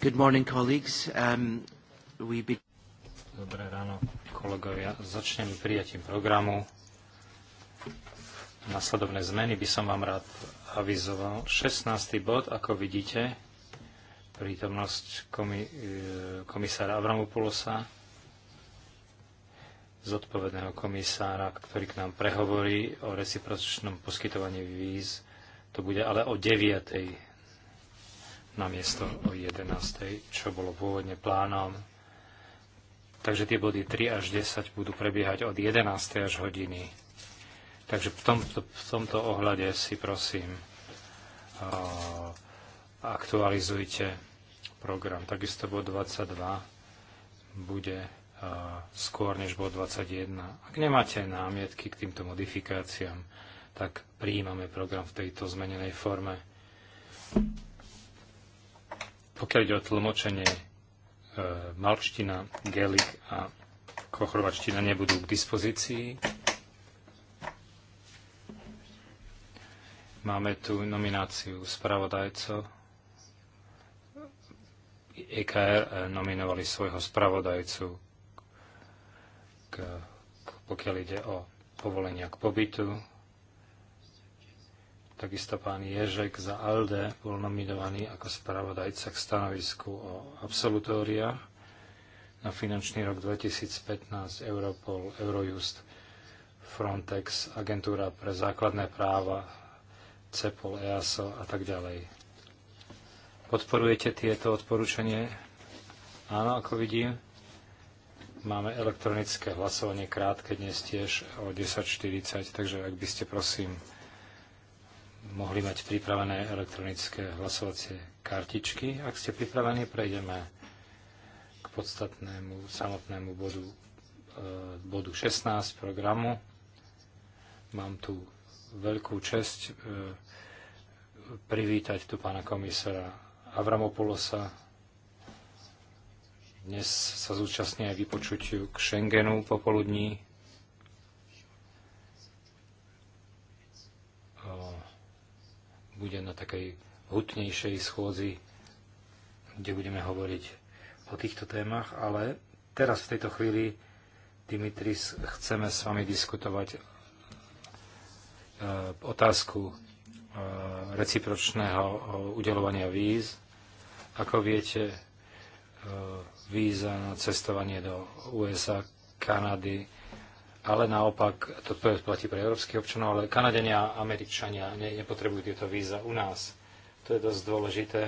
Good morning, colleagues. Um, we be... Dobré ráno, kolegovia. Začnem prijatím programu. Nasledovné zmeny by som vám rád avizoval. 16. bod, ako vidíte, prítomnosť komi- e, komisára Avramopulosa, zodpovedného komisára, ktorý k nám prehovorí o recipročnom poskytovaní víz. To bude ale o 9 namiesto o 11. čo bolo pôvodne plánom. Takže tie body 3 až 10 budú prebiehať od 11. až hodiny. Takže v tomto, v tomto ohľade si prosím aktualizujte program. Takisto bod 22 bude skôr než bod 21. Ak nemáte námietky k týmto modifikáciám, tak prijímame program v tejto zmenenej forme. Pokiaľ ide o tlmočenie, e, malština, gelik a kochrovačtina nebudú k dispozícii. Máme tu nomináciu spravodajcov. EKR e, nominovali svojho spravodajcu, k, k, pokiaľ ide o povolenia k pobytu. Takisto pán Ježek za ALDE bol nominovaný ako spravodajca k stanovisku o absolutória na finančný rok 2015 Europol, Eurojust, Frontex, Agentúra pre základné práva, CEPOL, EASO a tak ďalej. Podporujete tieto odporúčanie? Áno, ako vidím. Máme elektronické hlasovanie krátke dnes tiež o 10.40, takže ak by ste prosím mohli mať pripravené elektronické hlasovacie kartičky. Ak ste pripravení, prejdeme k podstatnému samotnému bodu, e, bodu 16 programu. Mám tu veľkú čest e, privítať tu pána komisára Avramopulosa. Dnes sa zúčastní aj vypočutiu k Schengenu popoludní bude na takej hutnejšej schôdzi, kde budeme hovoriť o týchto témach, ale teraz v tejto chvíli, Dimitris, chceme s vami diskutovať e, otázku e, recipročného e, udelovania víz. Ako viete, víza na cestovanie do USA, Kanady, ale naopak to platí pre európskych občanov, ale Kanadenia a Američania ne, nepotrebujú tieto víza u nás. To je dosť dôležité,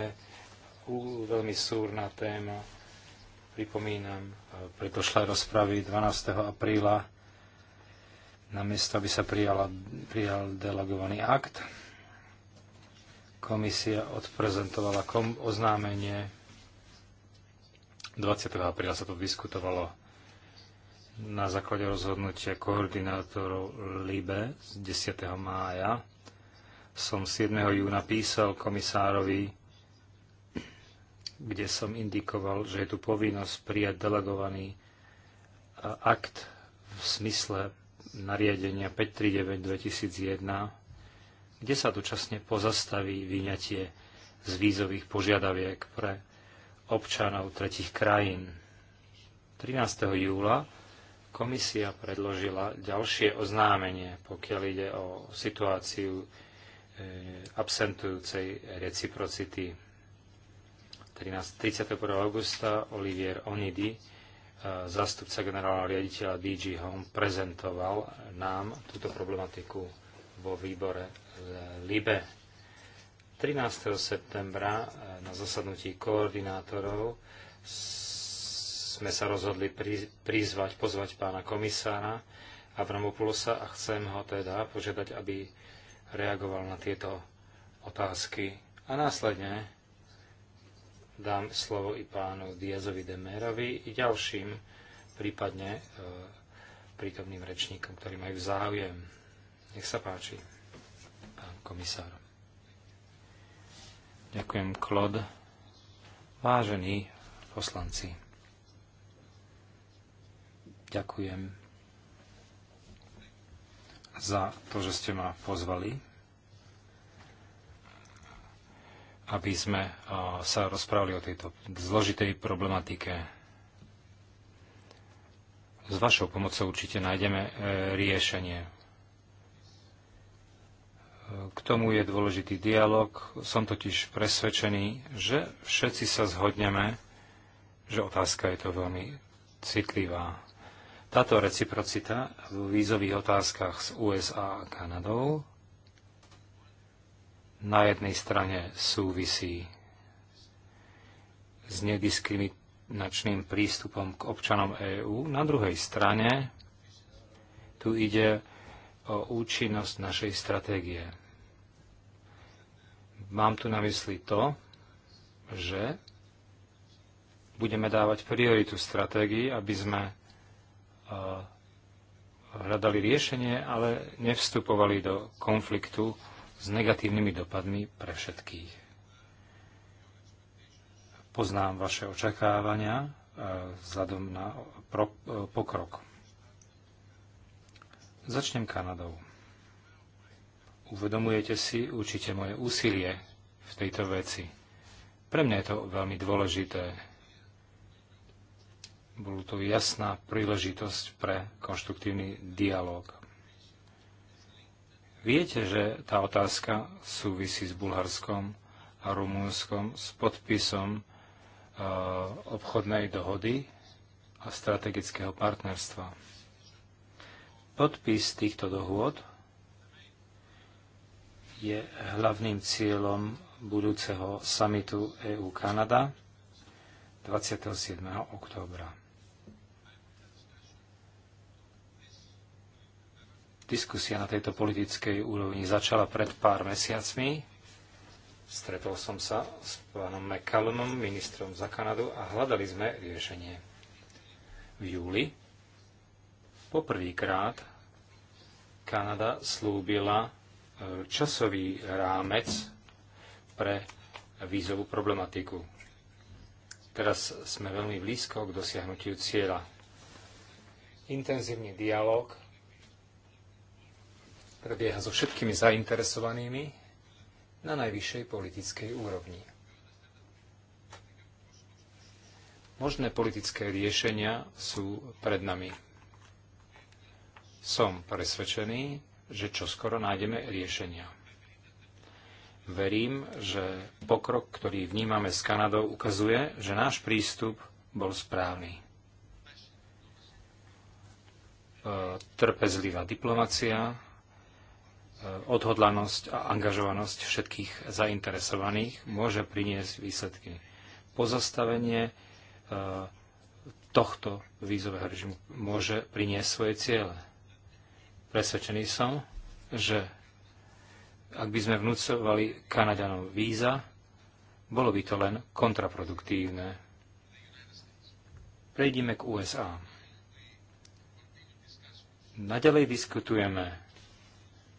u, veľmi súrna téma. Pripomínam, e, predošlé rozpravy 12. apríla namiesto, aby sa prijala, prijal delegovaný akt. Komisia odprezentovala kom, oznámenie 20. apríla sa to diskutovalo na základe rozhodnutia koordinátorov LIBE z 10. mája som 7. júna písal komisárovi, kde som indikoval, že je tu povinnosť prijať delegovaný akt v smysle nariadenia 539-2001, kde sa dočasne pozastaví vyňatie z vízových požiadaviek pre občanov tretich krajín. 13. júla Komisia predložila ďalšie oznámenie, pokiaľ ide o situáciu e, absentujúcej reciprocity. 13. 31. augusta Olivier Onidi, e, zastupca generálneho riaditeľa DG Home, prezentoval nám túto problematiku vo výbore e, LIBE. 13. septembra na zasadnutí koordinátorov sme sa rozhodli prizvať, pozvať pána komisára Avramopulosa a chcem ho teda požiadať, aby reagoval na tieto otázky. A následne dám slovo i pánu Diazovi Demerovi i ďalším prípadne e, prítomným rečníkom, ktorí majú záujem. Nech sa páči, pán komisár. Ďakujem, Klod. Vážení poslanci. Ďakujem za to, že ste ma pozvali, aby sme e, sa rozprávali o tejto zložitej problematike. S vašou pomocou určite nájdeme e, riešenie. E, k tomu je dôležitý dialog. Som totiž presvedčený, že všetci sa zhodneme, že otázka je to veľmi citlivá. Táto reciprocita v vízových otázkach s USA a Kanadou na jednej strane súvisí s nediskriminačným prístupom k občanom EÚ, na druhej strane tu ide o účinnosť našej stratégie. Mám tu na mysli to, že budeme dávať prioritu stratégii, aby sme hľadali riešenie, ale nevstupovali do konfliktu s negatívnymi dopadmi pre všetkých. Poznám vaše očakávania e, vzhľadom na e, pokrok. Začnem Kanadou. Uvedomujete si určite moje úsilie v tejto veci. Pre mňa je to veľmi dôležité bolo to jasná príležitosť pre konštruktívny dialog. Viete, že tá otázka súvisí s Bulharskom a Rumúnskom s podpisom e, obchodnej dohody a strategického partnerstva. Podpis týchto dohôd je hlavným cieľom budúceho samitu EU-Kanada 27. októbra. Diskusia na tejto politickej úrovni začala pred pár mesiacmi. Stretol som sa s pánom McCallumom, ministrom za Kanadu, a hľadali sme riešenie. V júli poprvýkrát Kanada slúbila e, časový rámec pre vízovú problematiku. Teraz sme veľmi blízko k dosiahnutiu cieľa. Intenzívny dialog prebieha so všetkými zainteresovanými na najvyššej politickej úrovni. Možné politické riešenia sú pred nami. Som presvedčený, že čoskoro nájdeme riešenia. Verím, že pokrok, ktorý vnímame s Kanadou, ukazuje, že náš prístup bol správny. E, trpezlivá diplomacia, Eh, odhodlanosť a angažovanosť všetkých zainteresovaných môže priniesť výsledky. Pozastavenie eh, tohto vízového režimu môže priniesť svoje ciele. Presvedčený som, že ak by sme vnúcovali Kanaďanom víza, bolo by to len kontraproduktívne. Prejdime k USA. Naďalej diskutujeme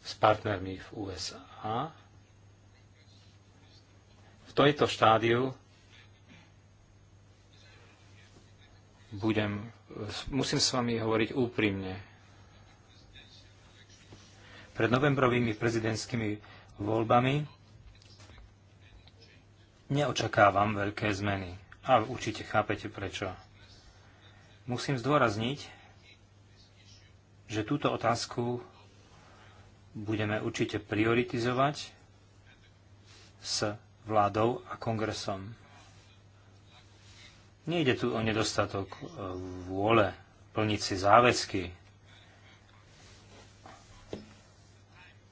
s partnermi v USA. V tomto štádiu budem, musím s vami hovoriť úprimne. Pred novembrovými prezidentskými voľbami neočakávam veľké zmeny. A určite chápete prečo. Musím zdôrazniť, že túto otázku budeme určite prioritizovať s vládou a kongresom. Nejde tu o nedostatok e, vôle plniť si záväzky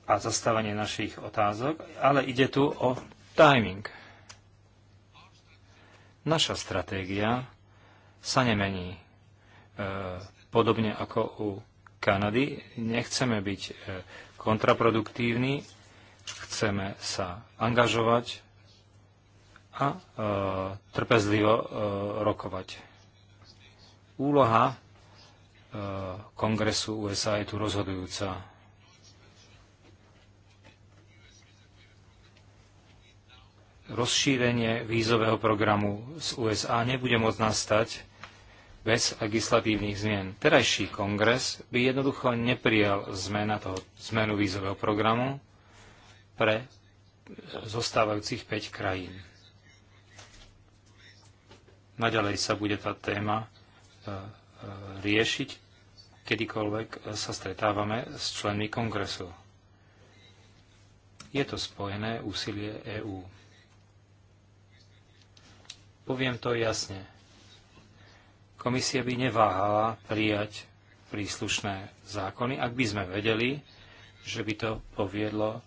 a zastávanie našich otázok, ale ide tu o timing. Naša stratégia sa nemení. E, podobne ako u Kanady, nechceme byť e, kontraproduktívny. Chceme sa angažovať a e, trpezlivo e, rokovať. Úloha e, Kongresu USA je tu rozhodujúca. Rozšírenie vízového programu z USA nebude môcť nastať bez legislatívnych zmien. Terajší kongres by jednoducho neprijal zmena toho, zmenu vízového programu pre zostávajúcich 5 krajín. Naďalej sa bude tá téma e, e, riešiť, kedykoľvek sa stretávame s členmi kongresu. Je to spojené úsilie EÚ. Poviem to jasne Komisia by neváhala prijať príslušné zákony, ak by sme vedeli, že by to poviedlo e,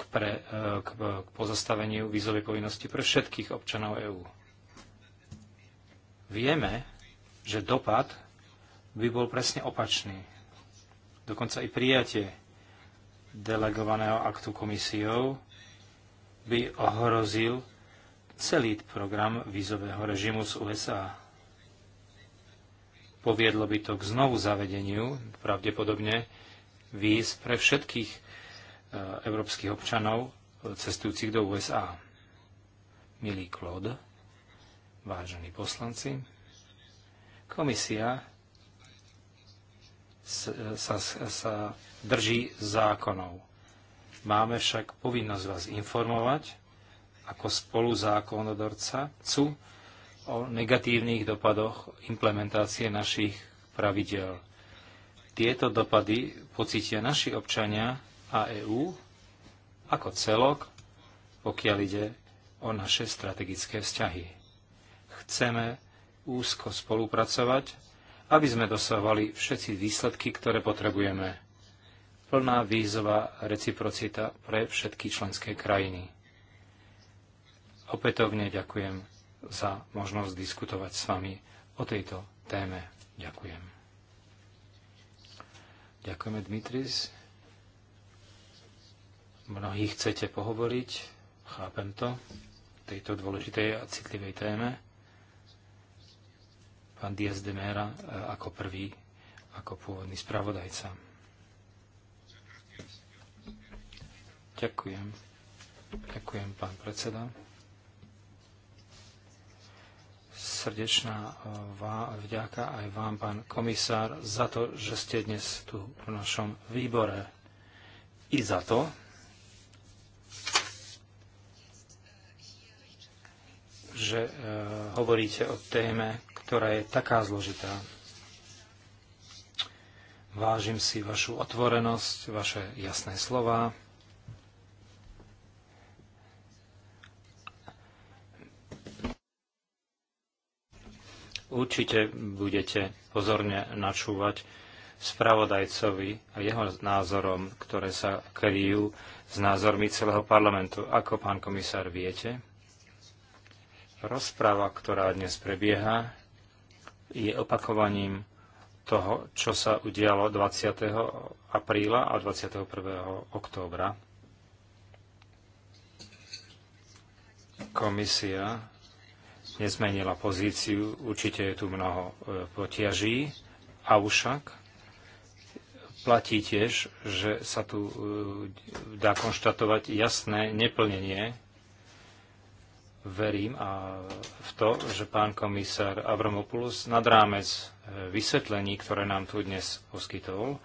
k, pre, e, k, e, k pozastaveniu vízovej povinnosti pre všetkých občanov EÚ. Vieme, že dopad by bol presne opačný. Dokonca i prijatie delegovaného aktu komisiou by ohrozil celý program vízového režimu z USA. Poviedlo by to k znovu zavedeniu, pravdepodobne, víz pre všetkých eh, európskych občanov cestujúcich do USA. Milý Claude, vážení poslanci, komisia sa, sa drží zákonov. Máme však povinnosť vás informovať ako spolu zákonodorca, cu, o negatívnych dopadoch implementácie našich pravidel. Tieto dopady pocítia naši občania a EÚ ako celok, pokiaľ ide o naše strategické vzťahy. Chceme úzko spolupracovať, aby sme dosahovali všetci výsledky, ktoré potrebujeme. Plná výzva reciprocita pre všetky členské krajiny. Opätovne ďakujem za možnosť diskutovať s vami o tejto téme. Ďakujem. Ďakujeme, Dmitris. Mnohí chcete pohovoriť, chápem to, tejto dôležitej a citlivej téme. Pán Diaz de Mera e, ako prvý, ako pôvodný spravodajca. Ďakujem. Ďakujem, pán predseda. srdečná eh, vďaka aj vám, pán komisár, za to, že ste dnes tu v našom výbore. I za to, že eh, hovoríte o téme, ktorá je taká zložitá. Vážim si vašu otvorenosť, vaše jasné slova. Určite budete pozorne načúvať spravodajcovi a jeho názorom, ktoré sa kryjú s názormi celého parlamentu. Ako pán komisár viete, rozpráva, ktorá dnes prebieha, je opakovaním toho, čo sa udialo 20. apríla a 21. októbra. Komisia nezmenila pozíciu. Určite je tu mnoho e, potiaží, avšak platí tiež, že sa tu e, dá konštatovať jasné neplnenie. Verím a v to, že pán komisár Avramopoulos nad rámec e, vysvetlení, ktoré nám tu dnes poskytol,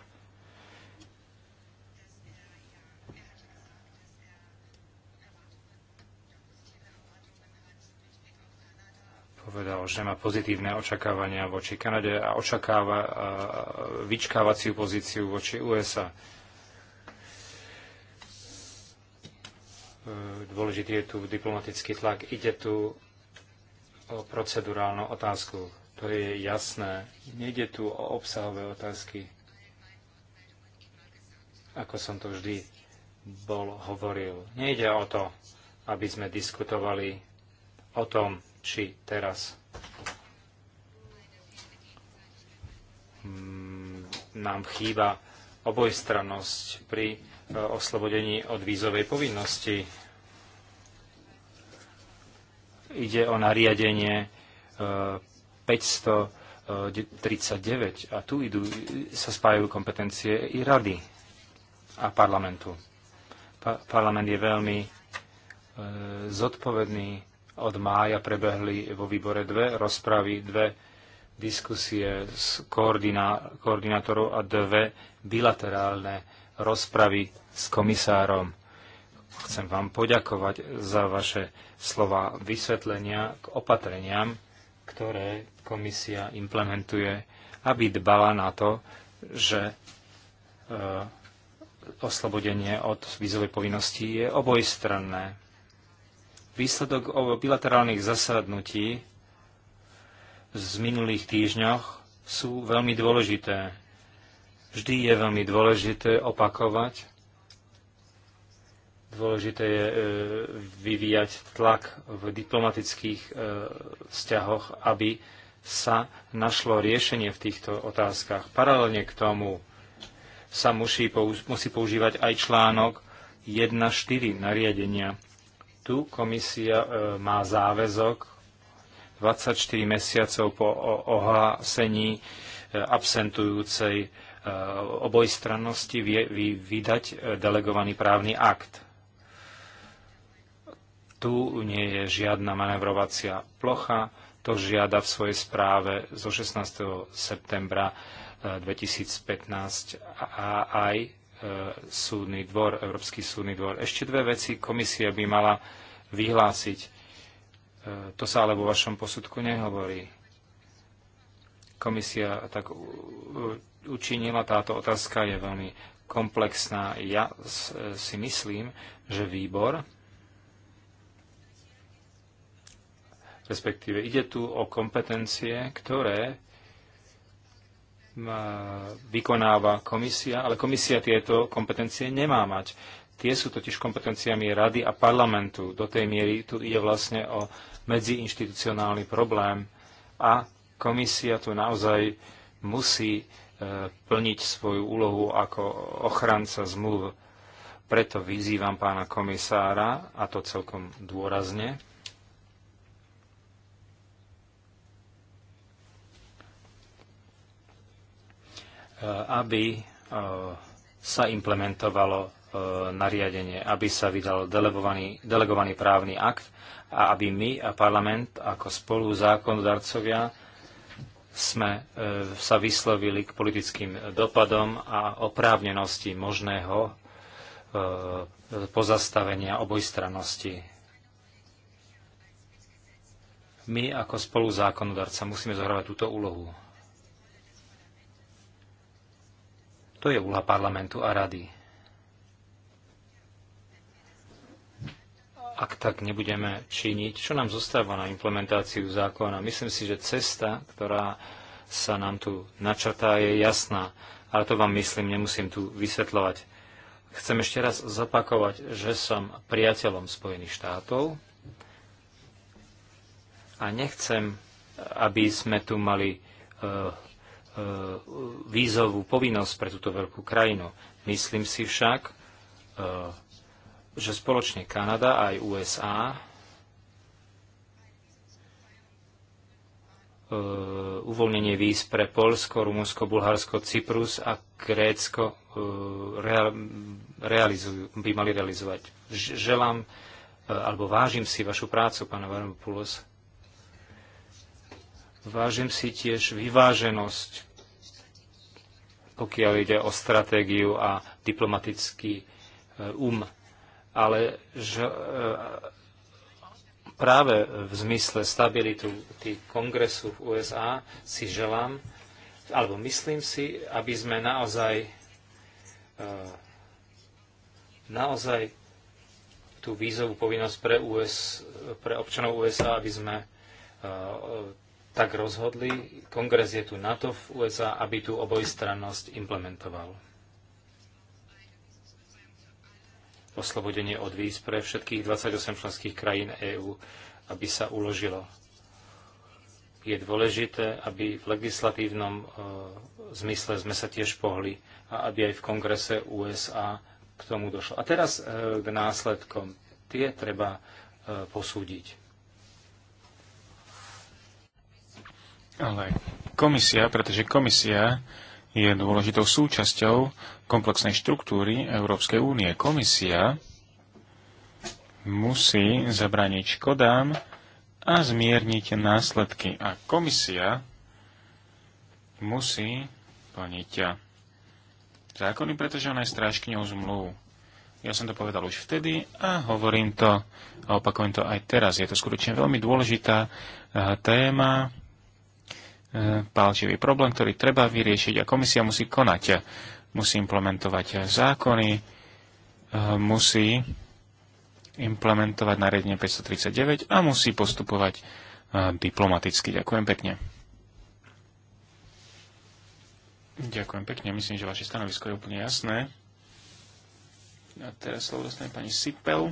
povedal, že má pozitívne očakávania voči Kanade a očakáva vyčkávaciu pozíciu voči USA. E, dôležitý je tu diplomatický tlak. Ide tu o procedurálnu otázku. To je jasné. Nejde tu o obsahové otázky. Ako som to vždy bol hovoril. Nejde o to, aby sme diskutovali o tom, či teraz hmm, nám chýba obojstrannosť pri e, oslobodení od vízovej povinnosti. Ide o nariadenie 539 e, e, a tu idú, sa spájajú kompetencie i rady a parlamentu. Pa parlament je veľmi zodpovedný od mája prebehli vo výbore dve rozpravy, dve diskusie s koordinátorom koordinátorov a dve bilaterálne rozpravy s komisárom. Chcem vám poďakovať za vaše slova vysvetlenia k opatreniam, ktoré komisia implementuje, aby dbala na to, že e, oslobodenie od vízovej povinnosti je obojstranné. Výsledok bilaterálnych zasadnutí z minulých týždňoch sú veľmi dôležité. Vždy je veľmi dôležité opakovať. Dôležité je e, vyvíjať tlak v diplomatických e, vzťahoch, aby sa našlo riešenie v týchto otázkach. Paralelne k tomu sa musí používať aj článok 1.4 nariadenia tu komisia e, má záväzok 24 mesiacov po ohlásení e, absentujúcej e, obojstrannosti vydať delegovaný právny akt. Tu nie je žiadna manevrovacia plocha, to žiada v svojej správe zo 16. septembra 2015 a aj E, súdny dvor, Európsky súdny dvor. Ešte dve veci komisia by mala vyhlásiť. E, to sa ale vo vašom posudku nehovorí. Komisia tak učinila, táto otázka je veľmi komplexná. Ja si myslím, že výbor, respektíve ide tu o kompetencie, ktoré vykonáva komisia, ale komisia tieto kompetencie nemá mať. Tie sú totiž kompetenciami rady a parlamentu. Do tej miery tu ide vlastne o medziinštitucionálny problém a komisia tu naozaj musí e, plniť svoju úlohu ako ochranca zmluv. Preto vyzývam pána komisára, a to celkom dôrazne, Eh, aby eh, sa implementovalo eh, nariadenie, aby sa vydal delegovaný, delegovaný právny akt a aby my a parlament ako spolu zákonodarcovia sme sa vyslovili k politickým dopadom a oprávnenosti možného pozastavenia obojstrannosti. My ako spoluzákonodarca musíme zohrávať túto úlohu. To je úloha parlamentu a rady. Ak tak nebudeme činiť, čo nám zostáva na implementáciu zákona? Myslím si, že cesta, ktorá sa nám tu načatá, je jasná. Ale to vám myslím, nemusím tu vysvetľovať. Chcem ešte raz zapakovať, že som priateľom Spojených štátov a nechcem, aby sme tu mali eh, E, vízovú povinnosť pre túto veľkú krajinu. Myslím si však, e, že spoločne Kanada a aj USA e, uvoľnenie víz pre Polsko, Rumunsko, Bulharsko, Cyprus a Grécko realizujú, by mali realizovať. Želám alebo vážim si vašu prácu, pána Varmopoulos Vážim si tiež vyváženosť, pokiaľ ide o stratégiu a diplomatický e, um. Ale že, e, práve v zmysle stabilitu kongresu v USA si želám, alebo myslím si, aby sme naozaj e, naozaj tú vízovú povinnosť pre, US, pre občanov USA, aby sme tak rozhodli. Kongres je tu na to v USA, aby tú obojstrannosť implementoval. Oslobodenie od víz pre všetkých 28 členských krajín EÚ, aby sa uložilo. Je dôležité, aby v legislatívnom e, zmysle sme sa tiež pohli a aby aj v kongrese USA k tomu došlo. A teraz e, k následkom. Tie treba e, posúdiť ale komisia, pretože komisia je dôležitou súčasťou komplexnej štruktúry Európskej únie. Komisia musí zabrániť škodám a zmierniť následky. A komisia musí plniť zákony, pretože ona je strážkňou zmluv. Ja som to povedal už vtedy a hovorím to a opakujem to aj teraz. Je to skutočne veľmi dôležitá eh, téma pálčivý problém, ktorý treba vyriešiť a komisia musí konať. Musí implementovať zákony, e, musí implementovať nariadenie 539 a musí postupovať e, diplomaticky. Ďakujem pekne. Ďakujem pekne. Myslím, že vaše stanovisko je úplne jasné. A teraz slovo dostane pani Sipel.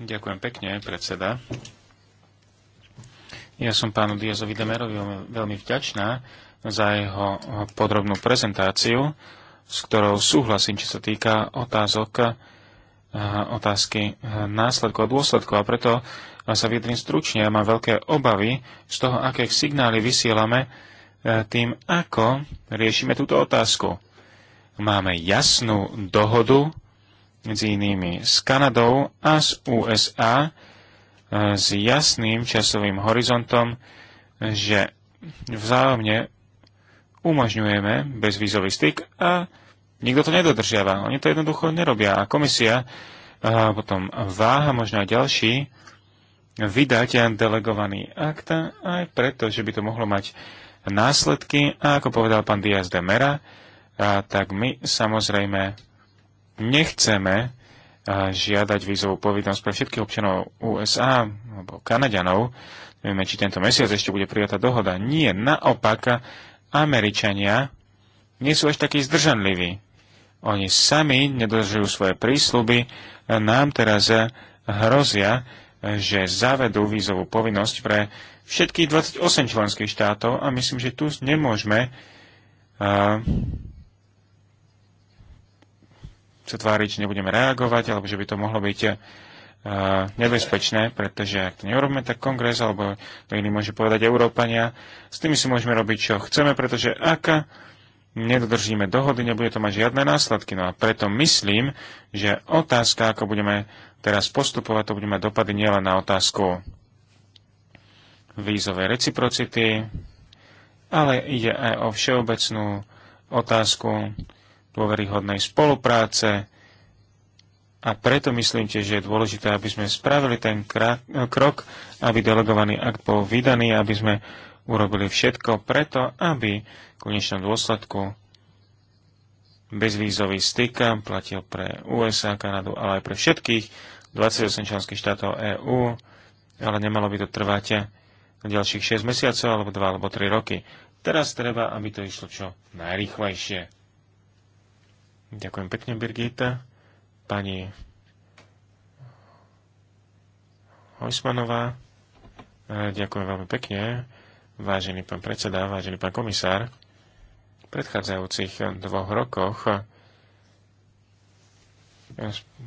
Ďakujem pekne, predseda. Ja som pánu Diazovi Demerovi veľmi vďačná za jeho podrobnú prezentáciu, s ktorou súhlasím, či sa týka otázok, eh, otázky eh, následkov a dôsledkov. A preto sa vyjadrím stručne. Ja mám veľké obavy z toho, aké signály vysielame eh, tým, ako riešime túto otázku. Máme jasnú dohodu medzi inými s Kanadou a s USA, s jasným časovým horizontom, že vzájomne umožňujeme bezvízový styk a nikto to nedodržiava. Oni to jednoducho nerobia. A komisia a potom váha, možno aj ďalší, vydať delegovaný akt, aj preto, že by to mohlo mať následky. A ako povedal pán Diaz de Mera, a tak my samozrejme nechceme žiadať vízovú povinnosť pre všetkých občanov USA alebo Kanaďanov. Nevieme, či tento mesiac ešte bude prijatá dohoda. Nie, naopak, Američania nie sú až takí zdržanliví. Oni sami nedržujú svoje prísluby, nám teraz hrozia, že zavedú vízovú povinnosť pre všetkých 28 členských štátov a myslím, že tu nemôžeme uh, sa tváriť, že nebudeme reagovať, alebo že by to mohlo byť eh, nebezpečné, pretože ak to neurobíme, tak kongres alebo to iný môže povedať Európania, s tými si môžeme robiť, čo chceme, pretože ak nedodržíme dohody, nebude to mať žiadne následky. No a preto myslím, že otázka, ako budeme teraz postupovať, to bude mať dopady nielen na otázku vízovej reciprocity, ale ide aj o všeobecnú otázku dôveryhodnej spolupráce. A preto myslím tiež, že je dôležité, aby sme spravili ten krok, aby delegovaný akt bol vydaný, aby sme urobili všetko preto, aby v konečnom dôsledku bezvízový styk platil pre USA, Kanadu, ale aj pre všetkých 28 členských štátov EÚ, ale nemalo by to trvať ďalších 6 mesiacov, alebo 2, alebo 3 roky. Teraz treba, aby to išlo čo najrychlejšie. Ďakujem pekne, Birgita. Pani Hojsmanová, eh, ďakujem veľmi pekne. Vážený pán predseda, vážený pán komisár, v predchádzajúcich dvoch rokoch eh,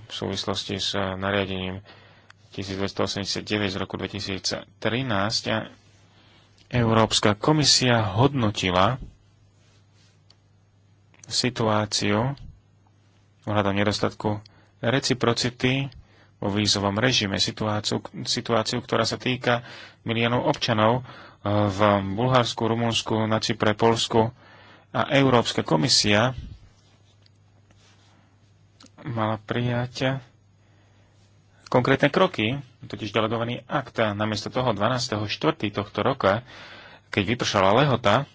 v súvislosti s nariadením 1289 z roku 2013 eh, Európska komisia hodnotila situáciu ohľadom nedostatku reciprocity vo vízovom režime situáciu, situáciu, ktorá sa týka miliónov občanov eh, v Bulharsku, Rumunsku, na Cypre, Polsku a Európska komisia mala prijať konkrétne kroky, totiž delegovaný akt a namiesto toho 12.4. tohto roka, keď vypršala lehota,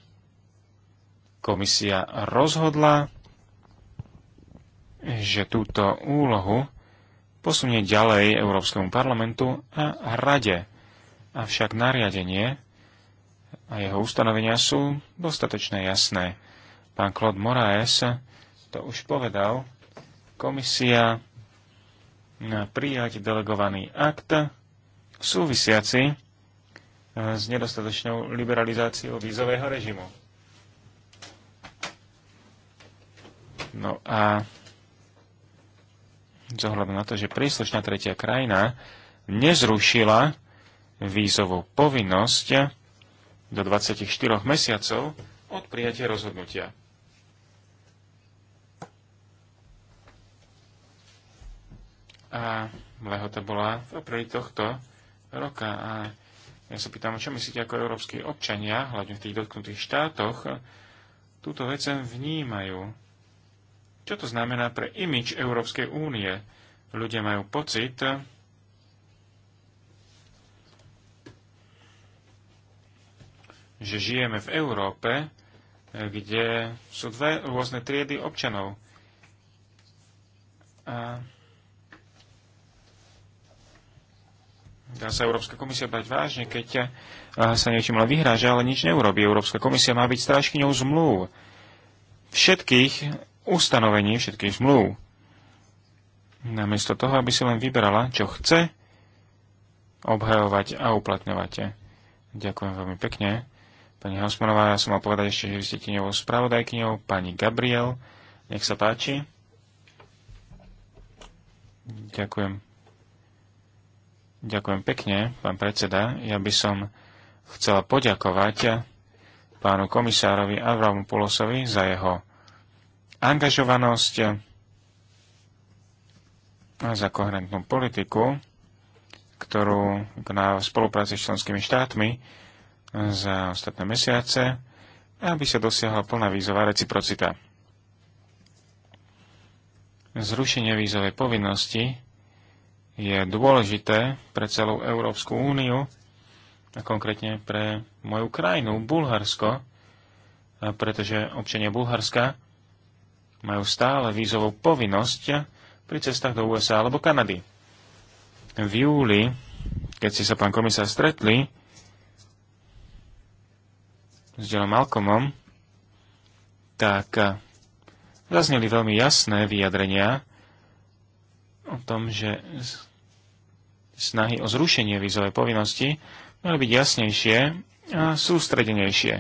komisia rozhodla že túto úlohu posunie ďalej Európskemu parlamentu a Rade. Avšak nariadenie a jeho ustanovenia sú dostatočne jasné. Pán Claude Moraes to už povedal. Komisia na prijať delegovaný akt súvisiaci e, s nedostatočnou liberalizáciou vízového režimu. No a zohľadom na to, že príslušná tretia krajina nezrušila vízovú povinnosť do 24 mesiacov od prijatia rozhodnutia. A lehota bola v apríli tohto roka. A ja sa pýtam, čo myslíte ako európsky občania, hlavne v tých dotknutých štátoch, túto vec vnímajú čo to znamená pre imič Európskej únie? Ľudia majú pocit, že žijeme v Európe, kde sú dve rôzne triedy občanov. A dá sa Európska komisia brať vážne, keď sa niečím len vyhráža, ale nič neurobí. Európska komisia má byť strážkyňou zmluv všetkých ustanovenie všetkých zmluv. Namiesto toho, aby si len vybrala, čo chce obhajovať a uplatňovať. Ďakujem veľmi pekne. Pani Hausmanová, ja som mal povedať ešte, že vy ste tieňovou spravodajkyňou. Pani Gabriel, nech sa páči. Ďakujem. Ďakujem pekne, pán predseda. Ja by som chcela poďakovať pánu komisárovi Avramu Pulosovi za jeho angažovanosť za koherentnú politiku, ktorú na spolupráci s členskými štátmi za ostatné mesiace, aby sa dosiahla plná vízová reciprocita. Zrušenie vízovej povinnosti je dôležité pre celú Európsku úniu a konkrétne pre moju krajinu, Bulharsko, pretože občania Bulharska majú stále vízovú povinnosť pri cestách do USA alebo Kanady. V júli, keď si sa pán komisár stretli s Johnom Malcolmom, tak eh, zazneli veľmi jasné vyjadrenia o tom, že snahy o zrušenie vízovej povinnosti mali byť jasnejšie a sústredenejšie.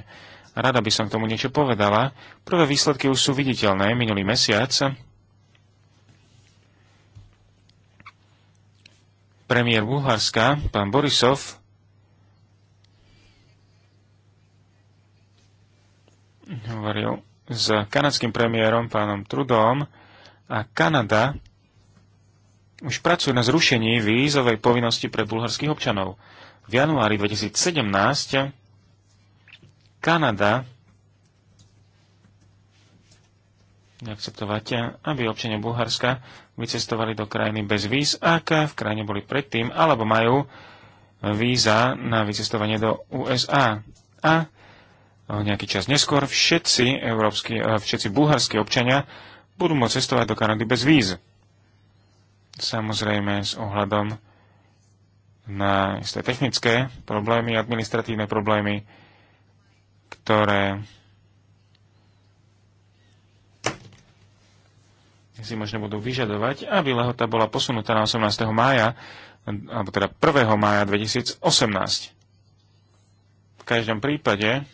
Rada by som k tomu niečo povedala. Prvé výsledky už sú viditeľné. Minulý mesiac premiér Bulharska, pán Borisov, hovoril s kanadským premiérom pánom Trudom a Kanada už pracuje na zrušení vízovej povinnosti pre bulharských občanov. V januári 2017 Kanada neakceptovať, aby občania Bulharska vycestovali do krajiny bez víz, ak v krajine boli predtým, alebo majú víza na vycestovanie do USA. A nejaký čas neskôr všetci, európsky, e, všetci bulharskí občania budú môcť cestovať do Kanady bez víz. Samozrejme s ohľadom na isté technické problémy, administratívne problémy, ktoré si možno budú vyžadovať, aby lehota bola posunutá na 18. mája, alebo teda 1. mája 2018. V každom prípade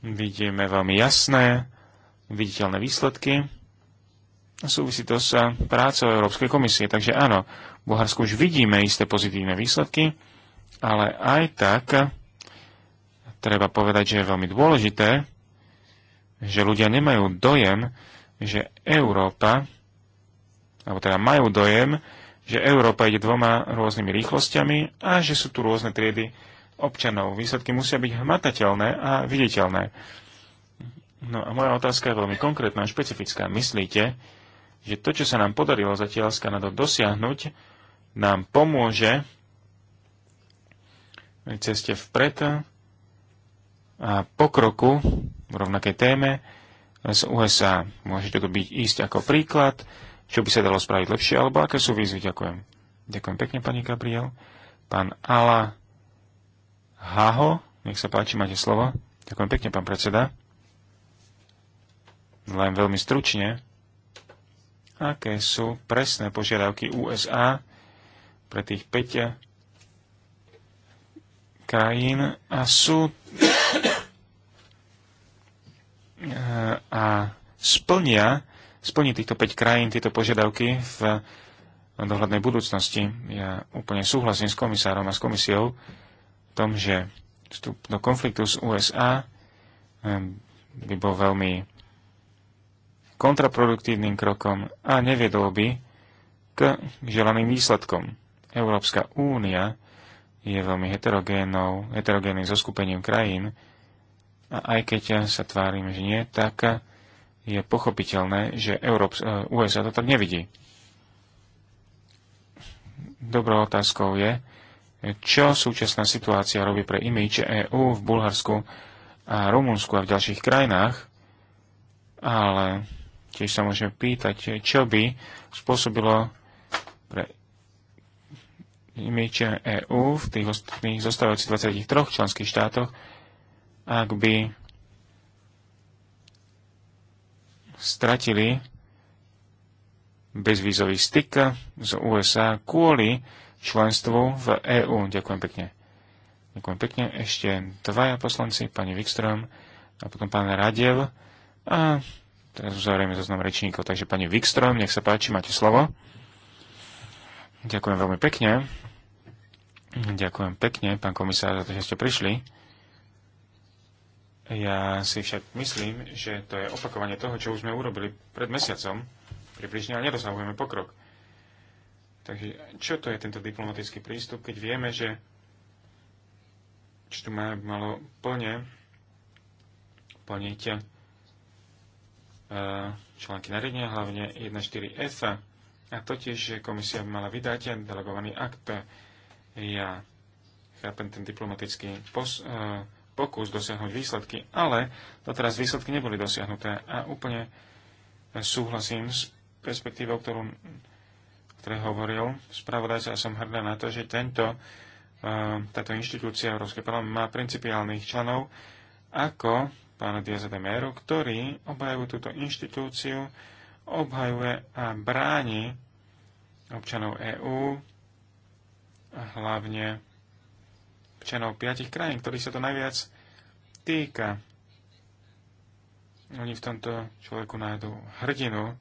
vidíme veľmi jasné, viditeľné výsledky. Súvisí to s prácou Európskej komisie, takže áno, v Bulharsku už vidíme isté pozitívne výsledky, ale aj tak treba povedať, že je veľmi dôležité, že ľudia nemajú dojem, že Európa, alebo teda majú dojem, že Európa ide dvoma rôznymi rýchlosťami a že sú tu rôzne triedy občanov. Výsledky musia byť hmatateľné a viditeľné. No a moja otázka je veľmi konkrétna a špecifická. Myslíte, že to, čo sa nám podarilo zatiaľ z Kanado dosiahnuť, nám pomôže ceste vpred a pokroku v rovnakej téme z USA. Môžete to byť ísť ako príklad, čo by sa dalo spraviť lepšie, alebo aké sú výzvy. Ďakujem. Ďakujem pekne, pani Gabriel. Pán Ala Haho, nech sa páči, máte slovo. Ďakujem pekne, pán predseda. Len veľmi stručne, aké sú presné požiadavky USA pre tých 5 krajín a sú a splnia, splní týchto 5 krajín tieto požiadavky v dohľadnej budúcnosti. Ja úplne súhlasím s komisárom a s komisiou v tom, že vstup do konfliktu s USA ehm, by bol veľmi kontraproduktívnym krokom a neviedol by k želaným výsledkom. Európska únia je veľmi heterogénnou, heterogénnym zoskupením krajín, a aj keď sa tvárime, že nie, tak je pochopiteľné, že Európs- e, USA to tak nevidí. Dobrou otázkou je, čo súčasná situácia robí pre imič EÚ v Bulharsku a Rumunsku a v ďalších krajinách, ale tiež sa môžeme pýtať, čo by spôsobilo pre imič EÚ v tých zostávajúcich 23 členských štátoch ak by stratili bezvízový styk z USA kvôli členstvu v EÚ. Ďakujem pekne. Ďakujem pekne. Ešte dvaja poslanci, pani Wikström a potom pán Radev. A teraz uzavrieme zoznam rečníkov. Takže pani Wikström, nech sa páči, máte slovo. Ďakujem veľmi pekne. Ďakujem pekne, pán komisár, za to, že ste prišli. Ja si však myslím, že to je opakovanie toho, čo už sme urobili pred mesiacom, približne, ale nedosahujeme pokrok. Takže čo to je tento diplomatický prístup, keď vieme, že čo tu máme malo plne plniť e, články nariadenia, hlavne 1.4.F, f a totiž, že komisia mala vydať delegovaný akt. Ja chápem ten diplomatický pos, uh, pokus dosiahnuť výsledky, ale doteraz výsledky neboli dosiahnuté a úplne súhlasím s perspektívou, ktorú, ktoré hovoril spravodajca a som hrdá na to, že tento, e, táto inštitúcia Európskej parlamentu má principiálnych členov ako pána Diaz de Mero, ktorý obhajuje túto inštitúciu, obhajuje a bráni občanov EÚ a hlavne občanov piatich krajín, ktorí sa to najviac týka. Oni v tomto človeku nájdú hrdinu,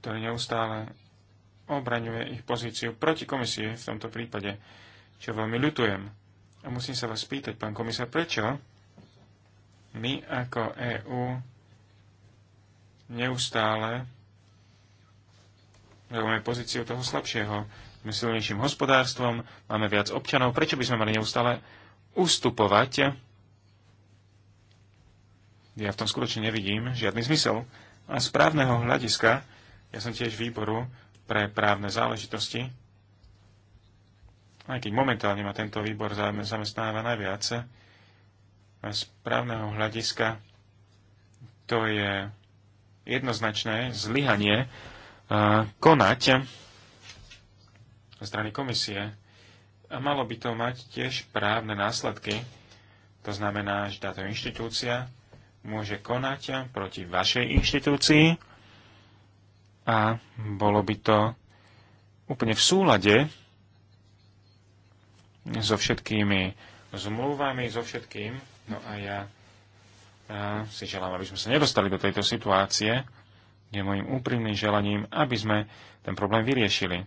ktorý neustále obraňuje ich pozíciu proti komisie v tomto prípade, čo veľmi ľutujem. A musím sa vás spýtať, pán komisár, prečo my ako EÚ neustále zaujíme pozíciu toho slabšieho. Sme silnejším hospodárstvom, máme viac občanov. Prečo by sme mali neustále ustupovať? Ja v tom skutočne nevidím žiadny zmysel. A z právneho hľadiska, ja som tiež výboru pre právne záležitosti, aj keď momentálne ma tento výbor zamestnáva najviac, a z právneho hľadiska to je jednoznačné zlyhanie konať zo strany komisie. A malo by to mať tiež právne následky. To znamená, že táto inštitúcia môže konať proti vašej inštitúcii a bolo by to úplne v súlade so všetkými zmluvami, so všetkým. No a ja, a si želám, aby sme sa nedostali do tejto situácie. Je môjim úprimným želaním, aby sme ten problém vyriešili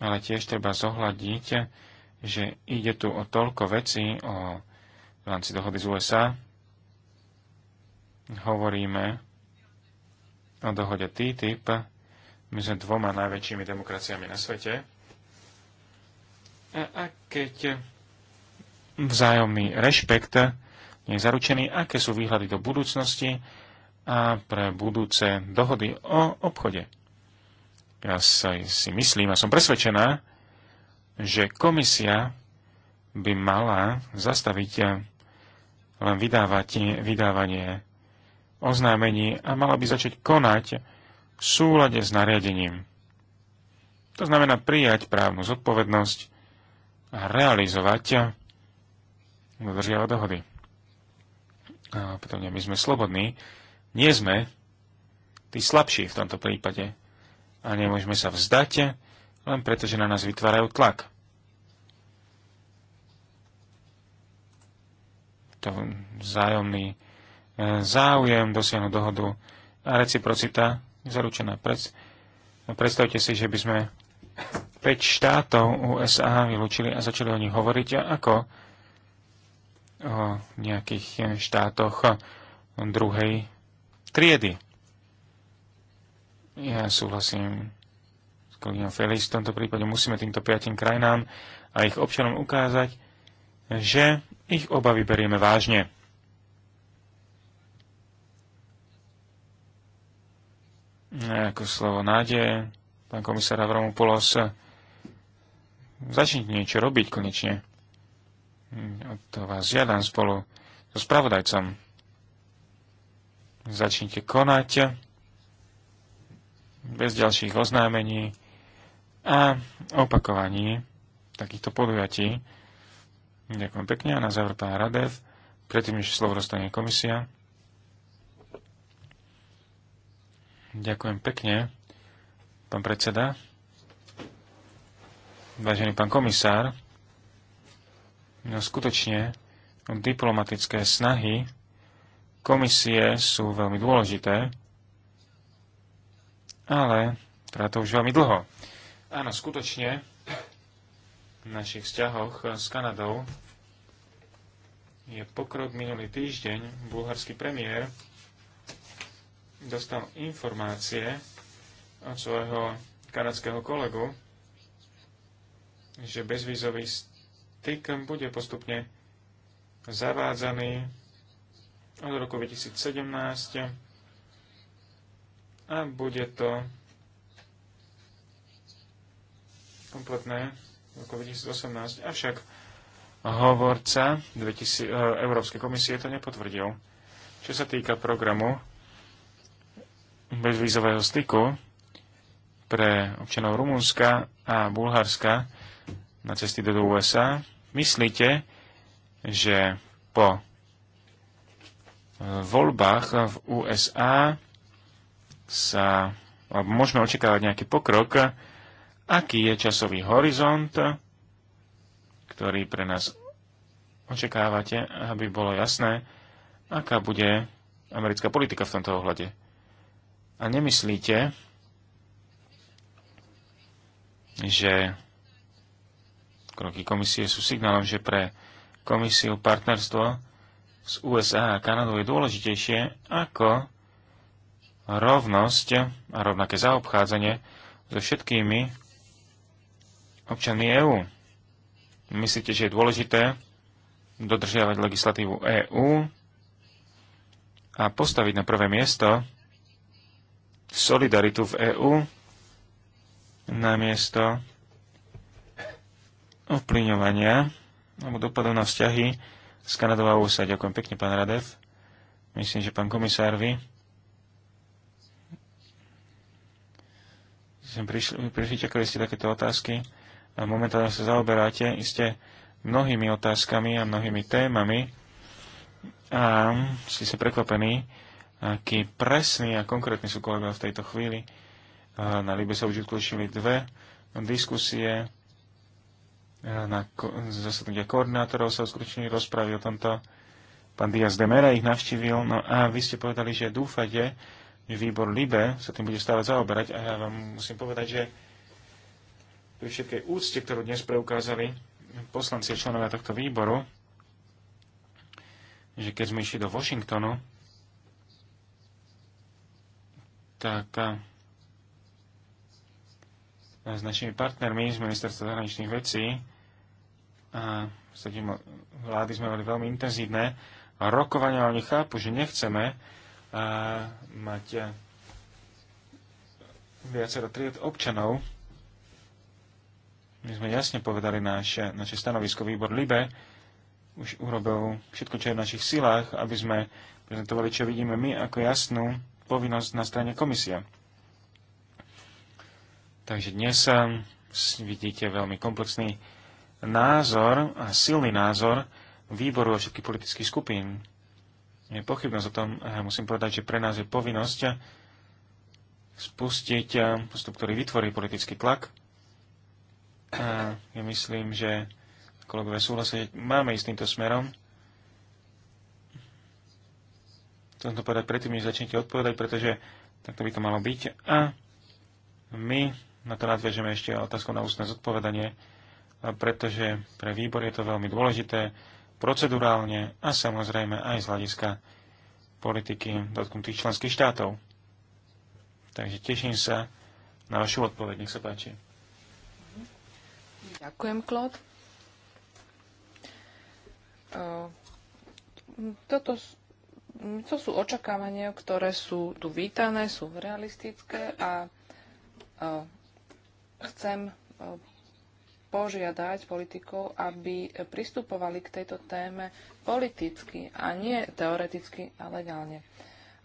ale tiež treba zohľadniť, že ide tu o toľko vecí o v rámci dohody z USA. Hovoríme o dohode TTIP. My sme dvoma najväčšími demokraciami na svete. A, a keď vzájomný rešpekt nie je zaručený, aké sú výhľady do budúcnosti a pre budúce dohody o obchode ja sa, si myslím a som presvedčená, že komisia by mala zastaviť len vydávanie, vydávanie oznámení a mala by začať konať v súlade s nariadením. To znamená prijať právnu zodpovednosť a realizovať dodržiava dohody. A potom my sme slobodní, nie sme tí slabší v tomto prípade a nemôžeme sa vzdať, len preto, že na nás vytvárajú tlak. To vzájomný e, záujem dosiahnu dohodu a reciprocita zaručená. Predstavte si, že by sme 5 štátov USA vylúčili a začali o nich hovoriť ako o nejakých e, štátoch druhej triedy. Ja súhlasím s kolegom Felix. V tomto prípade musíme týmto piatim krajinám a ich občanom ukázať, že ich obavy berieme vážne. Ako slovo nádeje, pán komisár Avramopoulos, začnite niečo robiť konečne. O to vás žiadam spolu so spravodajcom. Začnite konať bez ďalších oznámení a opakovaní takýchto podujatí. Ďakujem pekne a na záver pán Radev. Predtým, než slovo dostane komisia. Ďakujem pekne, pán predseda. Vážený pán komisár, no skutočne diplomatické snahy komisie sú veľmi dôležité ale trvá to už veľmi dlho. Áno, skutočne v našich vzťahoch s Kanadou je pokrok minulý týždeň. Bulharský premiér dostal informácie od svojho kanadského kolegu, že bezvízový styk bude postupne zavádzaný od roku 2017 a bude to kompletné v roku 2018. Avšak hovorca 2000, e, Európskej komisie to nepotvrdil. Čo sa týka programu bezvýzového styku pre občanov Rumunska a Bulharska na cesty do USA, myslíte, že po voľbách v USA sa, alebo môžeme očakávať nejaký pokrok, aký je časový horizont, ktorý pre nás očakávate, aby bolo jasné, aká bude americká politika v tomto ohľade. A nemyslíte, že kroky komisie sú signálom, že pre komisiu partnerstvo z USA a Kanadou je dôležitejšie ako rovnosť a rovnaké zaobchádzanie so všetkými občanmi EÚ. Myslíte, že je dôležité dodržiavať legislatívu EÚ a postaviť na prvé miesto solidaritu v EÚ namiesto ovplyňovania alebo dopadov na vzťahy s Kanadou a USA. Ďakujem pekne, pán Radev. Myslím, že pán komisár, vy sem prišli, prišli, čakali ste takéto otázky. A momentálne sa zaoberáte iste mnohými otázkami a mnohými témami a ste sa prekvapení, aký presný a konkrétny sú kolegovia v tejto chvíli. A na Libe sa už dve diskusie, na zasadnutia koordinátorov sa uskutočnili rozpravy o tomto. Pán Diaz de Mera ich navštívil. No a vy ste povedali, že dúfate, výbor LIBE sa tým bude stále zaoberať a ja vám musím povedať, že pri všetkej úcte, ktorú dnes preukázali poslanci a členovia tohto výboru, že keď sme išli do Washingtonu, tak s našimi partnermi z Ministerstva zahraničných vecí a vlády sme mali veľmi intenzívne rokovania, oni chápu, že nechceme a mať eh, viacero tried občanov. My sme jasne povedali naše, naše stanovisko. Výbor LIBE už urobil všetko, čo je v našich silách, aby sme prezentovali, čo vidíme my ako jasnú povinnosť na strane komisia. Takže dnes eh, sa vidíte veľmi komplexný názor a silný názor výboru a všetkých politických skupín je pochybnosť o tom, ja eh, musím povedať, že pre nás je povinnosť spustiť eh, postup, ktorý vytvorí politický tlak. A eh, ja myslím, že kolegové súhlasia, máme ísť týmto smerom. Chcem to povedať predtým, než začnete odpovedať, pretože takto by to malo byť. A my na to nadviažeme ešte otázku na ústne zodpovedanie, pretože pre výbor je to veľmi dôležité procedurálne a samozrejme aj z hľadiska politiky dotknutých členských štátov. Takže teším sa na vašu odpoveď. Nech sa páči. Ďakujem, Klod. Toto, to sú očakávania, ktoré sú tu vítané, sú realistické a chcem požiadať politikov, aby pristupovali k tejto téme politicky a nie teoreticky a legálne.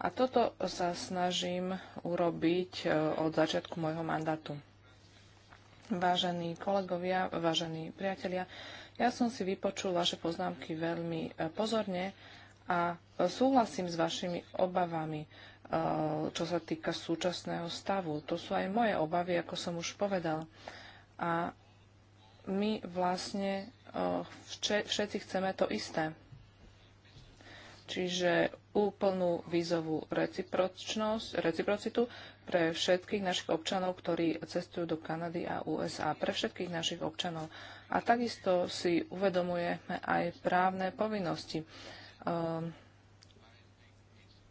A toto sa snažím urobiť e, od začiatku môjho mandátu. Vážení kolegovia, vážení priatelia, ja som si vypočul vaše poznámky veľmi e, pozorne a súhlasím s vašimi obavami, e, čo sa týka súčasného stavu. To sú aj moje obavy, ako som už povedal. A my vlastne e, všetci chceme to isté. Čiže úplnú vízovú recipročnosť, reciprocitu pre všetkých našich občanov, ktorí cestujú do Kanady a USA, pre všetkých našich občanov. A takisto si uvedomujeme aj právne povinnosti. Ehm,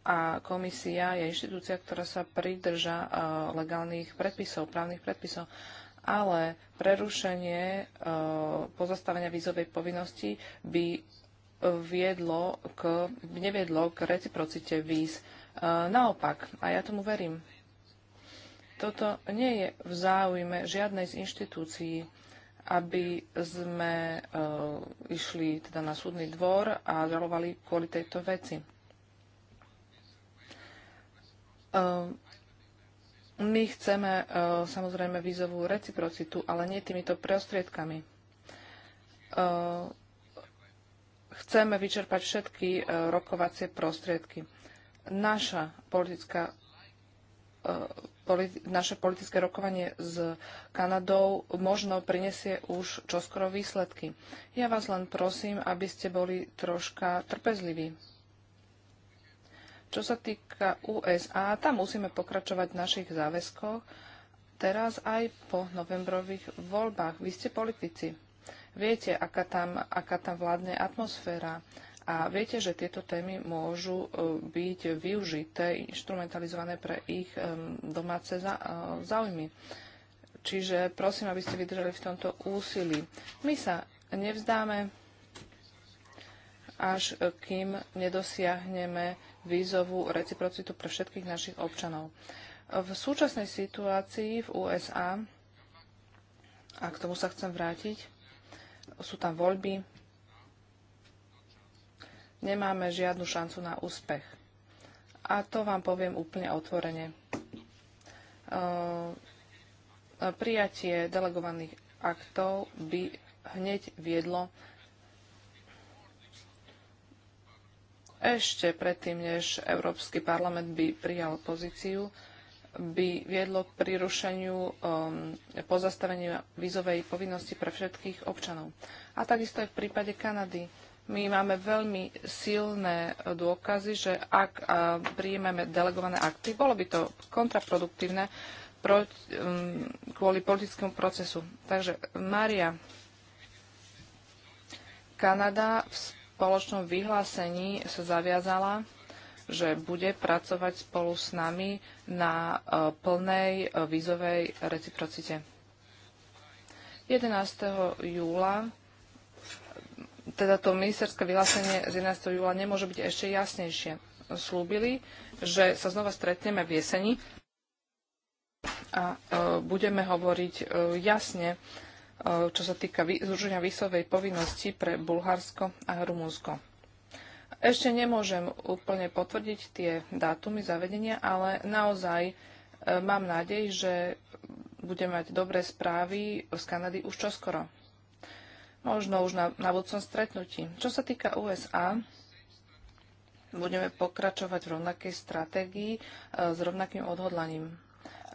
a komisia je inštitúcia, ktorá sa pridrža e, legálnych predpisov, právnych predpisov ale prerušenie e, pozastavenia vízovej povinnosti by viedlo k, neviedlo k reciprocite víz. E, naopak, a ja tomu verím, toto nie je v záujme žiadnej z inštitúcií, aby sme e, išli teda na súdny dvor a žalovali kvôli tejto veci. E, my chceme e, samozrejme vízovú reciprocitu, ale nie týmito prostriedkami. E, chceme vyčerpať všetky e, rokovacie prostriedky. Naša politická, naše politické rokovanie s Kanadou možno prinesie už čoskoro výsledky. Ja vás len prosím, aby ste boli troška trpezliví čo sa týka USA, tam musíme pokračovať v našich záväzkoch teraz aj po novembrových voľbách. Vy ste politici. Viete, aká tam, aká tam vládne atmosféra a viete, že tieto témy môžu e, byť využité, instrumentalizované pre ich e, domáce e, záujmy. Čiže prosím, aby ste vydržali v tomto úsilí. My sa nevzdáme, až kým nedosiahneme vízovú reciprocitu pre všetkých našich občanov. V súčasnej situácii v USA, a k tomu sa chcem vrátiť, sú tam voľby, nemáme žiadnu šancu na úspech. A to vám poviem úplne otvorene. Ehm, prijatie delegovaných aktov by hneď viedlo ešte predtým, než Európsky parlament by prijal pozíciu, by viedlo k prirušeniu um, pozastavenia vízovej povinnosti pre všetkých občanov. A takisto aj v prípade Kanady. My máme veľmi silné dôkazy, že ak uh, príjmeme delegované akty, bolo by to kontraproduktívne proti, um, kvôli politickému procesu. Takže, Mária, Kanada v spoločnom vyhlásení sa zaviazala, že bude pracovať spolu s nami na e, plnej e, vízovej reciprocite. 11. júla teda to ministerské vyhlásenie z 11. júla nemôže byť ešte jasnejšie. Slúbili, že sa znova stretneme v jeseni a e, budeme hovoriť jasne Eh, čo sa týka zruženia výsovej povinnosti pre Bulharsko a Rumunsko. Ešte nemôžem úplne potvrdiť tie dátumy zavedenia, ale naozaj eh, mám nádej, že budem mať dobré správy z Kanady už čoskoro. Možno už na, na budúcom stretnutí. Čo sa týka USA, budeme pokračovať v rovnakej stratégii eh, s rovnakým odhodlaním.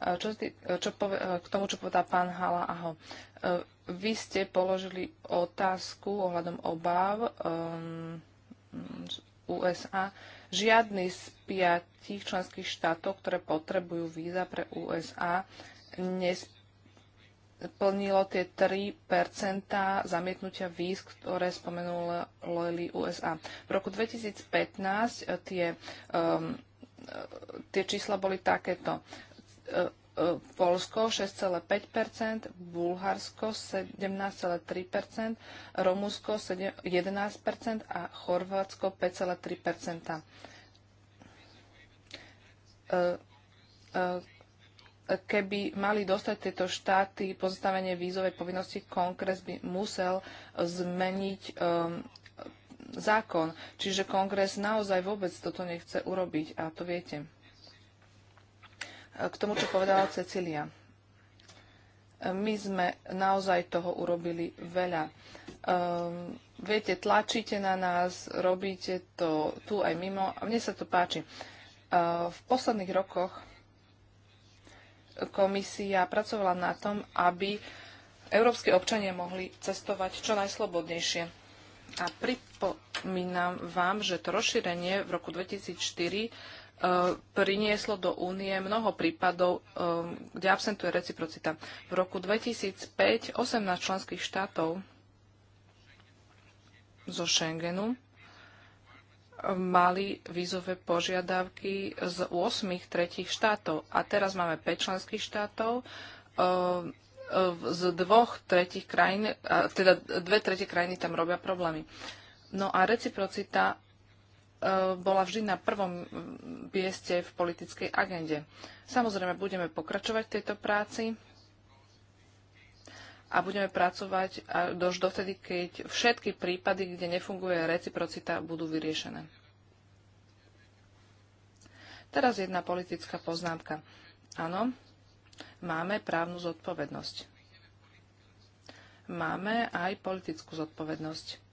Čo, čo pove, k tomu, čo povedal pán Hala, aho. Vy ste položili otázku ohľadom obáv um, USA. Žiadny z piatich členských štátov, ktoré potrebujú víza pre USA, nesplnilo tie 3 zamietnutia víz, ktoré spomenuli USA. V roku 2015 tie um, tie čísla boli takéto. Polsko 6,5%, Bulharsko 17,3%, Rumúnsko 11% a Chorvátsko 5,3%. E, e, keby mali dostať tieto štáty pozostavenie vízovej povinnosti, kongres by musel zmeniť e, zákon. Čiže kongres naozaj vôbec toto nechce urobiť a to viete k tomu, čo povedala Cecilia. My sme naozaj toho urobili veľa. Um, viete, tlačíte na nás, robíte to tu aj mimo a mne sa to páči. Uh, v posledných rokoch komisia pracovala na tom, aby európske občania mohli cestovať čo najslobodnejšie. A pripomínam vám, že to rozšírenie v roku 2004 Eh, prinieslo do únie mnoho prípadov, eh, kde absentuje reciprocita. V roku 2005 18 členských štátov zo Schengenu eh, mali vízové požiadavky z 8 tretich štátov. A teraz máme 5 členských štátov, z dvoch tretich krajín, teda dve tretie krajiny tam robia problémy. No a reciprocita E, bola vždy na prvom mieste v politickej agende. Samozrejme, budeme pokračovať v tejto práci a budeme pracovať až dovtedy, keď všetky prípady, kde nefunguje reciprocita, budú vyriešené. Teraz jedna politická poznámka. Áno, máme právnu zodpovednosť. Máme aj politickú zodpovednosť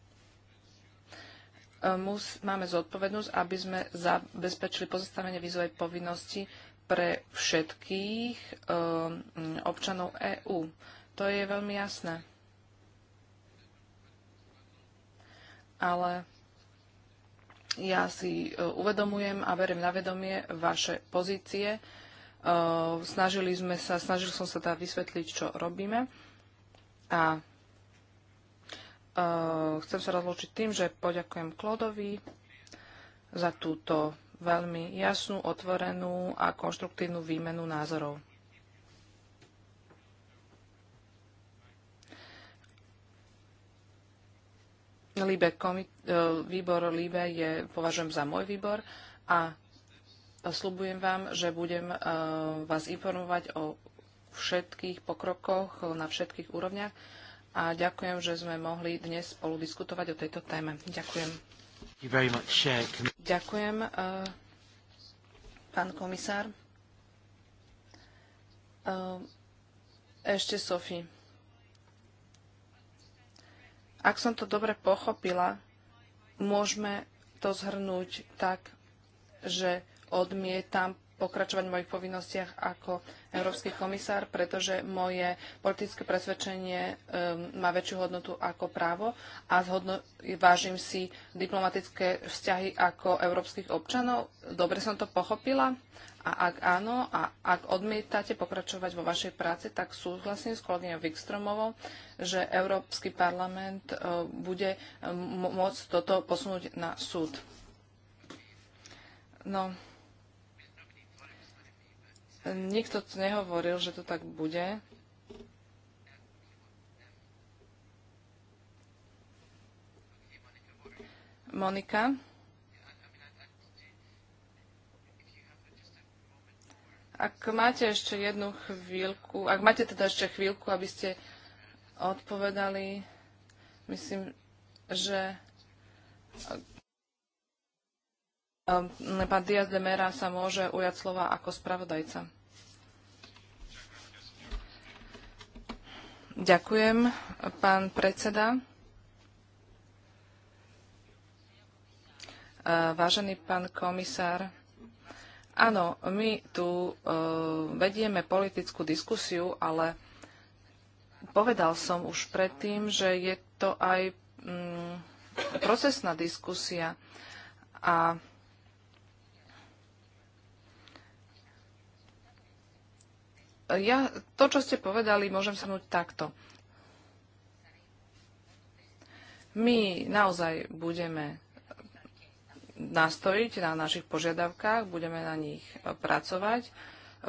E, mus, máme zodpovednosť, aby sme zabezpečili pozastavenie vízovej povinnosti pre všetkých e, občanov EÚ. To je veľmi jasné. Ale ja si e, uvedomujem a verím na vedomie vaše pozície. snažili sme sa, snažil som sa teda vysvetliť, čo robíme. A Eh, chcem sa rozlúčiť tým, že poďakujem Klodovi za túto veľmi jasnú, otvorenú a konštruktívnu výmenu názorov. Líbe eh, výbor Líbe je, považujem za môj výbor a slúbujem vám, že budem eh, vás informovať o všetkých pokrokoch na všetkých úrovniach a ďakujem, že sme mohli dnes spolu diskutovať o tejto téme. Ďakujem. ďakujem, eh, pán komisár. Eh, ešte Sofie. Ak som to dobre pochopila, môžeme to zhrnúť tak, že odmietam pokračovať v mojich povinnostiach ako európsky komisár, pretože moje politické presvedčenie um, má väčšiu hodnotu ako právo a zhodno, vážim si diplomatické vzťahy ako európskych občanov. Dobre som to pochopila? A ak áno, a ak odmietate pokračovať vo vašej práci, tak súhlasím s kolegyňou Wikstromovou, že Európsky parlament uh, bude um, môcť toto posunúť na súd. No, Nikto tu nehovoril, že to tak bude. Monika? Ak máte ešte jednu chvíľku, ak máte teda ešte chvíľku, aby ste odpovedali, myslím, že eh, pán Diaz de Mera sa môže ujať slova ako spravodajca. Ďakujem, pán predseda. Vážený pán komisár, áno, my tu e, vedieme politickú diskusiu, ale povedal som už predtým, že je to aj mm, procesná diskusia a ja to, čo ste povedali, môžem shrnúť takto. My naozaj budeme nastojiť na našich požiadavkách, budeme na nich pracovať.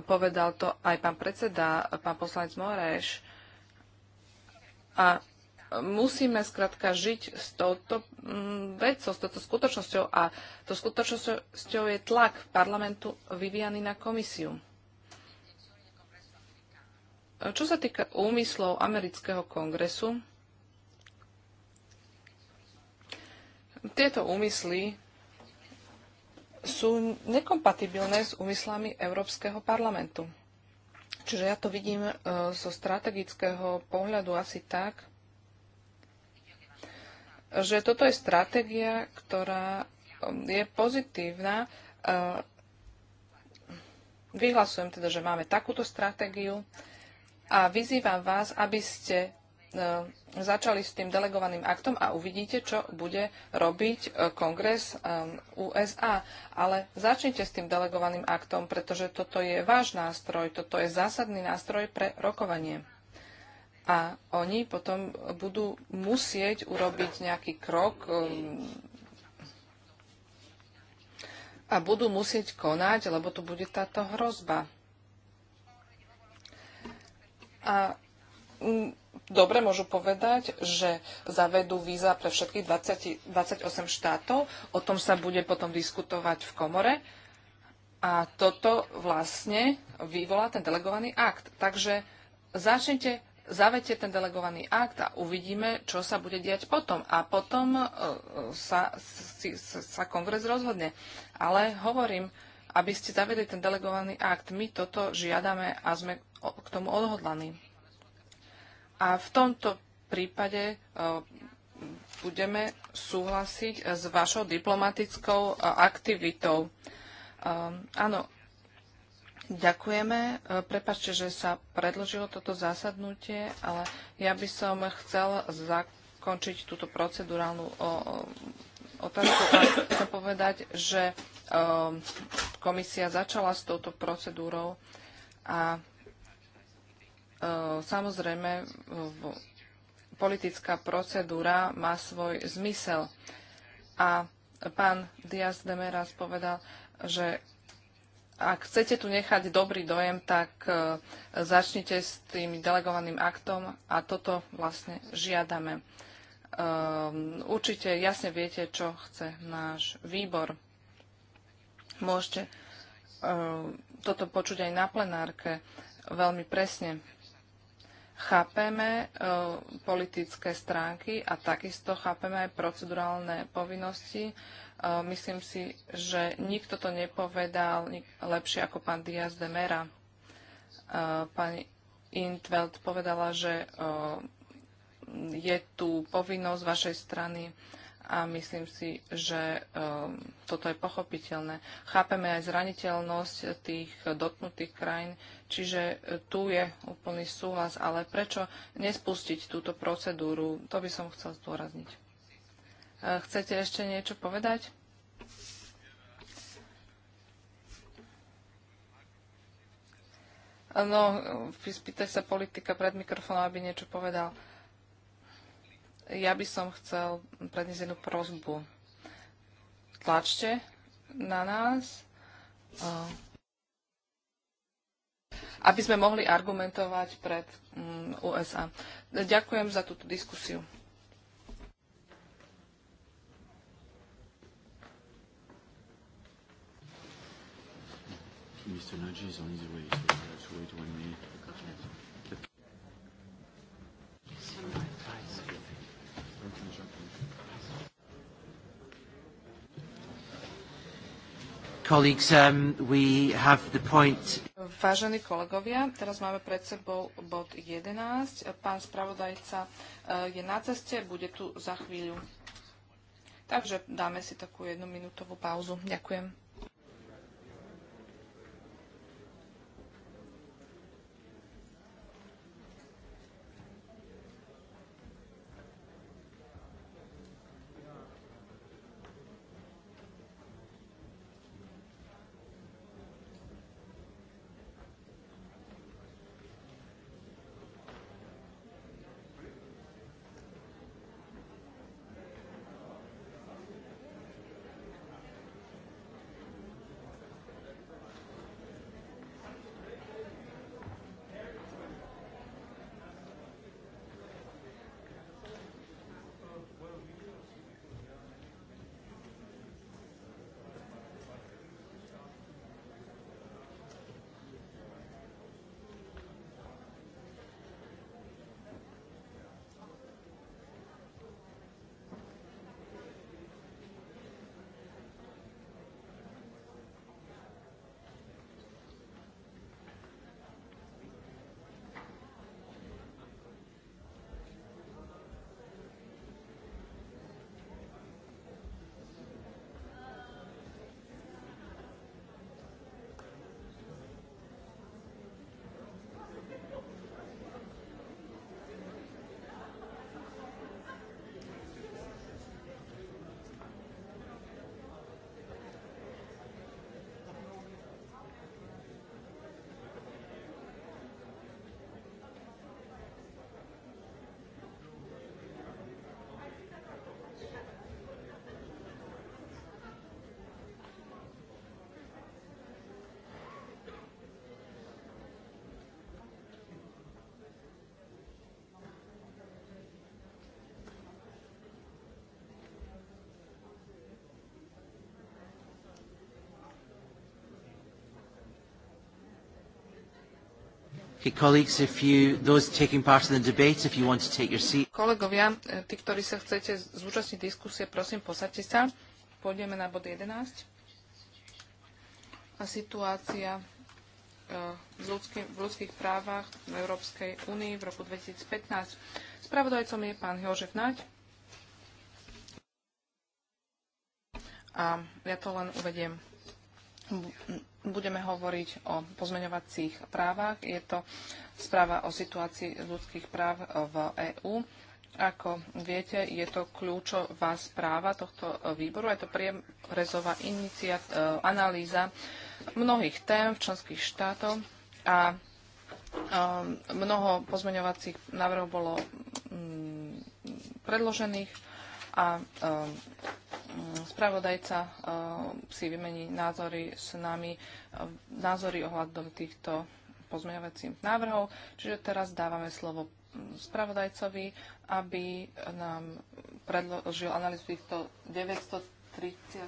Povedal to aj pán predseda, pán poslanec Moreš. A musíme skrátka žiť s touto mm, vecou, s touto skutočnosťou a to skutočnosťou je tlak parlamentu vyvíjaný na komisiu. Čo sa týka úmyslov amerického kongresu, tieto úmysly sú nekompatibilné s úmyslami Európskeho parlamentu. Čiže ja to vidím e, zo strategického pohľadu asi tak, že toto je stratégia, ktorá e, je pozitívna. E, vyhlasujem teda, že máme takúto stratégiu a vyzývam vás, aby ste e, začali s tým delegovaným aktom a uvidíte, čo bude robiť e, kongres e, USA. Ale začnite s tým delegovaným aktom, pretože toto je váš nástroj, toto je zásadný nástroj pre rokovanie. A oni potom budú musieť urobiť nejaký krok a budú musieť konať, lebo tu bude táto hrozba. A mm, dobre môžu povedať, že zavedú víza pre všetkých 20, 28 štátov. O tom sa bude potom diskutovať v komore. A toto vlastne vyvolá ten delegovaný akt. Takže začnite, zavete ten delegovaný akt a uvidíme, čo sa bude diať potom. A potom e, e, sa, sa kongres rozhodne. Ale hovorím, aby ste zavedli ten delegovaný akt. My toto žiadame a sme k tomu odhodlaní. A v tomto prípade e, budeme súhlasiť s vašou diplomatickou e, aktivitou. E, áno, ďakujeme. Prepačte, že sa predložilo toto zasadnutie, ale ja by som chcel zakončiť túto procedurálnu otázku a chcem povedať, že Ehm, komisia začala s touto procedúrou a ehm, samozrejme politická procedúra má svoj zmysel. A pán Diaz de Meras povedal, že ak chcete tu nechať dobrý dojem, tak ehm, začnite s tým delegovaným aktom a toto vlastne žiadame. Určite jasne viete, čo chce náš výbor. Môžete eh, toto počuť aj na plenárke veľmi presne. Chápeme eh, politické stránky a takisto chápeme aj procedurálne povinnosti. Eh, myslím si, že nikto to nepovedal lepšie ako pán Diaz de Mera. Pani Intveld povedala, že je tu povinnosť vašej strany a myslím si, že um, toto je pochopiteľné. Chápeme aj zraniteľnosť tých dotknutých krajín, čiže e, tu je úplný súhlas, ale prečo nespustiť túto procedúru? To by som chcel zdôrazniť. E, chcete ešte niečo povedať? No, e, spýtaj sa politika pred mikrofónom, aby niečo povedal. Ja by som chcel predniesť jednu prozbu. Tlačte na nás, aby sme mohli argumentovať pred mm, USA. Ďakujem za túto diskusiu. Mr. Nagy is on his way, so we have to wait one minute. Okay. Colleagues, um, we have the point. Vážení kolegovia, teraz máme pred sebou bod 11. Pán spravodajca eh, je na ceste, bude tu za chvíľu. Takže dáme si takú jednominútovú pauzu. Ďakujem. Kolegovia, eh, tí, ktorí sa chcete zúčastniť diskusie, prosím, posaďte sa. Pôjdeme na bod 11. A situácia eh, v, ľudský, v ľudských právach v Európskej únii v roku 2015. Spravodajcom je pán Jožef Naď. A ja to len uvediem budeme hovoriť o pozmeňovacích právach. Je to správa o situácii ľudských práv v EÚ. Ako viete, je to kľúčová správa tohto výboru. Je to prierezová e, analýza mnohých tém v členských štátov a e, mnoho pozmeňovacích návrhov bolo mm, predložených a e, spravodajca eh, si vymení názory s nami, eh, názory ohľadom týchto pozmeňovacích návrhov. Čiže teraz dávame slovo hm, spravodajcovi, aby nám predložil analýzu týchto 930,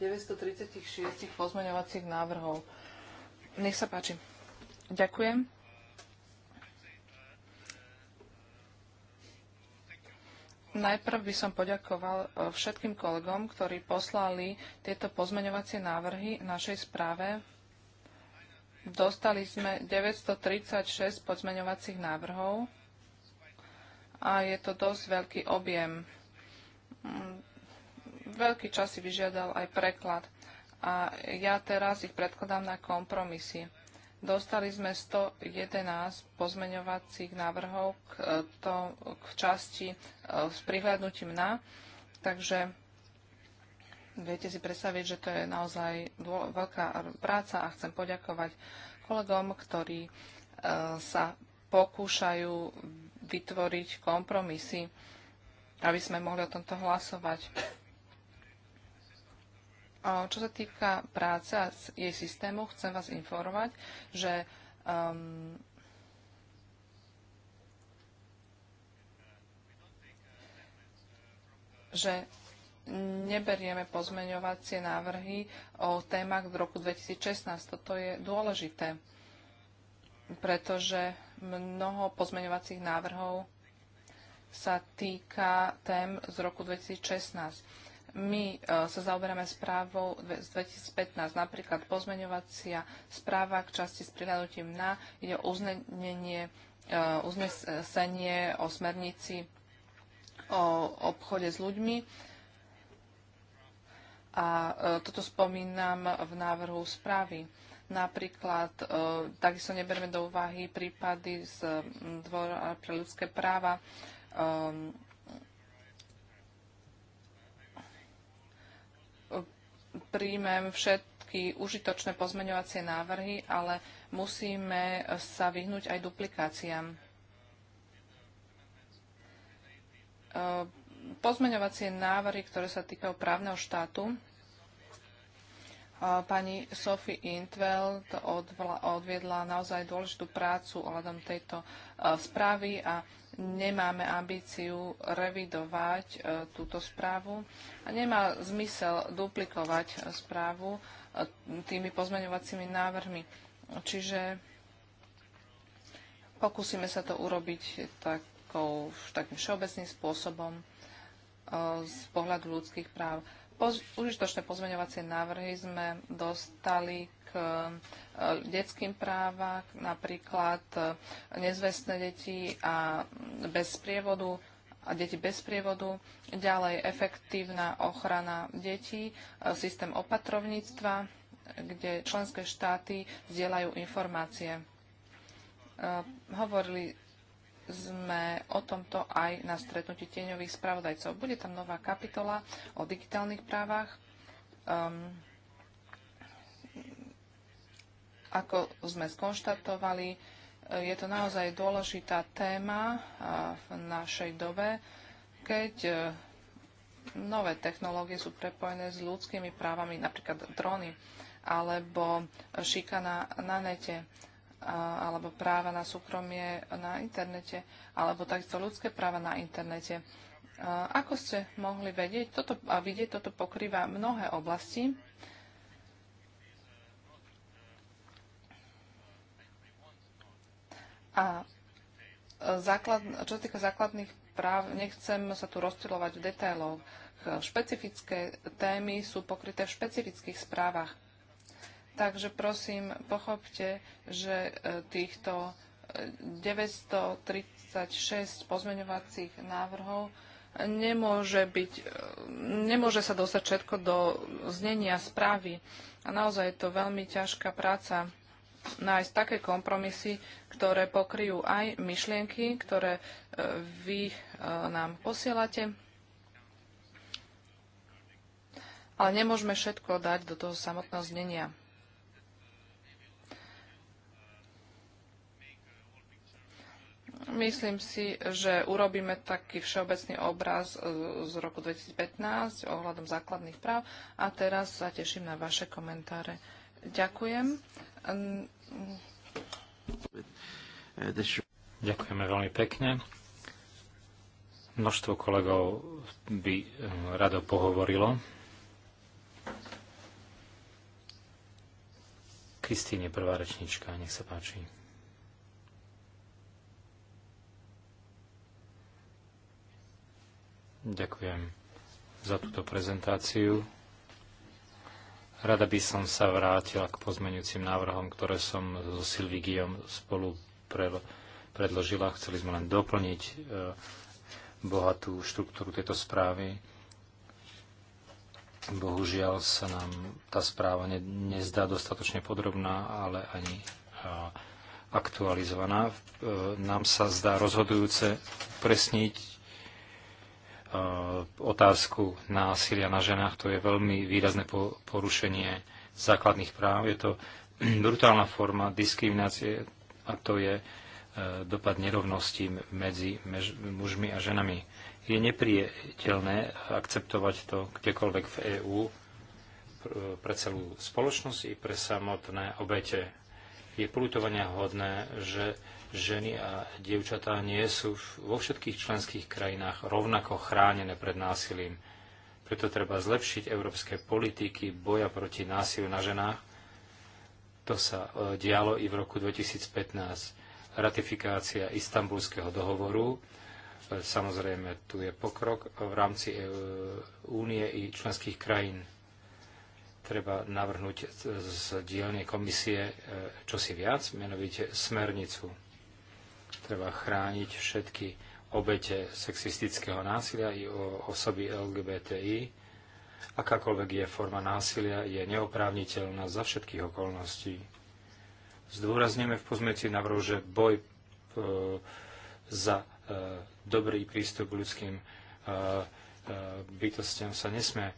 936 pozmeňovacích návrhov. Nech sa páči. Ďakujem. Najprv by som poďakoval e, všetkým kolegom, ktorí poslali tieto pozmeňovacie návrhy našej správe. Dostali sme 936 pozmeňovacích návrhov a je to dosť veľký objem. Mm, veľký čas si vyžiadal aj preklad a ja teraz ich predkladám na kompromisy. Dostali sme 111 pozmeňovacích návrhov k, e, to, k časti e, s prihľadnutím na, takže viete si predstaviť, že to je naozaj veľká práca a chcem poďakovať kolegom, ktorí e, sa pokúšajú vytvoriť kompromisy, aby sme mohli o tomto hlasovať. Čo sa týka práce a jej systému, chcem vás informovať, že um, že neberieme pozmeňovacie návrhy o témach v roku 2016. Toto je dôležité, pretože mnoho pozmeňovacích návrhov sa týka tém z roku 2016 my e, sa zaoberáme správou z 2015, napríklad pozmeňovacia správa k časti s prihľadnutím na, ide o uznenie, e, uznesenie o smernici o obchode s ľuďmi. A e, toto spomínam v návrhu správy. Napríklad, takisto neberme do úvahy prípady z Dvora pre ľudské práva, príjmem všetky užitočné pozmeňovacie návrhy, ale musíme sa vyhnúť aj duplikáciám. Ehm, pozmeňovacie návrhy, ktoré sa týkajú právneho štátu, Pani Sophie Intveld odviedla naozaj dôležitú prácu ohľadom tejto e, správy a nemáme ambíciu revidovať e, túto správu a nemá zmysel duplikovať správu e, tými pozmeňovacími návrhmi. Čiže pokúsime sa to urobiť takou, takým všeobecným spôsobom z pohľadu ľudských práv. Poz, užitočné pozmeňovacie návrhy sme dostali k e, detským právach, napríklad e, nezvestné deti a bez prievodu, a deti bez prievodu, ďalej efektívna ochrana detí, e, systém opatrovníctva, kde členské štáty zdieľajú informácie. Hovorili sme o tomto aj na stretnutí tieňových spravodajcov. Bude tam nová kapitola o digitálnych právach. Um, ako sme skonštatovali, e, je to naozaj dôležitá téma e, v našej dobe, keď e, nové technológie sú prepojené s ľudskými právami, napríklad dróny alebo šikana na nete alebo práva na súkromie na internete, alebo takisto ľudské práva na internete. Ako ste mohli vedieť toto, a vidieť, toto pokrýva mnohé oblasti. A základ, čo sa týka základných práv, nechcem sa tu rozstilovať v detailoch. Špecifické témy sú pokryté v špecifických správach. Takže prosím, pochopte, že e, týchto 936 e, pozmeňovacích návrhov nemôže, byť, e, nemôže sa dostať všetko do znenia správy. A naozaj je to veľmi ťažká práca nájsť také kompromisy, ktoré pokryjú aj myšlienky, ktoré vy nám posielate. Ale nemôžeme všetko dať do toho samotného znenia. Myslím si, že urobíme taký všeobecný obraz e, z roku 2015 ohľadom základných práv a teraz sa teším na vaše komentáre. Ďakujem. Ďakujeme veľmi pekne. Množstvo kolegov by e, rado pohovorilo. Kristýne, prvá rečnička, nech sa páči. Ďakujem za túto prezentáciu. Rada by som sa vrátila k pozmeňujúcim návrhom, ktoré som so Silvigiom spolu predložila. Chceli sme len doplniť e, bohatú štruktúru tejto správy. Bohužiaľ sa nám tá správa ne, nezdá dostatočne podrobná, ale ani e, aktualizovaná. E, nám sa zdá rozhodujúce presniť Eh, otázku násilia na ženách. To je veľmi výrazné porušenie základných práv. Je to brutálna forma diskriminácie a to je eh, dopad nerovností medzi mužmi a ženami. Je nepriateľné akceptovať to kdekoľvek v EÚ pre celú spoločnosť i pre samotné obete. Je polutovania hodné, že ženy a dievčatá nie sú vo všetkých členských krajinách rovnako chránené pred násilím. Preto treba zlepšiť európske politiky boja proti násiliu na ženách. To sa e, dialo i v roku 2015. Ratifikácia istambulského dohovoru. E, samozrejme, tu je pokrok v rámci e, únie i členských krajín. Treba navrhnúť z dielne komisie čosi viac, menovite smernicu Treba chrániť všetky obete sexistického násilia i o osoby LGBTI. Akákoľvek je forma násilia, je neoprávniteľná za všetkých okolností. Zdôrazneme v pozmeci navrhu, že boj e, za e, dobrý prístup k ľudským e, bytostiam sa nesme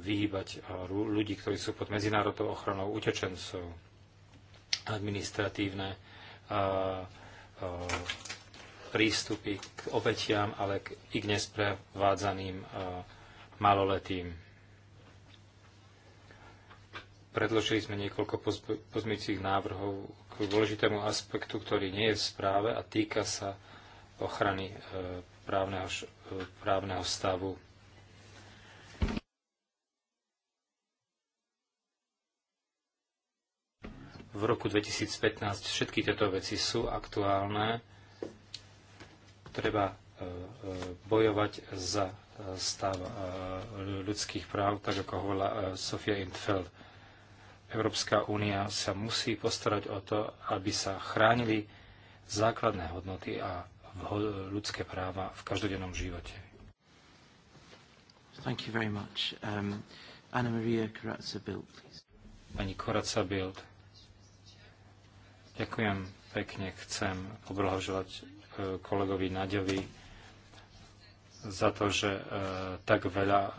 vyhýbať ľudí, ktorí sú pod medzinárodnou ochranou utečencov. Administratívne prístupy k obetiam, ale i k nesprevádzaným maloletým. Predložili sme niekoľko pozmicích návrhov k dôležitému aspektu, ktorý nie je v správe a týka sa ochrany e, právneho, e, právneho stavu v roku 2015 všetky tieto veci sú aktuálne. Treba e, e, bojovať za e, stav ľudských práv, tak ako hovorila Sofia Intfeld. Európska únia sa musí postarať o to, aby sa chránili základné hodnoty a ľudské práva v každodennom živote. Thank you very much. Um, Anna Maria Corazza-Bild, please. Pani Corazza-Bild. Ďakujem pekne. Chcem oblahoželať e, kolegovi Naďovi za to, že e, tak veľa e,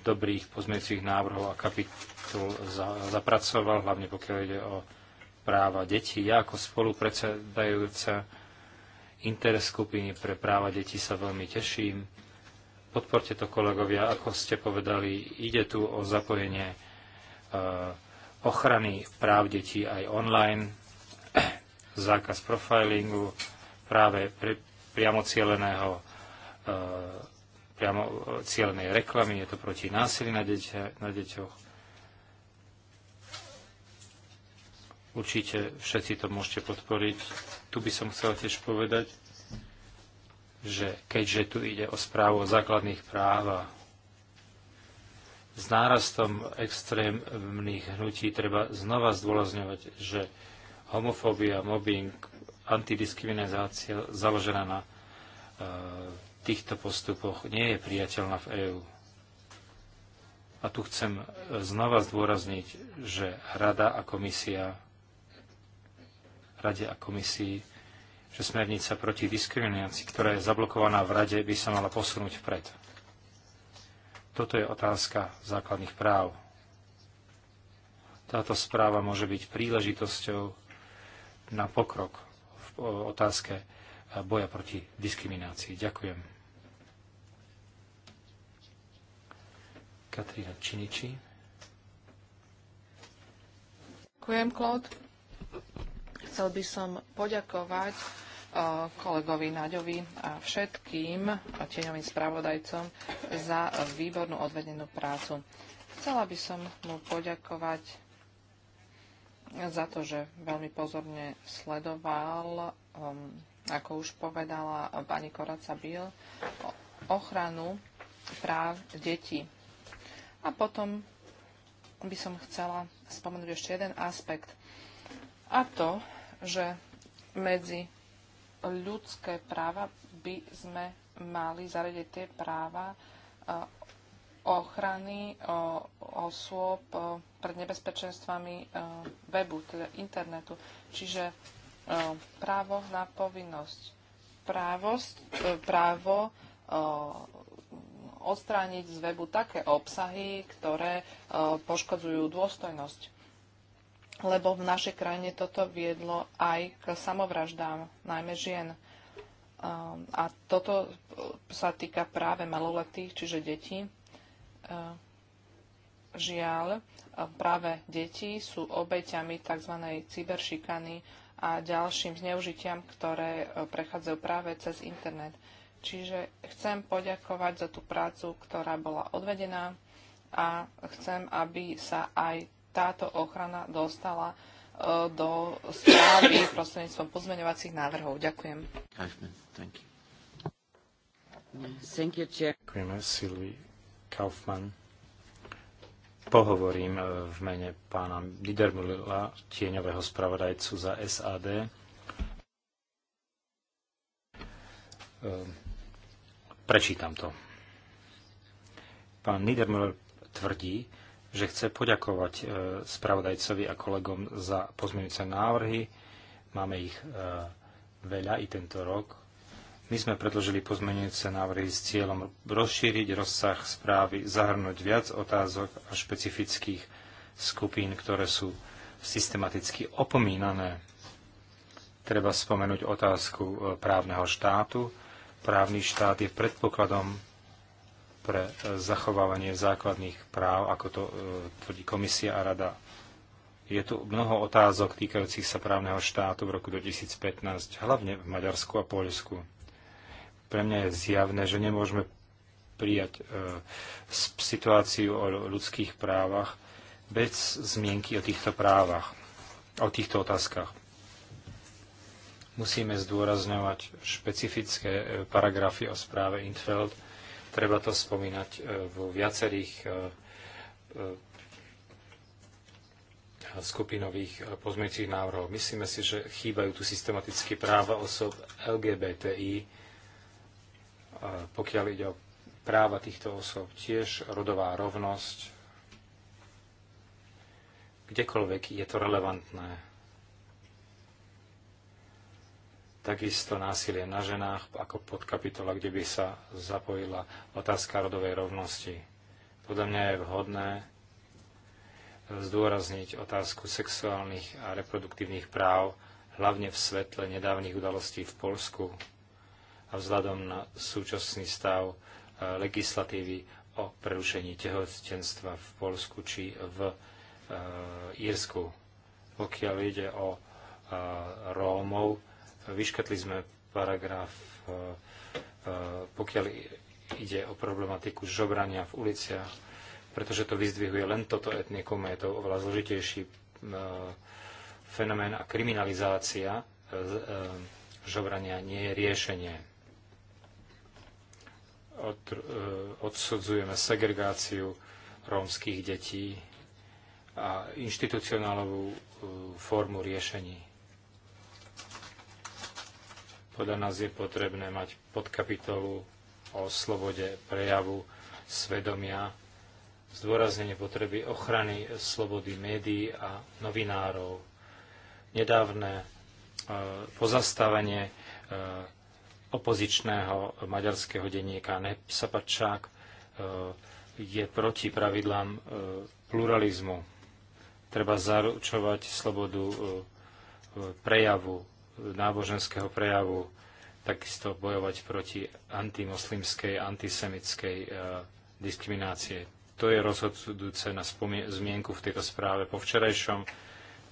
dobrých pozmeňujúcich návrhov a kapitul zapracoval, hlavne pokiaľ ide o práva detí. Ja ako spolupredsedajúca interskupiny pre práva detí sa veľmi teším. Podporte to, kolegovia, ako ste povedali, ide tu o zapojenie ochrany práv detí aj online zákaz profilingu práve pre, priamo cieleného e, priamo cieľnej reklamy, je to proti násilí na, deťa, na deťoch. Určite všetci to môžete podporiť. Tu by som chcel tiež povedať, že keďže tu ide o správu o základných a s nárastom extrémnych hnutí treba znova zdôrazňovať, že homofóbia, mobbing, antidiskriminizácia založená na eh, týchto postupoch nie je priateľná v EÚ. A tu chcem eh, znova zdôrazniť, že Rada a komisia, Rade a komisii, že smernica proti diskriminácii, ktorá je zablokovaná v Rade, by sa mala posunúť vpred. Toto je otázka základných práv. Táto správa môže byť príležitosťou na pokrok v otázke boja proti diskriminácii. Ďakujem. Katrina Činiči. Ďakujem, Klod. Chcel by som poďakovať e, kolegovi Naďovi a všetkým tieňovým spravodajcom za výbornú odvedenú prácu. Chcela by som mu poďakovať za to, že veľmi pozorne sledoval, um, ako už povedala pani Koraca Bil, ochranu práv detí. A potom by som chcela spomenúť ešte jeden aspekt. A to, že medzi ľudské práva by sme mali zaradiť tie práva, uh, ochrany osôb pred nebezpečenstvami webu, teda internetu. Čiže právo na povinnosť. E, právo, právo odstrániť z webu také obsahy, ktoré poškodzujú dôstojnosť. Lebo v našej krajine toto viedlo aj k samovraždám, najmä žien. Ehm, a toto e, sa týka práve maloletých, čiže detí. E, žiaľ, e, práve deti sú obeťami tzv. cyberšikany a ďalším zneužitiam, ktoré e, prechádzajú práve cez internet. Čiže chcem poďakovať za tú prácu, ktorá bola odvedená a chcem, aby sa aj táto ochrana dostala do správy prostredníctvom pozmeňovacích návrhov. Ďakujem. Ďakujem. Silvi. Kaufmann. Pohovorím e, v mene pána Lidermulila, tieňového spravodajcu za SAD. E, prečítam to. Pán Niedermüller tvrdí, že chce poďakovať e, spravodajcovi a kolegom za pozmeňujúce návrhy. Máme ich veľa i tento rok. My sme predložili pozmenujúce návrhy s cieľom rozšíriť rozsah správy, zahrnúť viac otázok a špecifických skupín, ktoré sú systematicky opomínané. Treba spomenúť otázku e, právneho štátu. Právny štát je predpokladom pre e, zachovávanie základných práv, ako to e, tvrdí komisia a rada. Je tu mnoho otázok týkajúcich sa právneho štátu v roku 2015, hlavne v Maďarsku a Poľsku pre mňa je zjavné, že nemôžeme prijať e, situáciu o ľudských právach bez zmienky o týchto právach, o týchto otázkach. Musíme zdôrazňovať špecifické e, paragrafy o správe Intfeld. Treba to spomínať e, vo viacerých e, e skupinových e, pozmeňujúcich návrhov. Myslíme si, že chýbajú tu systematicky práva osob LGBTI, pokiaľ ide o práva týchto osob, tiež rodová rovnosť, kdekoľvek je to relevantné. Takisto násilie na ženách ako podkapitola, kde by sa zapojila otázka rodovej rovnosti. Podľa mňa je vhodné zdôrazniť otázku sexuálnych a reproduktívnych práv, hlavne v svetle nedávnych udalostí v Polsku, a vzhľadom na súčasný stav e, legislatívy o prerušení tehotenstva v Polsku či v e, Írsku. Pokiaľ ide o e, Rómov, vyškatli sme paragraf, pokiaľ ide o problematiku žobrania v uliciach, pretože to vyzdvihuje len toto etnikum, je to oveľa zložitejší fenomén a kriminalizácia žobrania nie je riešenie od, e, odsudzujeme segregáciu rómskych detí a inštitucionálovú e, formu riešení. Podľa nás je potrebné mať podkapitolu o slobode prejavu svedomia, zdôraznenie potreby ochrany slobody médií a novinárov. Nedávne e, pozastavenie opozičného maďarského denníka Nepsapačák e, je proti pravidlám e, pluralizmu. Treba zaručovať slobodu e, prejavu, náboženského prejavu, takisto bojovať proti antimoslimskej, antisemickej diskriminácie. To je rozhodujúce na zmienku v tejto správe. Po včerajšom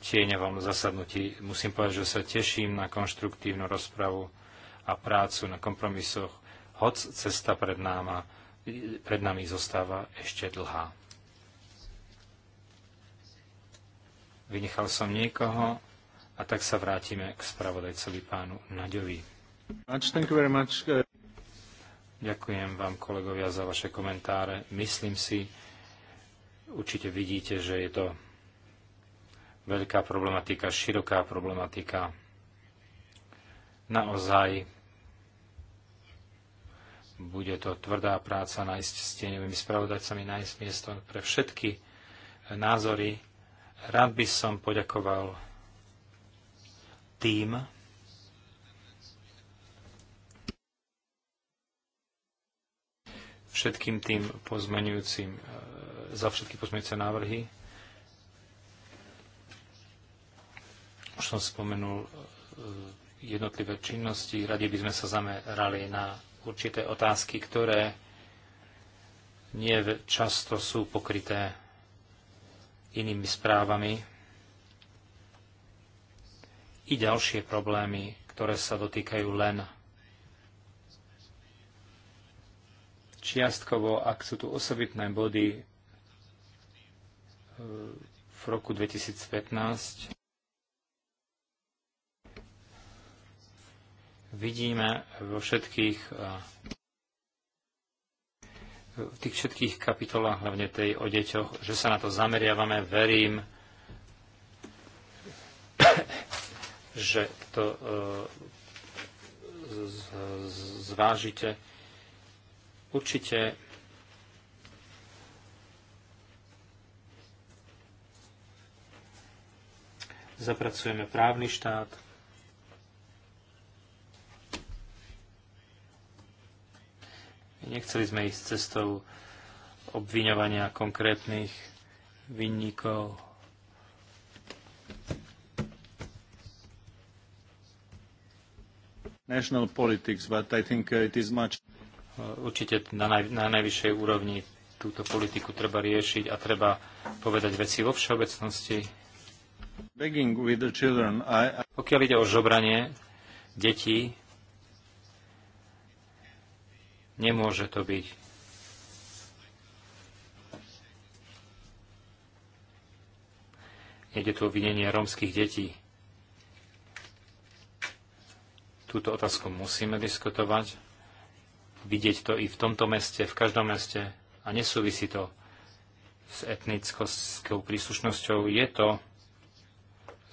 tieňovom zasadnutí musím povedať, že sa teším na konštruktívnu rozpravu a prácu na kompromisoch, hoc cesta pred, náma, pred nami zostáva ešte dlhá. Vynechal som niekoho a tak sa vrátime k spravodajcovi pánu Naďovi. Ďakujem vám, kolegovia, za vaše komentáre. Myslím si, určite vidíte, že je to veľká problematika, široká problematika. Naozaj bude to tvrdá práca nájsť s tieňovými spravodajcami, nájsť miesto pre všetky názory. Rád by som poďakoval tým, všetkým tým pozmenujúcim, e, za všetky pozmenujúce návrhy. Už som spomenul e, jednotlivé činnosti. Radi by sme sa zamerali na určité otázky, ktoré nie často sú pokryté inými správami i ďalšie problémy, ktoré sa dotýkajú len čiastkovo, ak sú tu osobitné body v roku 2015, Vidíme vo všetkých eh, v tých všetkých kapitolách, hlavne tej o deťoch, že sa na to zameriavame. Verím, že to eh, zvážite. Určite zapracujeme právny štát, Nechceli sme ísť cestou obviňovania konkrétnych vinníkov. National politics, but I think uh, it is much... Určite na, naj, na najvyššej úrovni túto politiku treba riešiť a treba povedať veci vo všeobecnosti. Children, I... Pokiaľ ide o žobranie detí, Nemôže to byť. Ide tu o vinenie rómskych detí. Túto otázku musíme diskutovať. Vidieť to i v tomto meste, v každom meste. A nesúvisí to s etnickou príslušnosťou. Je to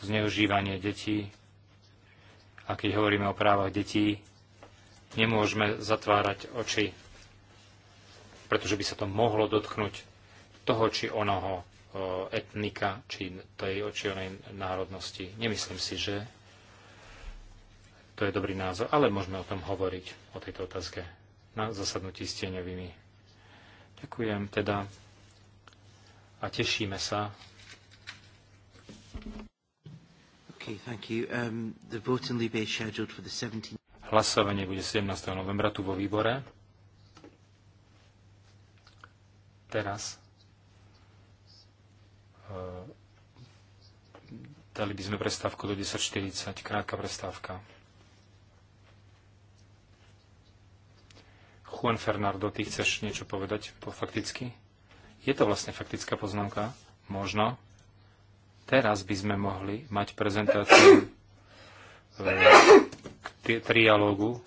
zneužívanie detí. A keď hovoríme o právach detí, Nemôžeme zatvárať oči, pretože by sa to mohlo dotknúť toho či onoho e, etnika, či tej či onej národnosti. Nemyslím si, že to je dobrý názor, ale môžeme o tom hovoriť, o tejto otázke na zasadnutí s tieňovými. Ďakujem teda a tešíme sa. Okay, thank you. Um, the vote in Libya is scheduled for the 17th. Hlasovanie bude 17. novembra tu vo výbore. Teraz e, dali by sme prestávku do 10.40, krátka prestávka. Juan Fernando, ty chceš niečo povedať po fakticky? Je to vlastne faktická poznámka? Možno. Teraz by sme mohli mať prezentáciu e, trialógu e,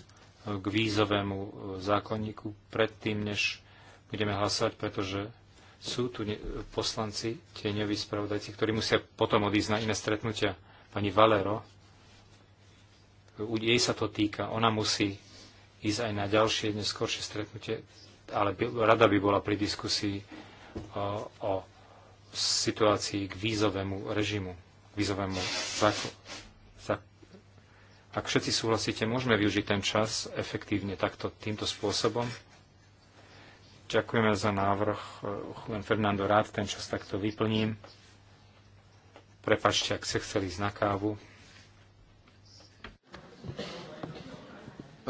k vízovému e, zákonníku predtým, než budeme hlasovať, pretože sú tu poslanci, tieňoví spravodajci, ktorí musia potom odísť na iné stretnutia. Pani Valero, jej sa to týka, ona musí ísť aj na ďalšie, neskôršie stretnutie, ale rada by bola pri diskusii o, e, o situácii k vízovému režimu, k vízovému zákonu ak všetci súhlasíte, môžeme využiť ten čas efektívne takto, týmto spôsobom. Ďakujeme za návrh. Juan eh, Fernando rád ten čas takto vyplním. Prepačte, ak ste chceli ísť na kávu.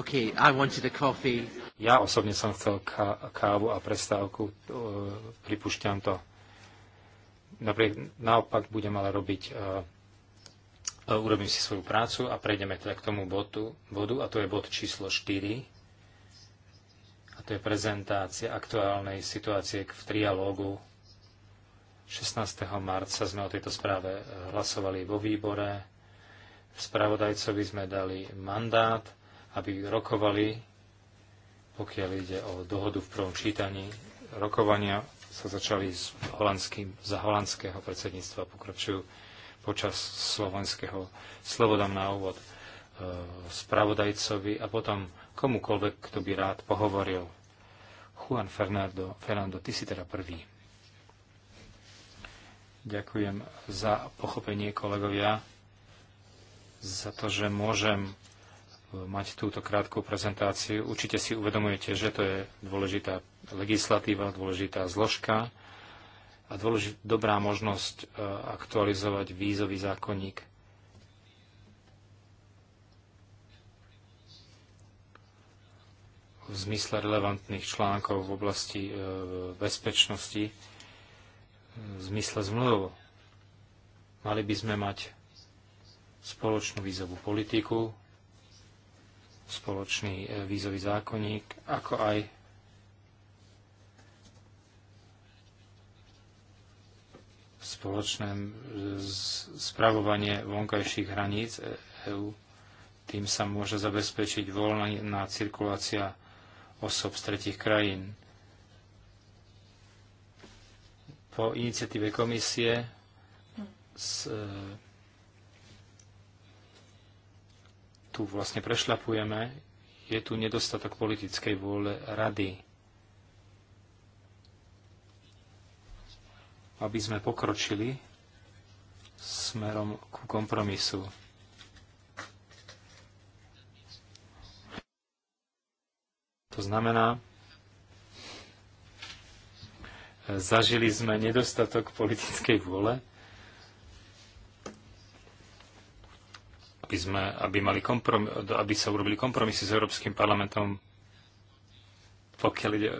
Okay, I wanted a coffee. Ja osobne som chcel kávu a prestávku, eh, pripúšťam to. Napriek, naopak budem ale robiť eh, E, urobím si svoju prácu a prejdeme teda k tomu bodu, bodu a to je bod číslo 4 a to je prezentácia aktuálnej situácie v trialógu. 16. marca sme o tejto správe e, hlasovali vo výbore. Spravodajcovi sme dali mandát, aby rokovali, pokiaľ ide o dohodu v prvom čítaní. Rokovania sa začali s holandským, za holandského predsedníctva pokračujú počas slovenského slovodom na úvod e, spravodajcovi a potom komukoľvek, kto by rád pohovoril. Juan Fernando, Fernando, ty si teda prvý. Ďakujem za pochopenie kolegovia, za to, že môžem e, mať túto krátku prezentáciu. Určite si uvedomujete, že to je dôležitá legislatíva, dôležitá zložka a dôležit, dobrá možnosť e, aktualizovať vízový zákonník. v zmysle relevantných článkov v oblasti e, bezpečnosti, e, v zmysle zmluv. Mali by sme mať spoločnú vízovú politiku, spoločný vízový zákonník, ako aj spoločné spravovanie vonkajších hraníc EÚ. E Tým sa môže zabezpečiť voľná cirkulácia osob z tretich krajín. Po iniciatíve komisie s, e, tu vlastne prešlapujeme, je tu nedostatok politickej vôle rady aby sme pokročili smerom ku kompromisu. To znamená, zažili sme nedostatok politickej vôle, aby, sme, aby, mali komprom- aby sa urobili kompromisy s Európskym parlamentom, pokiaľ ide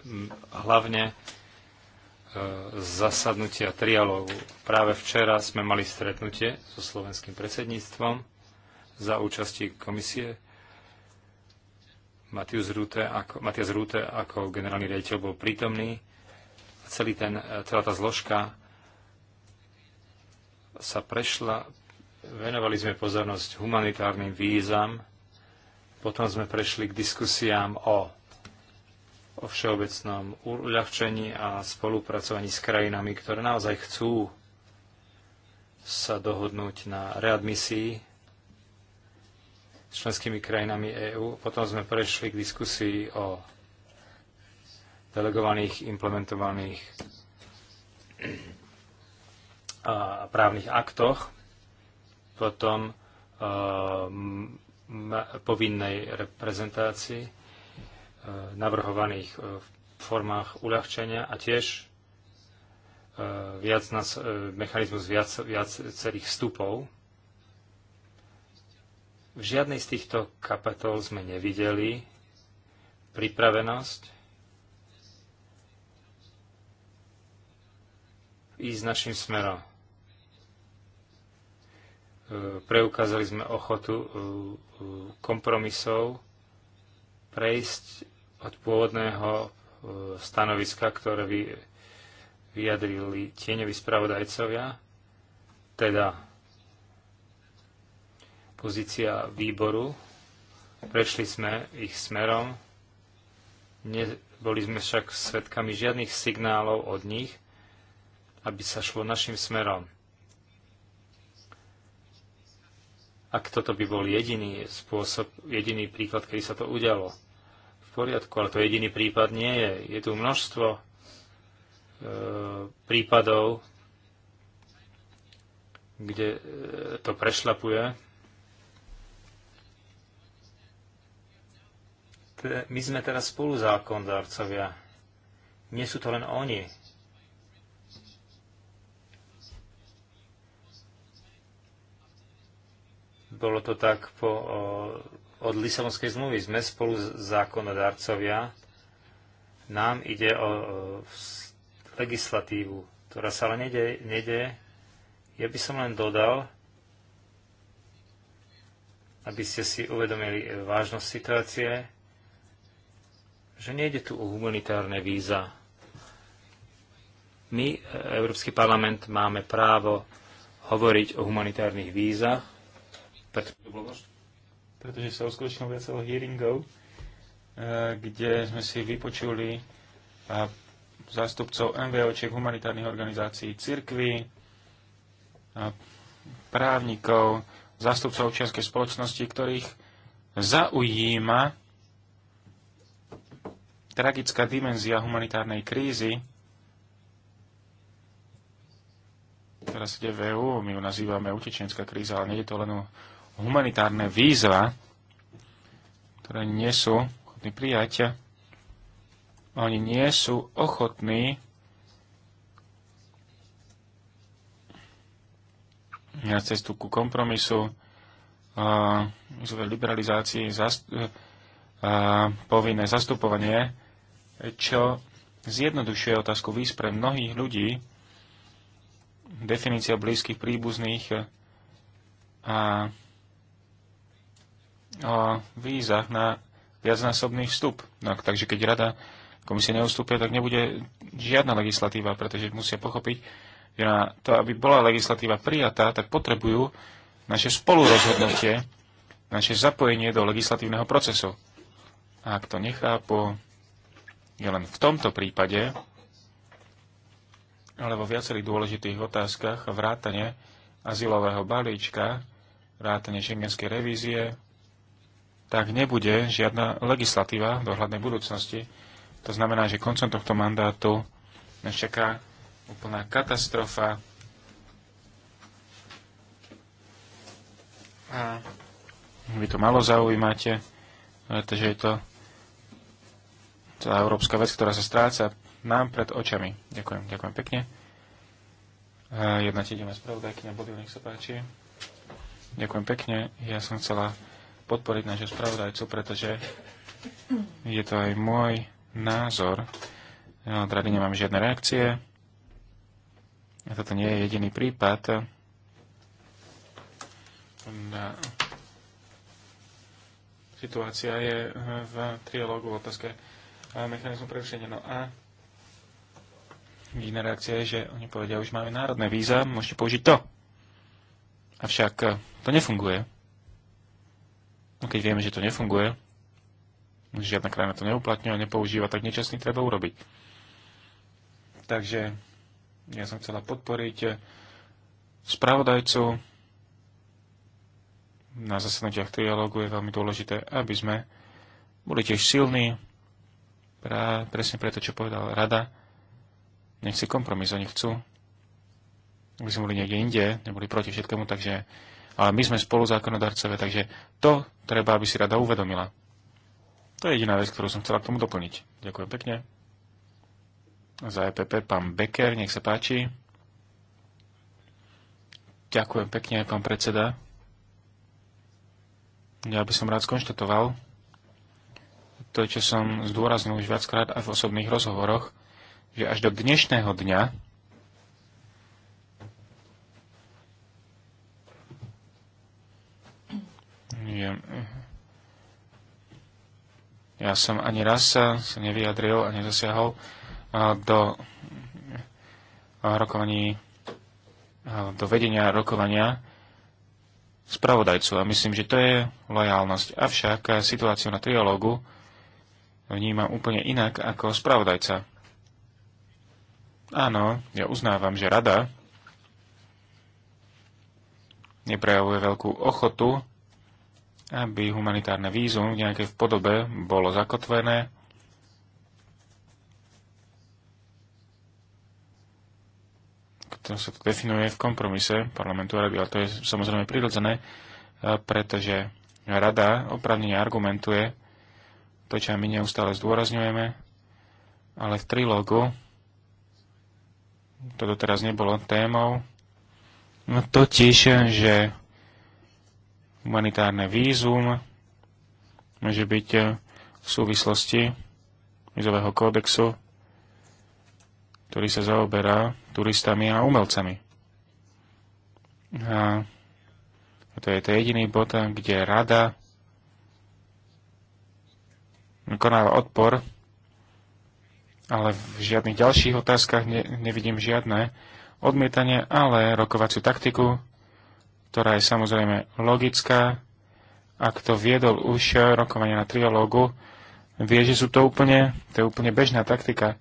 hlavne zasadnutia trialógu. Práve včera sme mali stretnutie so slovenským predsedníctvom za účasti komisie. Matias Rúte ako, Matias ako generálny riaditeľ bol prítomný. Celý ten, celá tá zložka sa prešla, venovali sme pozornosť humanitárnym vízam, potom sme prešli k diskusiám o o všeobecnom uľahčení a spolupracovaní s krajinami, ktoré naozaj chcú sa dohodnúť na readmisii s členskými krajinami EÚ. Potom sme prešli k diskusii o delegovaných, implementovaných a právnych aktoch, potom eh, povinnej reprezentácii E, navrhovaných e, formách uľahčenia a tiež e, viac nás, mechanizmus viac, viac celých vstupov. V žiadnej z týchto kapitol sme nevideli pripravenosť ísť našim smerom. Preukázali sme ochotu kompromisov prejsť od pôvodného e, stanoviska, ktoré vy, vyjadrili tieňoví spravodajcovia, teda pozícia výboru. Prešli sme ich smerom. Neboli sme však svetkami žiadnych signálov od nich, aby sa šlo našim smerom. Ak toto by bol jediný spôsob, jediný príklad, kedy sa to udialo poriadku, ale to jediný prípad nie je. Je tu množstvo e, prípadov, kde e, to prešlapuje. Te, my sme teraz zákondárcovia. Nie sú to len oni. Bolo to tak po o, od Lisabonskej zmluvy. Sme spolu zákonodárcovia. Nám ide o legislatívu, ktorá sa ale nedie. Ja by som len dodal, aby ste si uvedomili vážnosť situácie, že nejde tu o humanitárne víza. My, Európsky parlament, máme právo hovoriť o humanitárnych vízach, pretože to bolo pretože sa uskutočnilo viacero hearingov, eh, kde sme si vypočuli eh, zástupcov MVOčiek, humanitárnych organizácií, cirkvy, eh, právnikov, zástupcov občianskej spoločnosti, ktorých zaujíma tragická dimenzia humanitárnej krízy, ktorá sa deje v EU, my ju nazývame utečenská kríza, ale nie je to len o humanitárne výzva, ktoré nie sú ochotní prijať, oni nie sú ochotní na cestu ku kompromisu, uh, liberalizácii, zast, e, a, povinné zastupovanie, čo zjednodušuje otázku víz pre mnohých ľudí, definícia blízkych príbuzných e, a o vízach na viacnásobný vstup. No, takže keď rada komisie neustúpia, tak nebude žiadna legislatíva, pretože musia pochopiť, že na to, aby bola legislatíva prijatá, tak potrebujú naše spolurozhodnutie, naše zapojenie do legislatívneho procesu. A ak to nechápu, je len v tomto prípade, ale vo viacerých dôležitých otázkach vrátane azylového balíčka, vrátane šengenskej revízie, tak nebude žiadna legislatíva do hľadnej budúcnosti. To znamená, že koncom tohto mandátu nás čaká úplná katastrofa a vy to malo zaujímate, pretože je to celá európska vec, ktorá sa stráca nám pred očami. Ďakujem, ďakujem pekne. Jedna ti ideme na bodu, nech sa páči. Ďakujem pekne. Ja som chcela podporiť našu spravodajcu, pretože je to aj môj názor. Ja od rady nemám žiadne reakcie. A toto nie je jediný prípad. Na... Situácia je v trialógu v otázke eh, mechanizmu prerušenia. No a jediná reakcia je, že oni povedia, už máme národné víza, môžete použiť to. Avšak to nefunguje. No keď vieme, že to nefunguje, že žiadna krajina to neuplatňuje a nepoužíva, tak niečo s tým treba urobiť. Takže ja som chcela podporiť spravodajcu. Na zasadnutiach trialógu je veľmi dôležité, aby sme boli tiež silní, pra, presne preto, čo povedala rada. Nechci kompromis, oni chcú, aby sme boli niekde inde, neboli proti všetkému, takže ale my sme spoluzákonodarcovia, takže to treba, aby si rada uvedomila. To je jediná vec, ktorú som chcela k tomu doplniť. Ďakujem pekne. Za EPP pán Becker, nech sa páči. Ďakujem pekne, pán predseda. Ja by som rád skonštatoval to, čo som zdôraznil už viackrát aj v osobných rozhovoroch, že až do dnešného dňa Ja, ja som ani raz sa nevyjadril a nezasiahol do rokovaní, do vedenia rokovania spravodajcu. A myslím, že to je lojálnosť. Avšak situáciu na trialógu vnímam úplne inak ako spravodajca. Áno, ja uznávam, že rada neprejavuje veľkú ochotu aby humanitárne vízum v nejakej podobe bolo zakotvené. To sa to definuje v kompromise parlamentu rady, ale to je samozrejme prirodzené, e, pretože rada opravnene argumentuje to, čo my neustále zdôrazňujeme, ale v trilógu to doteraz nebolo témou, no totiž, že humanitárne vízum môže byť eh, v súvislosti vízového kódexu, ktorý sa zaoberá turistami a umelcami. A to je to jediný bod, eh, kde rada konala odpor, ale v žiadnych ďalších otázkach ne, nevidím žiadne odmietanie, ale rokovaciu taktiku ktorá je samozrejme logická. Ak to viedol už rokovanie na triológu, vie, že sú to úplne, to je úplne bežná taktika,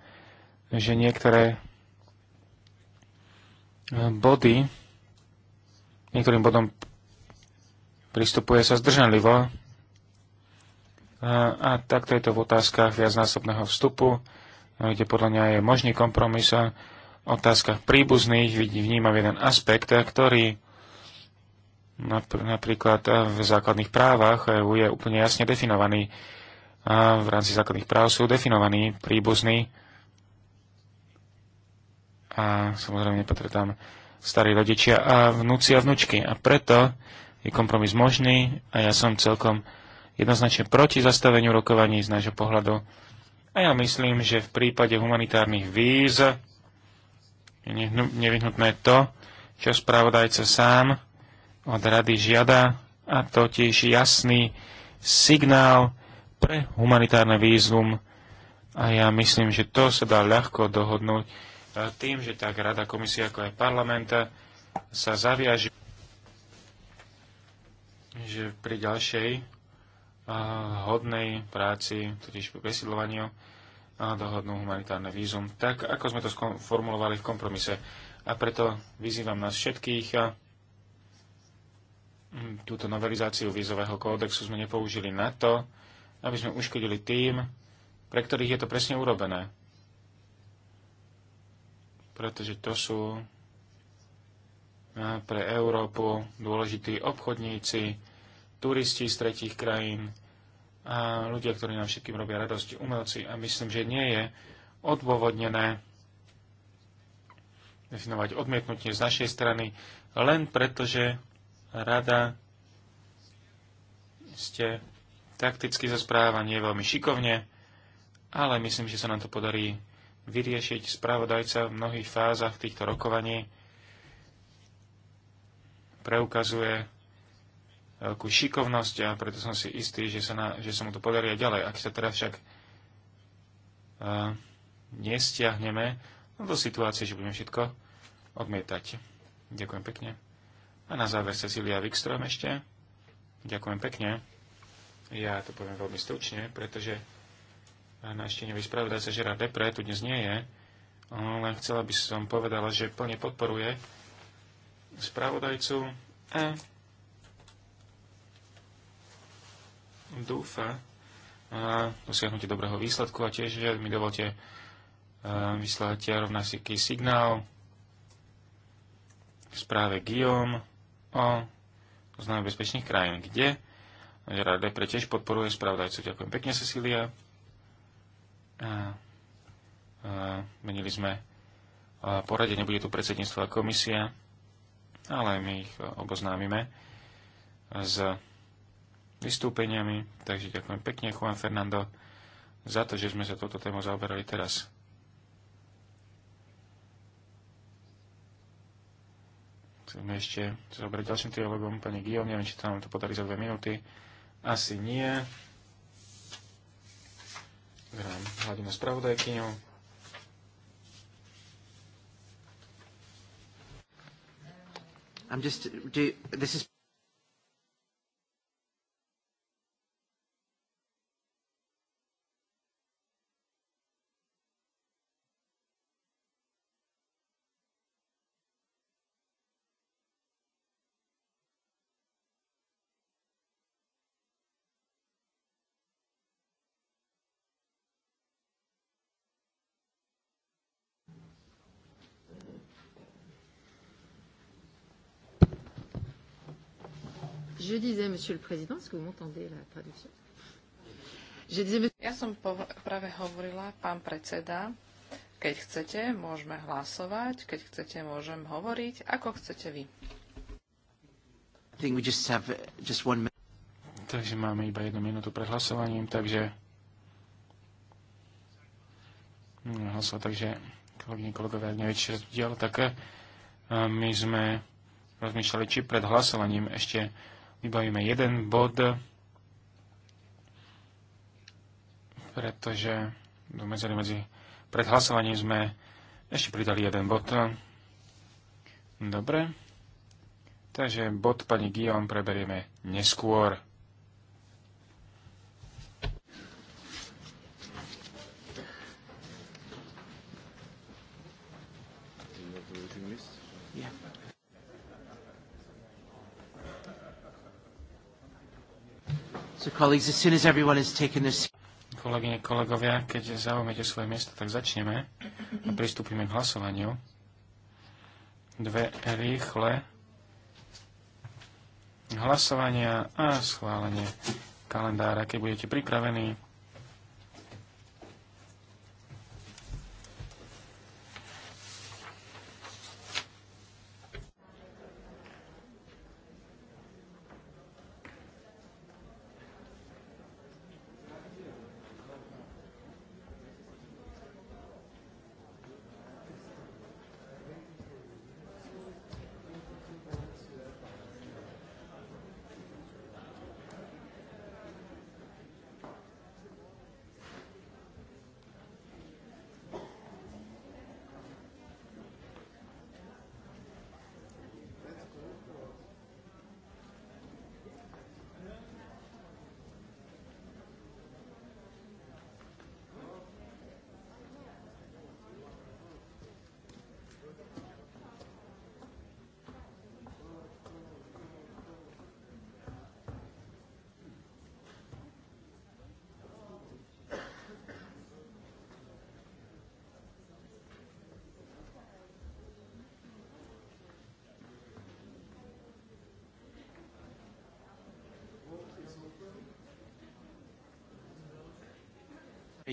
že niektoré e, body, niektorým bodom pristupuje sa zdržanlivo. A, e, a takto je to v otázkach viacnásobného vstupu, kde no, podľa mňa je možný kompromis a v otázkach príbuzných vidí, vnímam jeden aspekt, ktorý Napríklad eh, v základných právach EU je úplne jasne definovaný a v rámci základných práv sú definovaní príbuzní a samozrejme nepatrí tam starí rodičia a vnúci a vnúčky. A preto je kompromis možný a ja som celkom jednoznačne proti zastaveniu rokovaní z nášho pohľadu. A ja myslím, že v prípade humanitárnych víz je nevyhnutné to, čo spravodajca sám od rady žiada, a totiž jasný signál pre humanitárne vízum. A ja myslím, že to sa dá ľahko dohodnúť e, tým, že tak Rada, Komisia ako aj parlamenta sa zaviaží, že pri ďalšej e, hodnej práci, totiž pri presídľovaniu, e, dohodnú humanitárne vízum, tak ako sme to formulovali v kompromise. A preto vyzývam nás všetkých, túto novelizáciu vízového kódexu sme nepoužili na to, aby sme uškodili tým, pre ktorých je to presne urobené. Pretože to sú eh, pre Európu dôležití obchodníci, turisti z tretích krajín a ľudia, ktorí nám všetkým robia radosť, umelci. A myslím, že nie je odôvodnené definovať odmietnutie z našej strany len preto, že rada ste takticky sa správa nie veľmi šikovne, ale myslím, že sa nám to podarí vyriešiť správodajca v mnohých fázach týchto rokovaní preukazuje veľkú šikovnosť a preto som si istý, že sa, na, že sa mu to podarí aj ďalej. Ak sa teraz však uh, nestiahneme no do situácie, že budeme všetko odmietať. Ďakujem pekne. A na záver Cecilia Wikström ešte. Ďakujem pekne. Ja to poviem veľmi stručne, pretože ešte nevy tenevý sa, Žera Depre tu dnes nie je. Len chcela by som povedala, že plne podporuje spravodajcu a dúfa a dosiahnutie dobrého výsledku a tiež že mi dovolte eh, vyslať rovnaký signál správe Guillaume o zozname bezpečných krajín, kde Rade pre tiež podporuje spravodajcu. Ďakujem pekne, Cecília. A, a, menili sme a poradie, nebude tu predsedníctvo a komisia, ale my ich oboznámime s vystúpeniami. Takže ďakujem pekne, Juan Fernando, za to, že sme sa touto tému zaoberali teraz. chceme ešte zobrať ďalším teologom, Pani Guillaume, neviem, či to nám to podarí za dve minúty. Asi nie. Hrám hladinu spravodajkyňu. I'm just, do, this is... je disais, Monsieur le Président, est-ce que vous m'entendez la traduction je disais... monsieur... Ja som po, práve hovorila, pán predseda, keď chcete, môžeme hlasovať, keď chcete, môžem hovoriť, ako chcete vy. Just have, uh, just one... Takže máme iba jednu minútu pred hlasovaním, takže hlasovať, takže kolegyne, kolegové, ak neviete, čo tak uh, my sme rozmýšľali, či pred hlasovaním ešte vybavíme jeden bod, pretože do medzery medzi pred hlasovaním sme ešte pridali jeden bod. Dobre. Takže bod pani Gion preberieme neskôr. colleagues, as soon as everyone has taken their Kolegyne, kolegovia, keď zaujmete svoje miesto, tak začneme a pristúpime k hlasovaniu. Dve rýchle hlasovania a schválenie kalendára. Keď budete pripravení,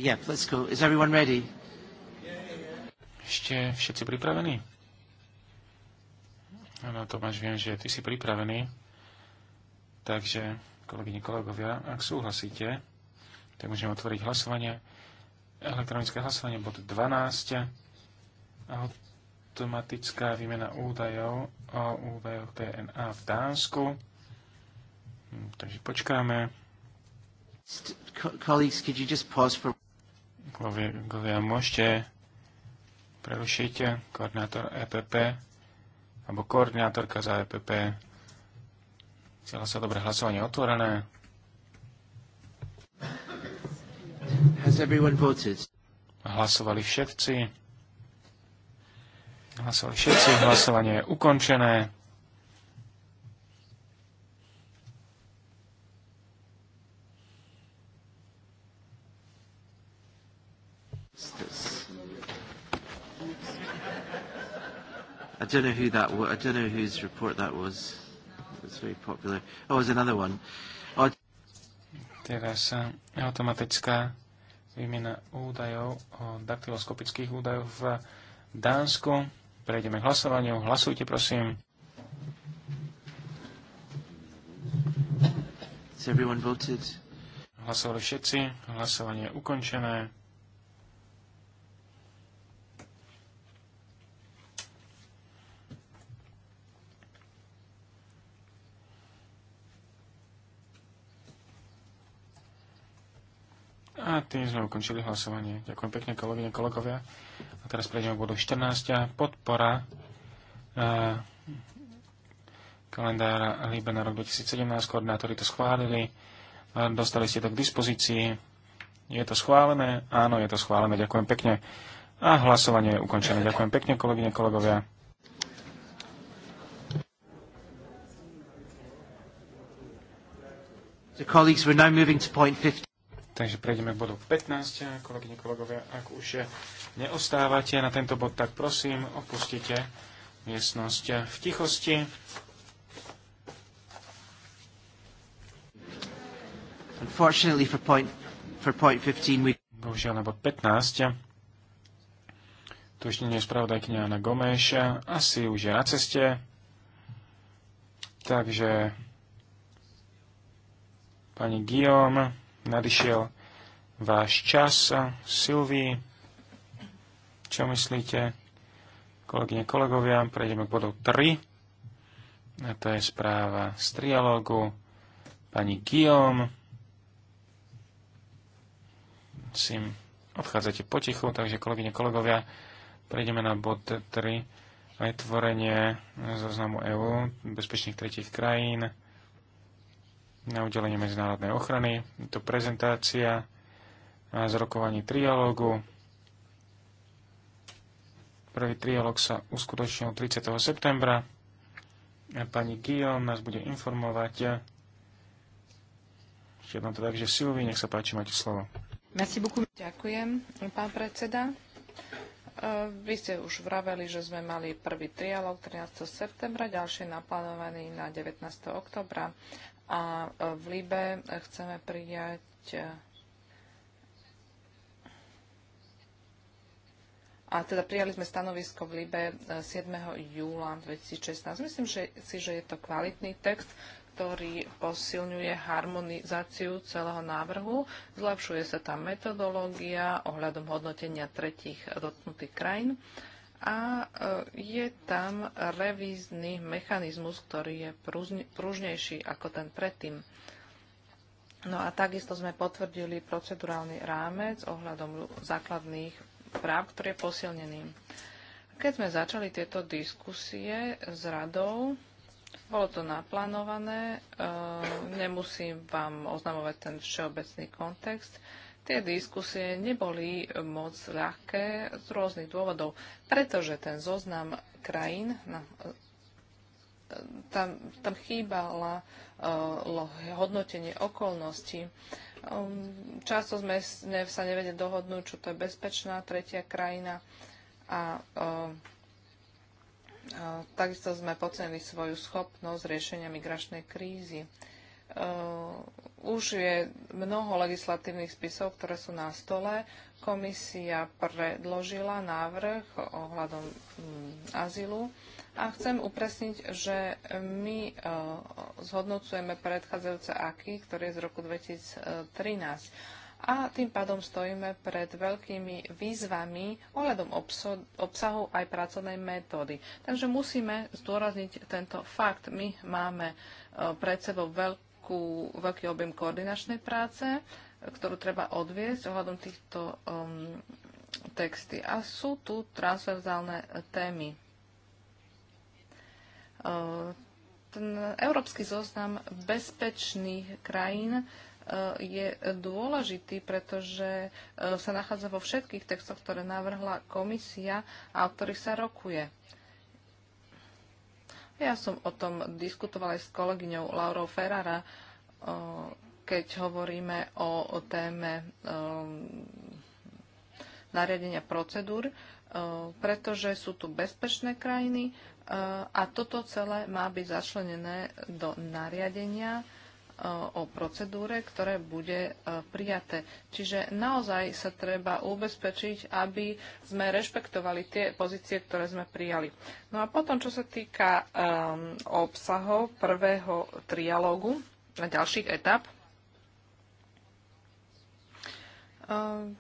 Yeah, let's go. Is everyone ready? Ešte všetci pripravení? Áno, Tomáš, viem, že ty si pripravený. Takže, kolegyne, kolegovia, ak súhlasíte, tak môžeme otvoriť hlasovanie. Elektronické hlasovanie bod 12. Automatická výmena údajov o údajoch DNA v Dánsku. Hm, takže počkáme. Colleagues, could you just pause for kolegovia, môžete prerušiť koordinátor EPP alebo koordinátorka za EPP. Chcela sa dobre hlasovanie otvorené. Has everyone voted? Hlasovali všetci. Hlasovali všetci. Hlasovanie je ukončené. I don't know who that was. I don't know whose report that was. It was very popular. Oh, it was another one. Oh. Teraz eh, automatická výmena údajov o daktyloskopických údajoch v Dánsku. Prejdeme k hlasovaniu. Hlasujte, prosím. Hlasovali všetci. Hlasovanie je ukončené. tým sme ukončili hlasovanie. Ďakujem pekne, kolegyne, kolegovia. A teraz prejdeme k bodu 14. Podpora a, eh, kalendára Líbe na rok 2017. Koordinátori to schválili. A dostali ste to k dispozícii. Je to schválené? Áno, je to schválené. Ďakujem pekne. A hlasovanie je ukončené. Ďakujem pekne, kolegyne, kolegovia. So colleagues, we're now moving to point 15. Takže prejdeme k bodu 15. Kolegyne, kolegovia, ak už neostávate na tento bod, tak prosím, opustite miestnosť v tichosti. Unfortunately for point, for point 15 we... Bohužiaľ na bod 15. Tu ešte nie je spravodajkňa Ana Gomeš, Asi už je na ceste. Takže pani Guillaume nadišiel váš čas. Silvii, čo myslíte? Kolegyne, kolegovia, prejdeme k bodu 3. A to je správa z trialógu pani Kijom. Sim, odchádzate potichu, takže kolegyne, kolegovia, prejdeme na bod 3. Vytvorenie zoznamu EÚ bezpečných tretich krajín na udelenie medzinárodnej ochrany. Je to prezentácia z rokovaní trialógu. Prvý trialóg sa uskutočnil 30. septembra. A pani Guillaume nás bude informovať. Ešte jednom to teda, tak, že Silvi, nech sa páči, máte slovo. Merci beaucoup. Ďakujem, pán predseda. E, vy ste už vraveli, že sme mali prvý trialog 13. septembra, ďalšie naplánovaný na 19. oktobra a e, v Libe chceme prijať e, A teda prijali sme stanovisko v Libe 7. E, júla 2016. Myslím že, si, že je to kvalitný text, ktorý posilňuje harmonizáciu celého návrhu. Zlepšuje sa tá metodológia ohľadom hodnotenia tretich dotknutých krajín a e, je tam revízny mechanizmus, ktorý je pružnejší ako ten predtým. No a takisto sme potvrdili procedurálny rámec ohľadom základných práv, ktorý je posilnený. Keď sme začali tieto diskusie s radou, bolo to naplánované, e, nemusím vám oznamovať ten všeobecný kontext, Tie diskusie neboli moc ľahké z rôznych dôvodov, pretože ten zoznam krajín, na, e, tam, tam chýbala uh, hodnotenie okolností. Um, často sme ne, sa nevedeli dohodnúť, čo to je bezpečná tretia krajina a uh, uh, takisto sme pocenili svoju schopnosť riešenia migračnej krízy. Uh, už je mnoho legislatívnych spisov, ktoré sú na stole. Komisia predložila návrh ohľadom mm, azylu a chcem upresniť, že my uh, zhodnocujeme predchádzajúce AKI, ktorý je z roku 2013 a tým pádom stojíme pred veľkými výzvami ohľadom obsahu aj pracovnej metódy. Takže musíme zdôrazniť tento fakt. My máme uh, pred sebou veľkú veľkú, veľký objem koordinačnej práce, ktorú treba odviesť ohľadom týchto um, texty. A sú tu transverzálne témy. Uh, ten európsky zoznam bezpečných krajín uh, je dôležitý, pretože uh, sa nachádza vo všetkých textoch, ktoré navrhla komisia a o ktorých sa rokuje. Ja som o tom diskutovala aj s kolegyňou Laurou Ferrara, keď hovoríme o, téme nariadenia procedúr, pretože sú tu bezpečné krajiny a toto celé má byť začlenené do nariadenia, Eh, o procedúre, ktoré bude eh, prijaté. Čiže naozaj sa treba ubezpečiť, aby sme rešpektovali tie pozície, ktoré sme prijali. No a potom, čo sa týka um, obsahov prvého trialógu na ďalších etap,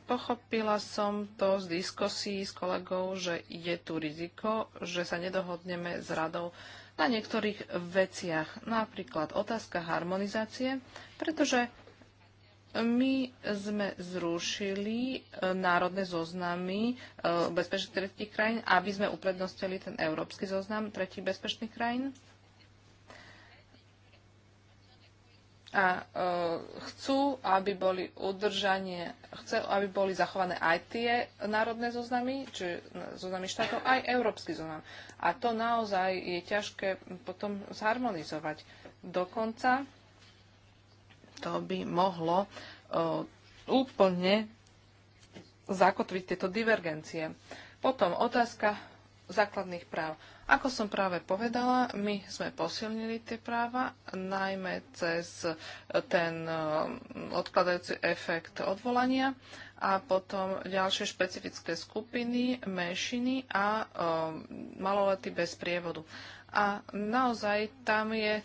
pochopila som to z diskusí s kolegou, že je tu riziko, že sa nedohodneme s radou uh, na niektorých veciach, napríklad otázka harmonizácie, pretože my sme zrušili e, národné zoznamy e, bezpečných tretich krajín, aby sme uprednostili ten európsky zoznam tretich bezpečných krajín. a uh, chcú, aby boli udržanie, chce, aby boli zachované aj tie národné zoznamy, či zoznamy štátov, aj európsky zoznam. A to naozaj je ťažké potom zharmonizovať. Dokonca to by mohlo uh, úplne zakotviť tieto divergencie. Potom otázka základných práv. Ako som práve povedala, my sme posilnili tie práva, najmä cez ten e, odkladajúci efekt odvolania a potom ďalšie špecifické skupiny, menšiny a e, maloletí bez prievodu. A naozaj tam je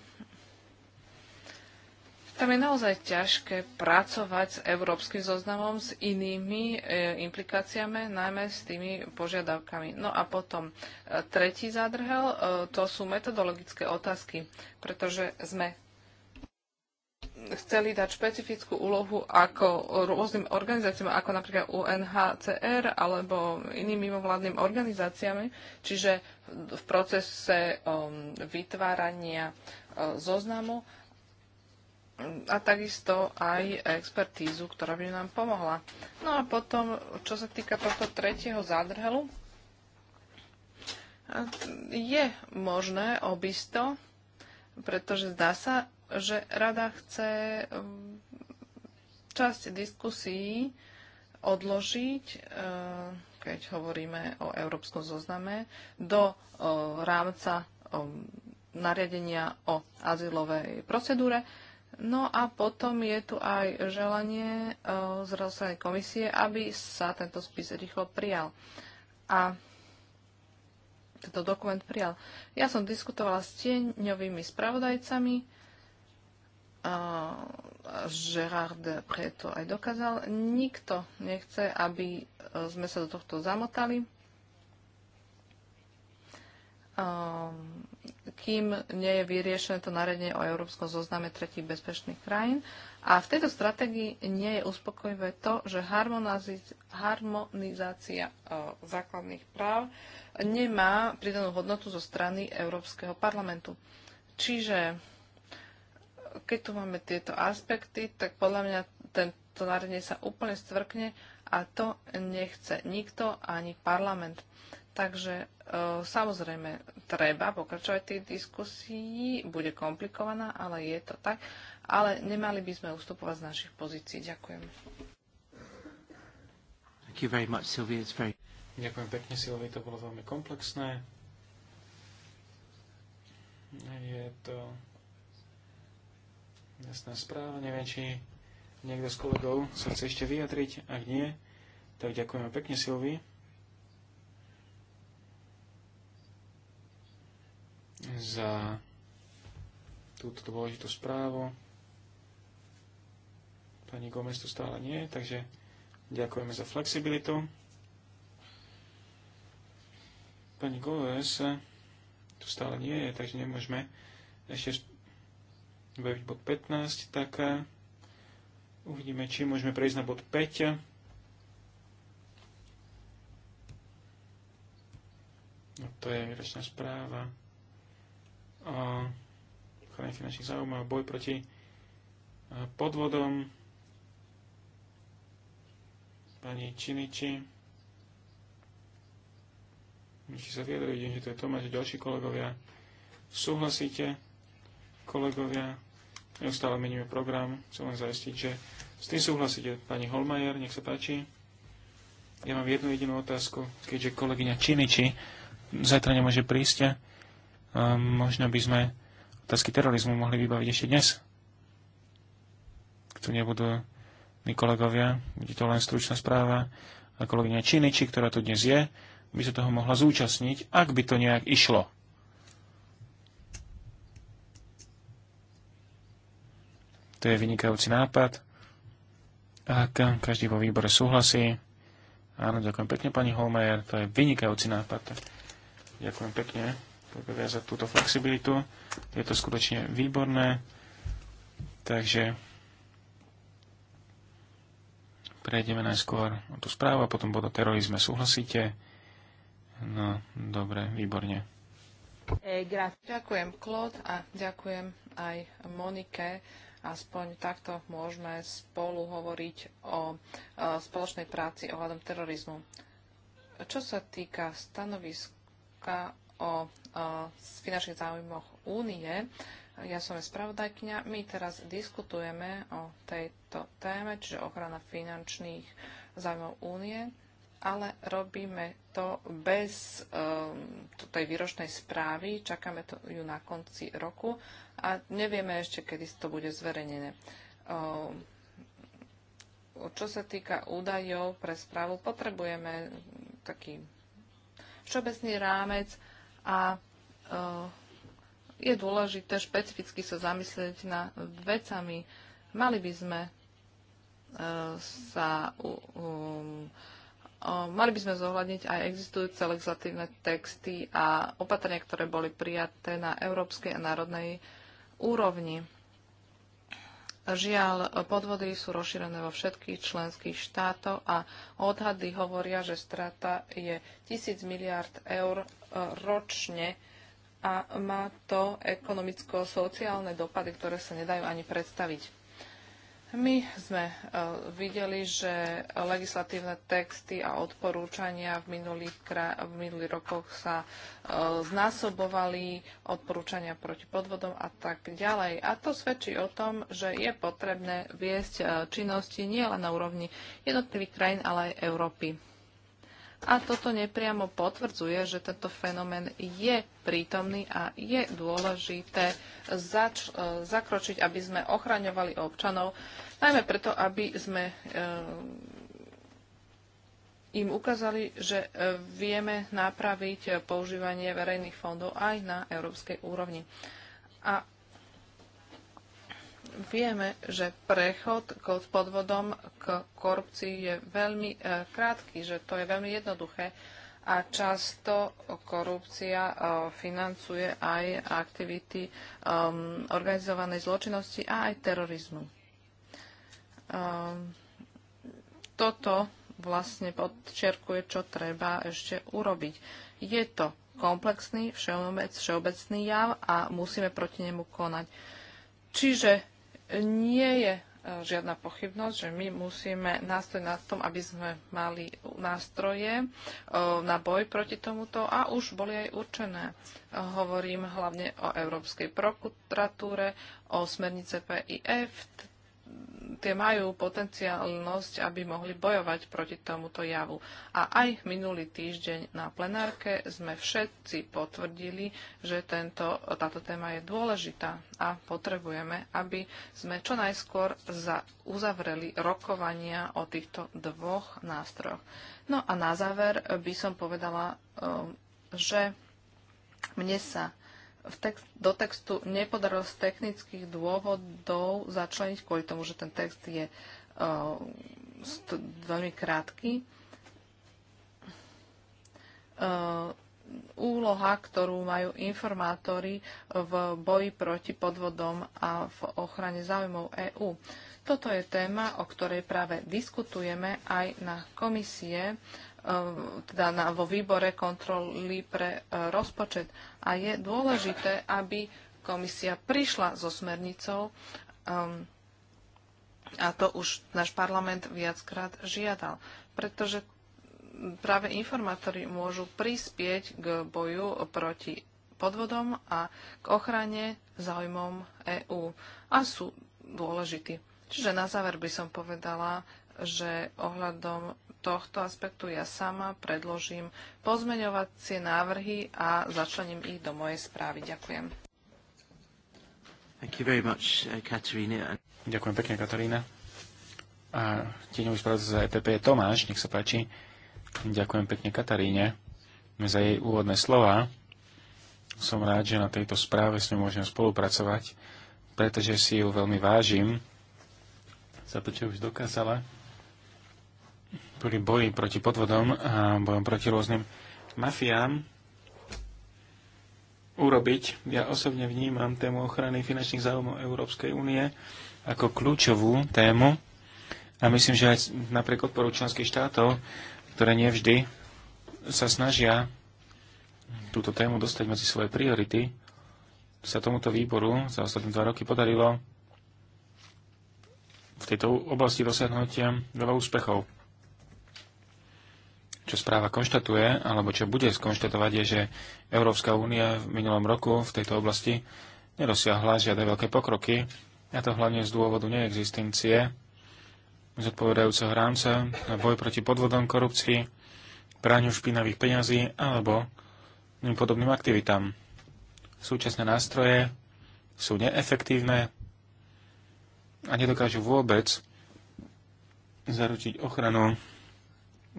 tam je naozaj ťažké pracovať s európskym zoznamom, s inými e, implikáciami, najmä s tými požiadavkami. No a potom e, tretí zádrhel, e, to sú metodologické otázky, pretože sme chceli dať špecifickú úlohu ako rôznym organizáciám, ako napríklad UNHCR alebo iným mimovládnym organizáciami, čiže v procese um, vytvárania um, zoznamu a takisto aj expertízu, ktorá by nám pomohla. No a potom, čo sa týka tohto tretieho zádrhelu, je možné obísť to, pretože zdá sa, že rada chce um, časť diskusí odložiť, uh, keď hovoríme o európskom zozname, do uh, rámca um, nariadenia o azylovej procedúre No a potom je tu aj želanie e, z rozhodnej komisie, aby sa tento spis rýchlo prijal. A tento dokument prijal. Ja som diskutovala s tieňovými spravodajcami, e, Gerard preto aj dokázal. Nikto nechce, aby e, sme sa do tohto zamotali. Ehm, kým nie je vyriešené to nariadenie o európskom zozname tretich bezpečných krajín. A v tejto stratégii nie je uspokojivé to, že harmonizácia e, základných práv nemá pridanú hodnotu zo strany Európskeho parlamentu. Čiže e, keď tu máme tieto aspekty, tak podľa mňa tento nariadenie sa úplne stvrkne a to nechce nikto, ani parlament. Takže Ehm, samozrejme, treba pokračovať v tej diskusii, bude komplikovaná, ale je to tak. Ale nemali by sme ustupovať z našich pozícií. Ďakujem. Much, very... Ďakujem pekne, Silvi, to bolo veľmi komplexné. Je to jasná správa, neviem, či niekto z kolegov sa chce ešte vyjadriť. Ak nie, tak ďakujeme pekne, Silvi. za túto dôležitú správu. Pani Gomez tu stále nie, takže ďakujeme za flexibilitu. Pani Gomez tu stále nie je, takže nemôžeme ešte baviť bod 15, tak eh, uvidíme, či môžeme prejsť na bod 5. No, to je výročná správa ochrany finančných záujmov, boj proti e, podvodom, pani Činiči. Či sa vyjadrili, vidím, že to je Tomáš a ďalší kolegovia. Súhlasíte, kolegovia, neustále meníme program, chcem len zaistiť, že s tým súhlasíte, pani Holmajer, nech sa páči. Ja mám jednu jedinú otázku, keďže kolegyňa Činiči zajtra nemôže prísť možno by sme otázky terorizmu mohli vybaviť ešte dnes. K tu nebudú my kolegovia, bude to len stručná správa a kolegyňa Činiči, ktorá tu dnes je, by sa toho mohla zúčastniť, ak by to nejak išlo. To je vynikajúci nápad. Ak každý vo výbore súhlasí, áno, ďakujem pekne pani Holmeier, to je vynikajúci nápad. Ďakujem pekne za túto flexibilitu. Je to skutočne výborné. Takže prejdeme najskôr o tú správu a potom bod o terorizme. Súhlasíte? No, dobre, výborne. Eh, ďakujem Klod a ďakujem aj Monike. Aspoň takto môžeme spolu hovoriť o eh, spoločnej práci ohľadom terorizmu. Čo sa týka stanoviska o, finančných záujmoch únie. Ja som spravodajkňa. My teraz diskutujeme o tejto téme, čiže ochrana finančných záujmov únie, ale robíme to bez um, tej výročnej správy. Čakáme to ju na konci roku a nevieme ešte, kedy to bude zverejnené. Um, čo sa týka údajov pre správu, potrebujeme taký všeobecný rámec, a e, je dôležité špecificky sa zamyslieť nad vecami. Mali by sme e, sa um, mali by sme zohľadniť aj existujúce legislatívne texty a opatrenia, ktoré boli prijaté na európskej a národnej úrovni. Žiaľ, podvody sú rozšírené vo všetkých členských štátoch a odhady hovoria, že strata je tisíc miliard eur e, ročne a má to ekonomicko-sociálne dopady, ktoré sa nedajú ani predstaviť. My sme e, videli, že legislatívne texty a odporúčania v minulých, v minulých rokoch sa e, znásobovali, odporúčania proti podvodom a tak ďalej. A to svedčí o tom, že je potrebné viesť e, činnosti nielen na úrovni jednotlivých krajín, ale aj Európy. A toto nepriamo potvrdzuje, že tento fenomén je prítomný a je dôležité zač- zakročiť, aby sme ochraňovali občanov najmä preto, aby sme eh, im ukázali, že eh, vieme napraviť eh, používanie verejných fondov aj na európskej úrovni. A vieme, že prechod k podvodom k korupcii je veľmi krátky, že to je veľmi jednoduché a často korupcia financuje aj aktivity organizovanej zločinnosti a aj terorizmu. Ehm, toto vlastne podčerkuje, čo treba ešte urobiť. Je to komplexný, všeobecný jav a musíme proti nemu konať. Čiže nie je e, žiadna pochybnosť, že my musíme nastojiť na tom, aby sme mali nástroje e, na boj proti tomuto a už boli aj určené. Hovorím hlavne o Európskej prokuratúre, o smernice PIF, tie majú potenciálnosť, aby mohli bojovať proti tomuto javu. A aj minulý týždeň na plenárke sme všetci potvrdili, že tento, táto téma je dôležitá a potrebujeme, aby sme čo najskôr za, uzavreli rokovania o týchto dvoch nástrojoch. No a na záver by som povedala, ehm, že mne sa v text, do textu nepodarilo z technických dôvodov začleniť kvôli tomu, že ten text je uh, veľmi krátky. Uh, úloha, ktorú majú informátori v boji proti podvodom a v ochrane záujmov EÚ. Toto je téma, o ktorej práve diskutujeme aj na komisie E, teda na, vo výbore kontroly pre e, rozpočet. A je dôležité, aby komisia prišla so smernicou um, a to už náš parlament viackrát žiadal, pretože práve informátori môžu prispieť k boju proti podvodom a k ochrane záujmom EÚ a sú dôležití. Čiže na záver by som povedala, že ohľadom tohto aspektu ja sama predložím pozmeňovacie návrhy a začlením ich do mojej správy. Ďakujem. Much, uh, Ďakujem pekne, Katarína. A tieňový správca za EPP je Tomáš, nech sa páči. Ďakujem pekne Kataríne za jej úvodné slova. Som rád, že na tejto správe s ňou môžem spolupracovať, pretože si ju veľmi vážim za to, čo už dokázala pri boji proti podvodom a bojom proti rôznym mafiám urobiť. Ja osobne vnímam tému ochrany finančných záujmov Európskej únie ako kľúčovú tému a myslím, že aj napriek odporu členských štátov, ktoré nevždy sa snažia túto tému dostať medzi svoje priority, sa tomuto výboru za ostatné dva roky podarilo v tejto oblasti dosiahnuť veľa úspechov čo správa konštatuje, alebo čo bude skonštatovať, je, že Európska únia v minulom roku v tejto oblasti nedosiahla žiadne veľké pokroky, a to hlavne z dôvodu neexistencie zodpovedajúceho rámca na boj proti podvodom, korupcii, praniu špinavých peňazí alebo podobným aktivitám. Súčasné nástroje sú neefektívne a nedokážu vôbec zaručiť ochranu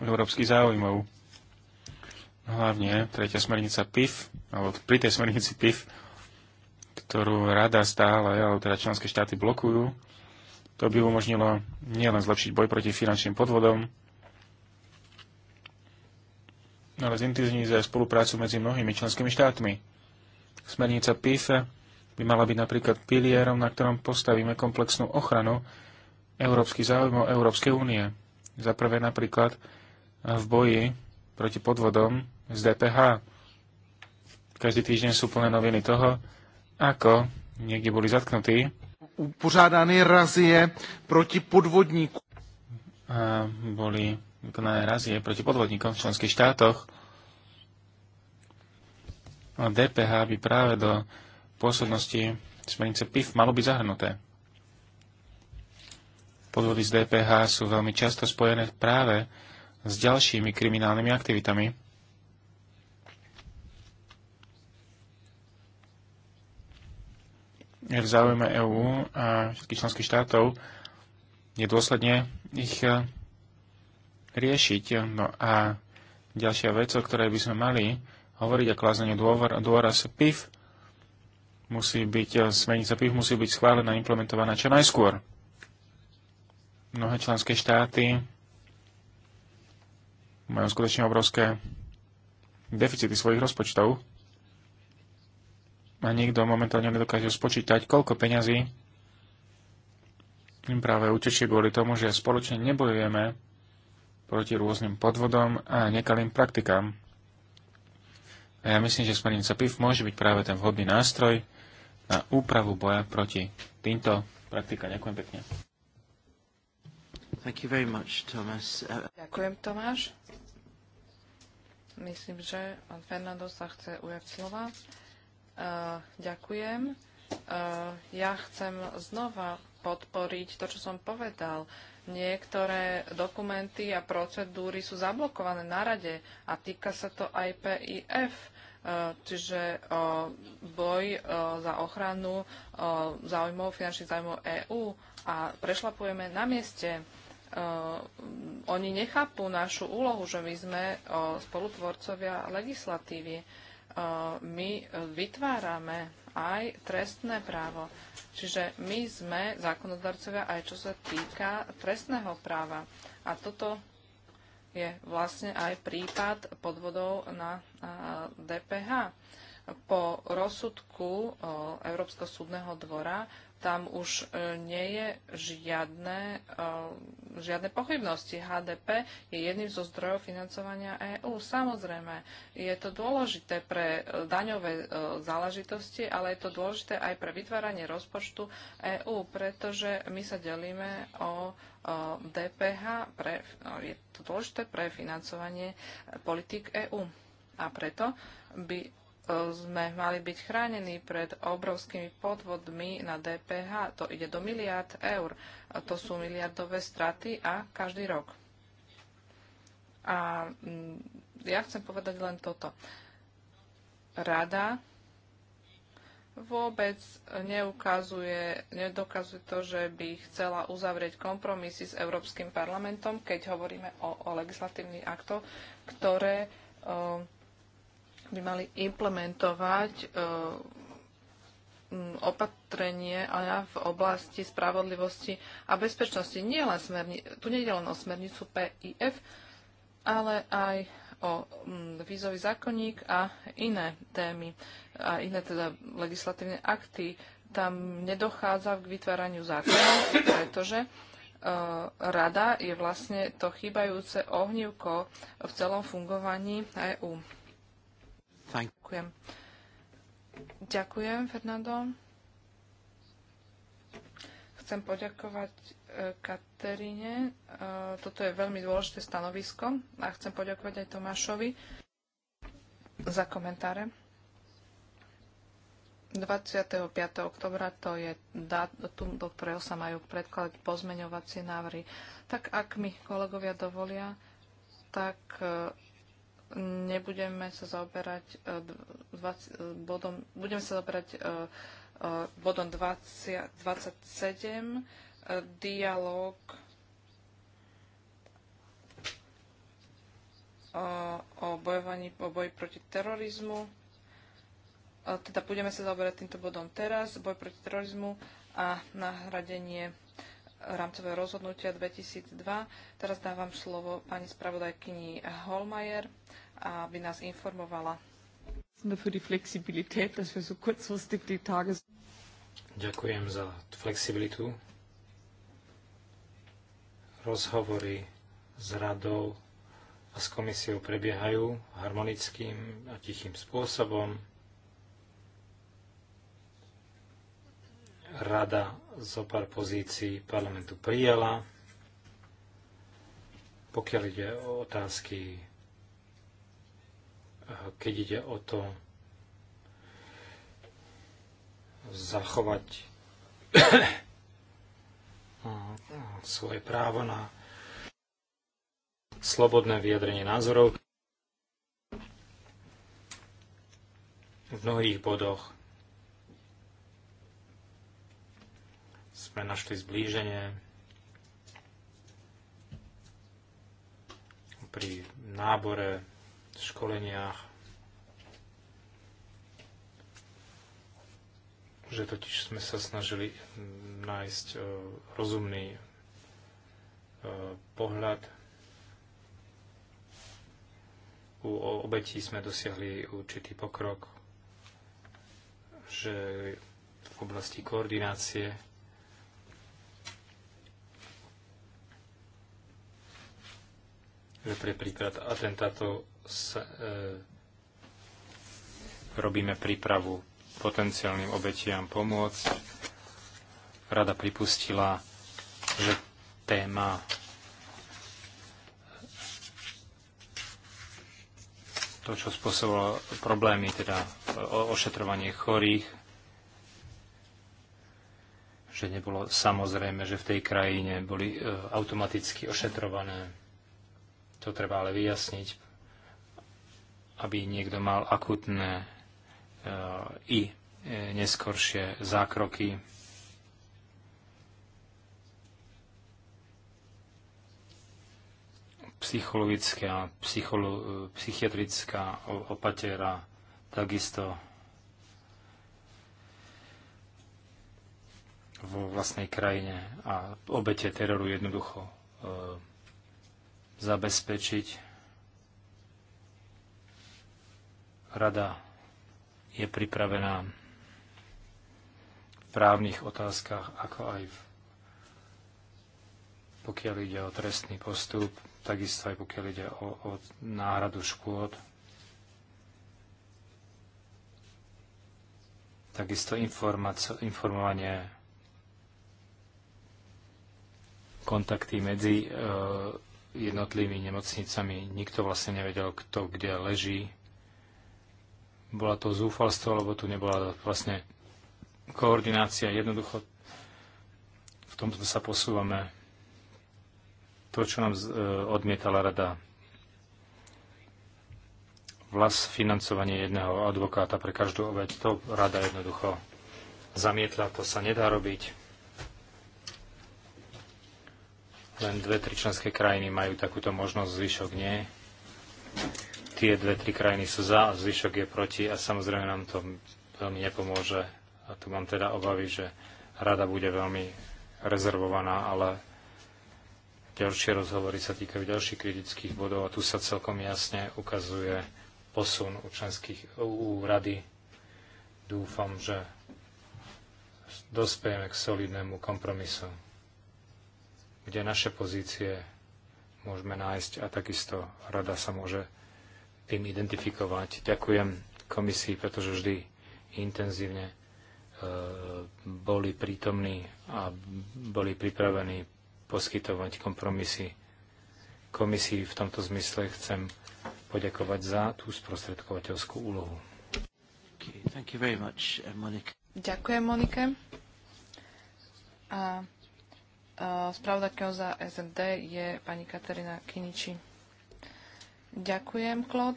európskych záujmov. No, hlavne tretia smernica PIF, alebo pri tej smernici PIF, ktorú rada stále, alebo teda členské štáty blokujú, to by umožnilo nielen zlepšiť boj proti finančným podvodom, ale zintenzívniť aj spoluprácu medzi mnohými členskými štátmi. Smernica PIF by mala byť napríklad pilierom, na ktorom postavíme komplexnú ochranu európskych záujmov Európskej únie. Za prvé napríklad v boji proti podvodom z DPH. Každý týždeň sú plné noviny toho, ako niekde boli zatknutí. Upořádané razie proti podvodníku. A boli vykonané razie proti podvodníkom v členských štátoch. A DPH by práve do pôsobnosti smernice PIF malo byť zahrnuté. Podvody z DPH sú veľmi často spojené práve s ďalšími kriminálnymi aktivitami. V záujme EÚ a všetkých členských štátov je dôsledne ich e, riešiť. No a ďalšia vec, o ktorej by sme mali hovoriť a klázanie dôraz PIF, musí byť, e, smernica PIF musí byť schválená a implementovaná čo najskôr. Mnohé členské štáty majú skutočne obrovské deficity svojich rozpočtov a nikto momentálne nedokáže spočítať, koľko peňazí im práve utečie kvôli tomu, že spoločne nebojujeme proti rôznym podvodom a nekalým praktikám. A ja myslím, že smernica PIF môže byť práve ten vhodný nástroj na úpravu boja proti týmto praktikám. Ďakujem pekne. Thank you very much, Thomas. Uh, ďakujem, Tomáš. Myslím, že pán Fernando sa chce ujať slova. Uh, ďakujem. Uh, ja chcem znova podporiť to, čo som povedal. Niektoré dokumenty a procedúry sú zablokované na rade a týka sa to aj PIF, čiže boj za ochranu záujmov, finančných záujmov EÚ a prešlapujeme na mieste Eh, oni nechápu našu úlohu, že my sme eh, spolutvorcovia legislatívy. Eh, my vytvárame aj trestné právo. Čiže my sme zákonodarcovia aj čo sa týka trestného práva. A toto je vlastne aj prípad podvodov na DPH. Po rozsudku Európskeho súdneho dvora tam už e, nie je žiadne, e, žiadne pochybnosti. HDP je jedným zo zdrojov financovania EÚ. Samozrejme, je to dôležité pre e, daňové záležitosti, ale je to dôležité aj pre vytváranie rozpočtu EÚ, pretože my sa delíme o DPH, pre, no, je to dôležité pre financovanie politik EÚ. A preto by sme mali byť chránení pred obrovskými podvodmi na DPH. To ide do miliard eur. To sú miliardové straty a každý rok. A mm, ja chcem povedať len toto. Rada vôbec neukazuje, nedokazuje to, že by chcela uzavrieť kompromisy s Európskym parlamentom, keď hovoríme o, o legislatívnych aktoch, ktoré um, by mali implementovať e, opatrenie v oblasti spravodlivosti a bezpečnosti. Nie len smerni- tu nie je len o smernicu PIF, ale aj o vízový zákonník a iné témy, a iné teda legislatívne akty. Tam nedochádza k vytváraniu zákonov, pretože e, rada je vlastne to chýbajúce ohnívko v celom fungovaní EÚ. Ďakujem. Ďakujem, Fernando. Chcem poďakovať e, Kateríne. E, toto je veľmi dôležité stanovisko a chcem poďakovať aj Tomášovi za komentáre. 25. oktobra to je dátum, do ktorého sa majú predkladať pozmeňovacie návrhy. Tak ak mi kolegovia dovolia, tak e, nebudeme sa zaoberať 20, e, e, bodom, budeme sa zaoberať e, bodom 20, 27, dialog o bojovaní, o boji proti terorizmu. Teda budeme sa zaoberať týmto bodom teraz, boj proti terorizmu a nahradenie rámcové rozhodnutia 2002. Teraz dávam slovo pani spravodajkyni Holmajer, aby nás informovala. Ďakujem za flexibilitu. Rozhovory s radou a s komisiou prebiehajú harmonickým a tichým spôsobom. rada zo pár pozícií parlamentu prijala. Pokiaľ ide o otázky, eh, keď ide o to zachovať eh, svoje právo na slobodné vyjadrenie názorov, v mnohých bodoch sme našli zblíženie pri nábore, školeniach, že totiž sme sa snažili nájsť e, rozumný e, pohľad. U obetí sme dosiahli určitý pokrok, že v oblasti koordinácie pre príklad atentátov sa, e, robíme prípravu potenciálnym obetiam pomôcť. Rada pripustila, že téma to, čo spôsobilo problémy, teda ošetrovanie chorých, že nebolo samozrejme, že v tej krajine boli e, automaticky ošetrované to treba ale vyjasniť, aby niekto mal akutné eh, i eh, neskoršie zákroky. psychologická, psycholo, eh, psychiatrická opatera, takisto vo vlastnej krajine a obete teroru jednoducho zabezpečiť. Rada je pripravená v právnych otázkach, ako aj v, pokiaľ ide o trestný postup, takisto aj pokiaľ ide o, o náhradu škôd. Takisto informovanie kontakty medzi e, jednotlivými nemocnicami. Nikto vlastne nevedel, kto kde leží. Bola to zúfalstvo, lebo tu nebola vlastne koordinácia. Jednoducho v tomto sa posúvame. To, čo nám e, odmietala rada, vlas financovanie jedného advokáta pre každú obeď. to rada jednoducho zamietla, to sa nedá robiť Len dve, tri členské krajiny majú takúto možnosť, zvyšok nie. Tie dve, tri krajiny sú za a zvyšok je proti a samozrejme nám to veľmi nepomôže. A tu mám teda obavy, že rada bude veľmi rezervovaná, ale ďalšie rozhovory sa týkajú ďalších kritických bodov a tu sa celkom jasne ukazuje posun u členských u rady. Dúfam, že dospejeme k solidnému kompromisu kde naše pozície môžeme nájsť a takisto rada sa môže tým identifikovať. Ďakujem komisii, pretože vždy intenzívne e, boli prítomní a boli pripravení poskytovať kompromisy. Komisii v tomto zmysle chcem poďakovať za tú sprostredkovateľskú úlohu. Uh, Ďakujem, Monike. A Spravodajkou za SND je pani Katerina Kiniči. Ďakujem, Klod.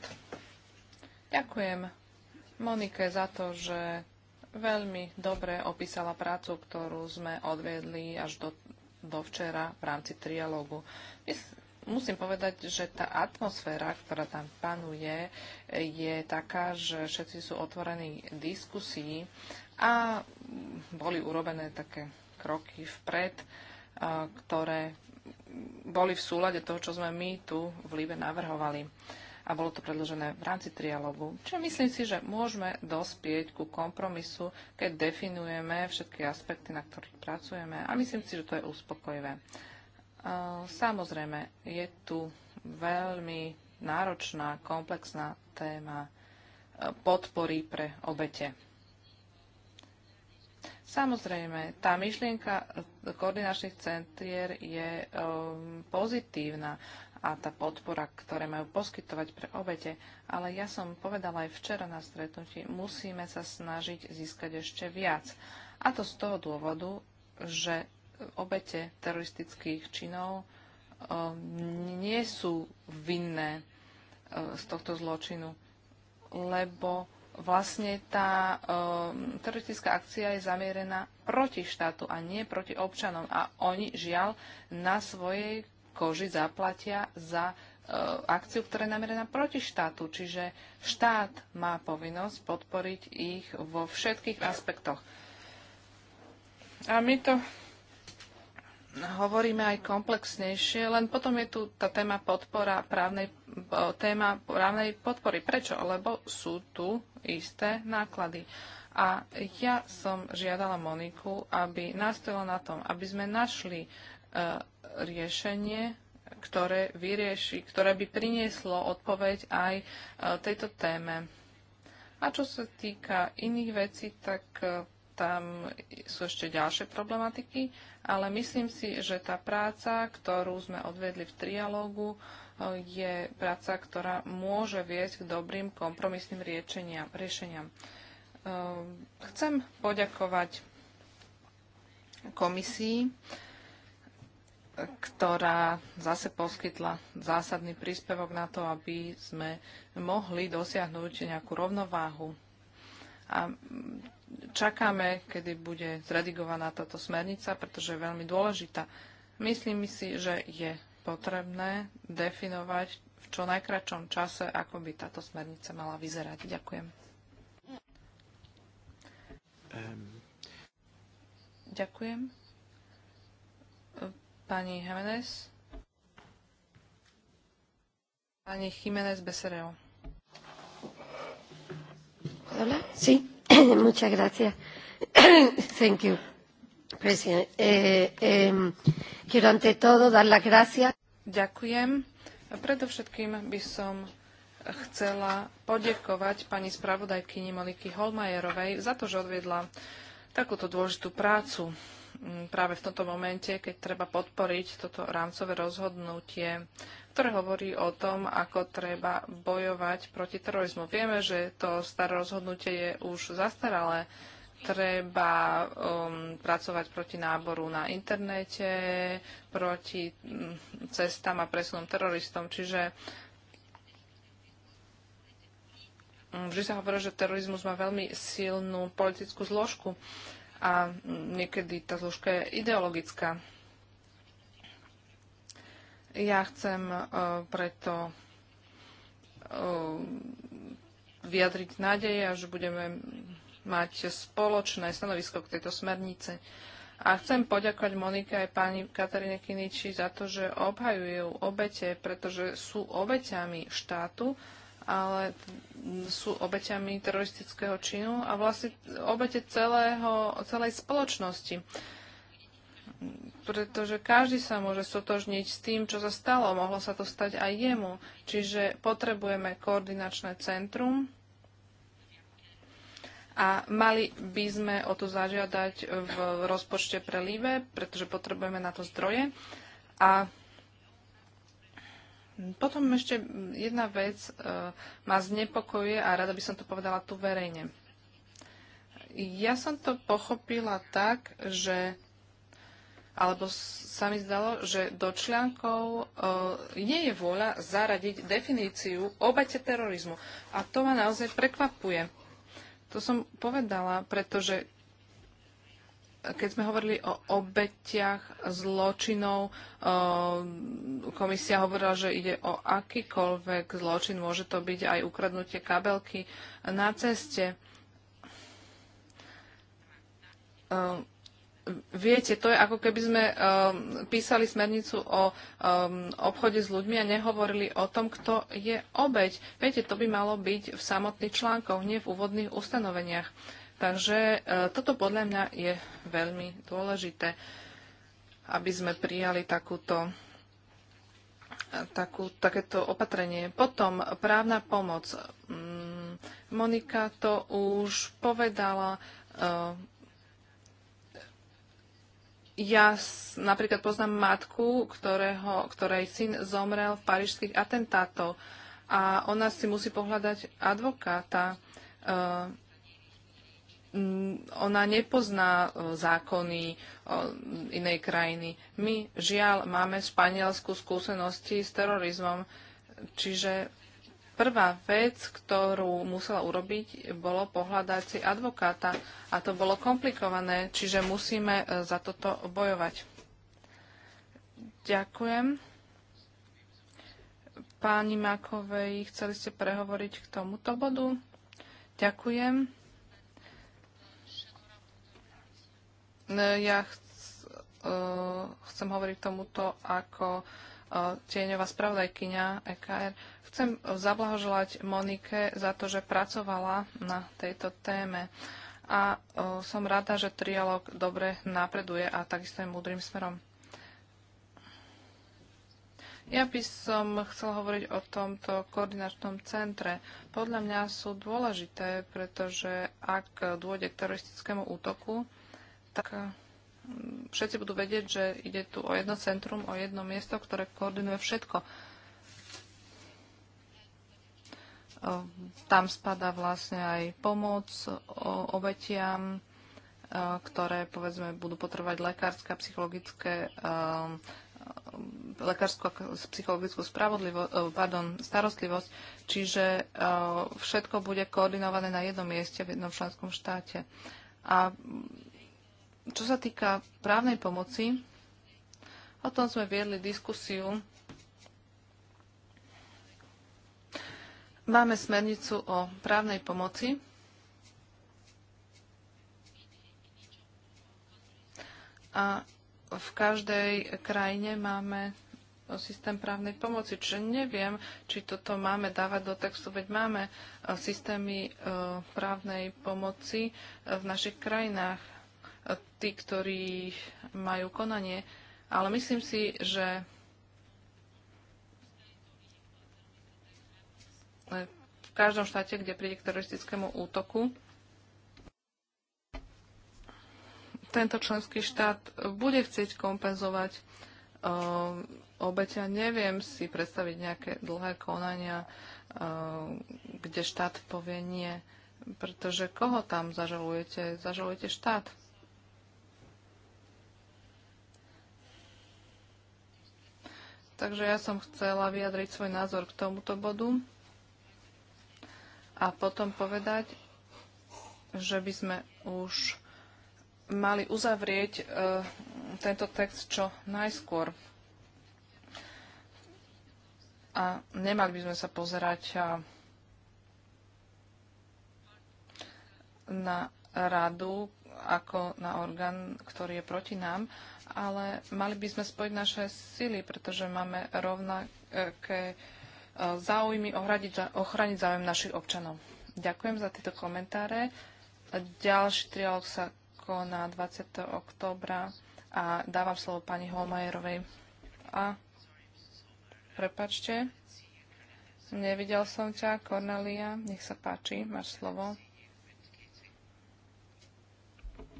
Ďakujem Monike za to, že veľmi dobre opísala prácu, ktorú sme odviedli až do, do včera v rámci trialógu. Musím povedať, že tá atmosféra, ktorá tam panuje, je taká, že všetci sú otvorení diskusii a boli urobené také kroky vpred ktoré boli v súlade toho, čo sme my tu v Líbe navrhovali. A bolo to predložené v rámci trialogu. Čiže myslím si, že môžeme dospieť ku kompromisu, keď definujeme všetky aspekty, na ktorých pracujeme. A myslím si, že to je uspokojivé. Samozrejme, je tu veľmi náročná, komplexná téma podpory pre obete. Samozrejme, tá myšlienka koordinačných centier je um, pozitívna a tá podpora, ktoré majú poskytovať pre obete, ale ja som povedala aj včera na stretnutí, musíme sa snažiť získať ešte viac. A to z toho dôvodu, že obete teroristických činov um, nie sú vinné um, z tohto zločinu, lebo vlastne tá um, teroristická akcia je zamierená proti štátu a nie proti občanom. A oni žiaľ na svojej koži zaplatia za uh, akciu, ktorá je namierená proti štátu. Čiže štát má povinnosť podporiť ich vo všetkých aspektoch. A my to hovoríme aj komplexnejšie, len potom je tu tá téma podpora právnej, téma právnej podpory. Prečo? Lebo sú tu isté náklady. A ja som žiadala Moniku, aby nastojila na tom, aby sme našli e, riešenie, ktoré vyrieši, ktoré by prinieslo odpoveď aj e, tejto téme. A čo sa týka iných vecí, tak e, tam sú ešte ďalšie problematiky, ale myslím si, že tá práca, ktorú sme odvedli v trialógu, e, je práca, ktorá môže viesť k dobrým kompromisným riešeniam. E, chcem poďakovať komisii, ktorá zase poskytla zásadný príspevok na to, aby sme mohli dosiahnuť nejakú rovnováhu a čakáme, kedy bude zredigovaná táto smernica, pretože je veľmi dôležitá. Myslím si, že je potrebné definovať v čo najkračom čase, ako by táto smernica mala vyzerať. Ďakujem. Um. Ďakujem. Pani Jiménez. Pani Jiménez Besereo. Eh, Ďakujem. Predovšetkým by som chcela poďakovať pani spravodajkyni Moniky Holmajerovej za to, že odviedla takúto dôležitú prácu mm, práve v tomto momente, keď treba podporiť toto rámcové rozhodnutie ktoré hovorí o tom, ako treba bojovať proti terorizmu. Vieme, že to staré rozhodnutie je už zastaralé. Treba um, pracovať proti náboru na internete, proti mm, cestám a presunom teroristom. Čiže mm, vždy sa hovorí, že terorizmus má veľmi silnú politickú zložku a niekedy tá zložka je ideologická. Ja chcem e, preto e, vyjadriť nádeje, že budeme mať spoločné stanovisko k tejto smernice. A chcem poďakovať Monike aj pani Katarine Kiniči za to, že obhajujú obete, pretože sú obeťami štátu, ale sú obeťami teroristického činu a vlastne obete celého, celej spoločnosti pretože každý sa môže sotožniť s tým, čo sa stalo. Mohlo sa to stať aj jemu. Čiže potrebujeme koordinačné centrum a mali by sme o to zažiadať v rozpočte pre Líbe, pretože potrebujeme na to zdroje. A potom ešte jedna vec e, ma znepokojuje a rada by som to povedala tu verejne. Ja som to pochopila tak, že alebo sa mi zdalo, že do článkov e, nie je vôľa zaradiť definíciu obete terorizmu. A to ma naozaj prekvapuje. To som povedala, pretože keď sme hovorili o obetiach zločinov, e, komisia hovorila, že ide o akýkoľvek zločin. Môže to byť aj ukradnutie kabelky na ceste. E, viete, to je ako keby sme um, písali smernicu o um, obchode s ľuďmi a nehovorili o tom, kto je obeď. Viete, to by malo byť v samotných článkoch, nie v úvodných ustanoveniach. Takže uh, toto podľa mňa je veľmi dôležité, aby sme prijali takúto e, takú, takéto opatrenie. Potom právna pomoc. Mm, Monika to už povedala. Uh, ja napríklad poznám matku, ktorého, ktorej syn zomrel v parížských atentátoch a ona si musí pohľadať advokáta. ona nepozná zákony inej krajiny. My, žiaľ, máme španielskú skúsenosti s terorizmom, čiže prvá vec, ktorú musela urobiť, bolo pohľadať si advokáta. A to bolo komplikované, čiže musíme e, za toto bojovať. Ďakujem. Páni Makovej, chceli ste prehovoriť k tomuto bodu? Ďakujem. E, ja e, chcem hovoriť k tomuto ako tieňová spravodajkyňa EKR. Chcem zablahoželať Monike za to, že pracovala na tejto téme. A som rada, že trialog dobre napreduje a takisto je múdrym smerom. Ja by som chcela hovoriť o tomto koordinačnom centre. Podľa mňa sú dôležité, pretože ak dôjde k teroristickému útoku, tak všetci budú vedieť, že ide tu o jedno centrum, o jedno miesto, ktoré koordinuje všetko. Ehm, tam spada vlastne aj pomoc obetiam, ehm, ktoré povedzme budú potrebovať lekárska, a psychologické ehm, lekárskú a psychologickú e, pardon, starostlivosť, čiže e, všetko bude koordinované na jednom mieste v jednom členskom štáte. A čo sa týka právnej pomoci, o tom sme viedli diskusiu. Máme smernicu o právnej pomoci. A v každej krajine máme systém právnej pomoci. Čiže neviem, či toto máme dávať do textu, veď máme e, systémy e, právnej pomoci e, v našich krajinách tí, ktorí majú konanie. Ale myslím si, že v každom štáte, kde príde k teroristickému útoku, tento členský štát bude chcieť kompenzovať eh, obeťa. Neviem si predstaviť nejaké dlhé konania, eh, kde štát povie nie, pretože koho tam zažalujete? Zažalujete štát. Takže ja som chcela vyjadriť svoj názor k tomuto bodu a potom povedať, že by sme už mali uzavrieť e, tento text čo najskôr. A nemali by sme sa pozerať a, na radu ako na orgán, ktorý je proti nám, ale mali by sme spojiť naše sily, pretože máme rovnaké e, záujmy ohradiť, ochraniť záujem našich občanov. Ďakujem za tieto komentáre. Ďalší trialog sa koná 20. oktobra a dávam slovo pani Holmajerovej. A prepačte, nevidel som ťa, Cornelia, nech sa páči, máš slovo.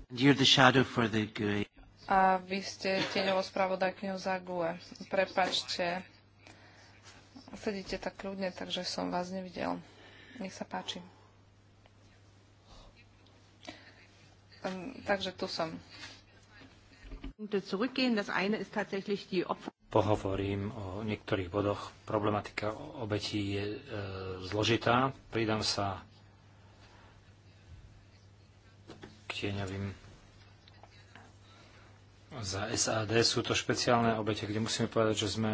You're the shadow for the good. A vy ste tieňovo spravodajkňou za GUE. Prepačte, sedíte tak ľudne, takže som vás nevidel. Nech sa páči. Ehm, takže tu som. Pohovorím o niektorých bodoch. Problematika obetí je e, zložitá. Pridám sa k tieňovým za SAD sú to špeciálne obete, kde musíme povedať, že sme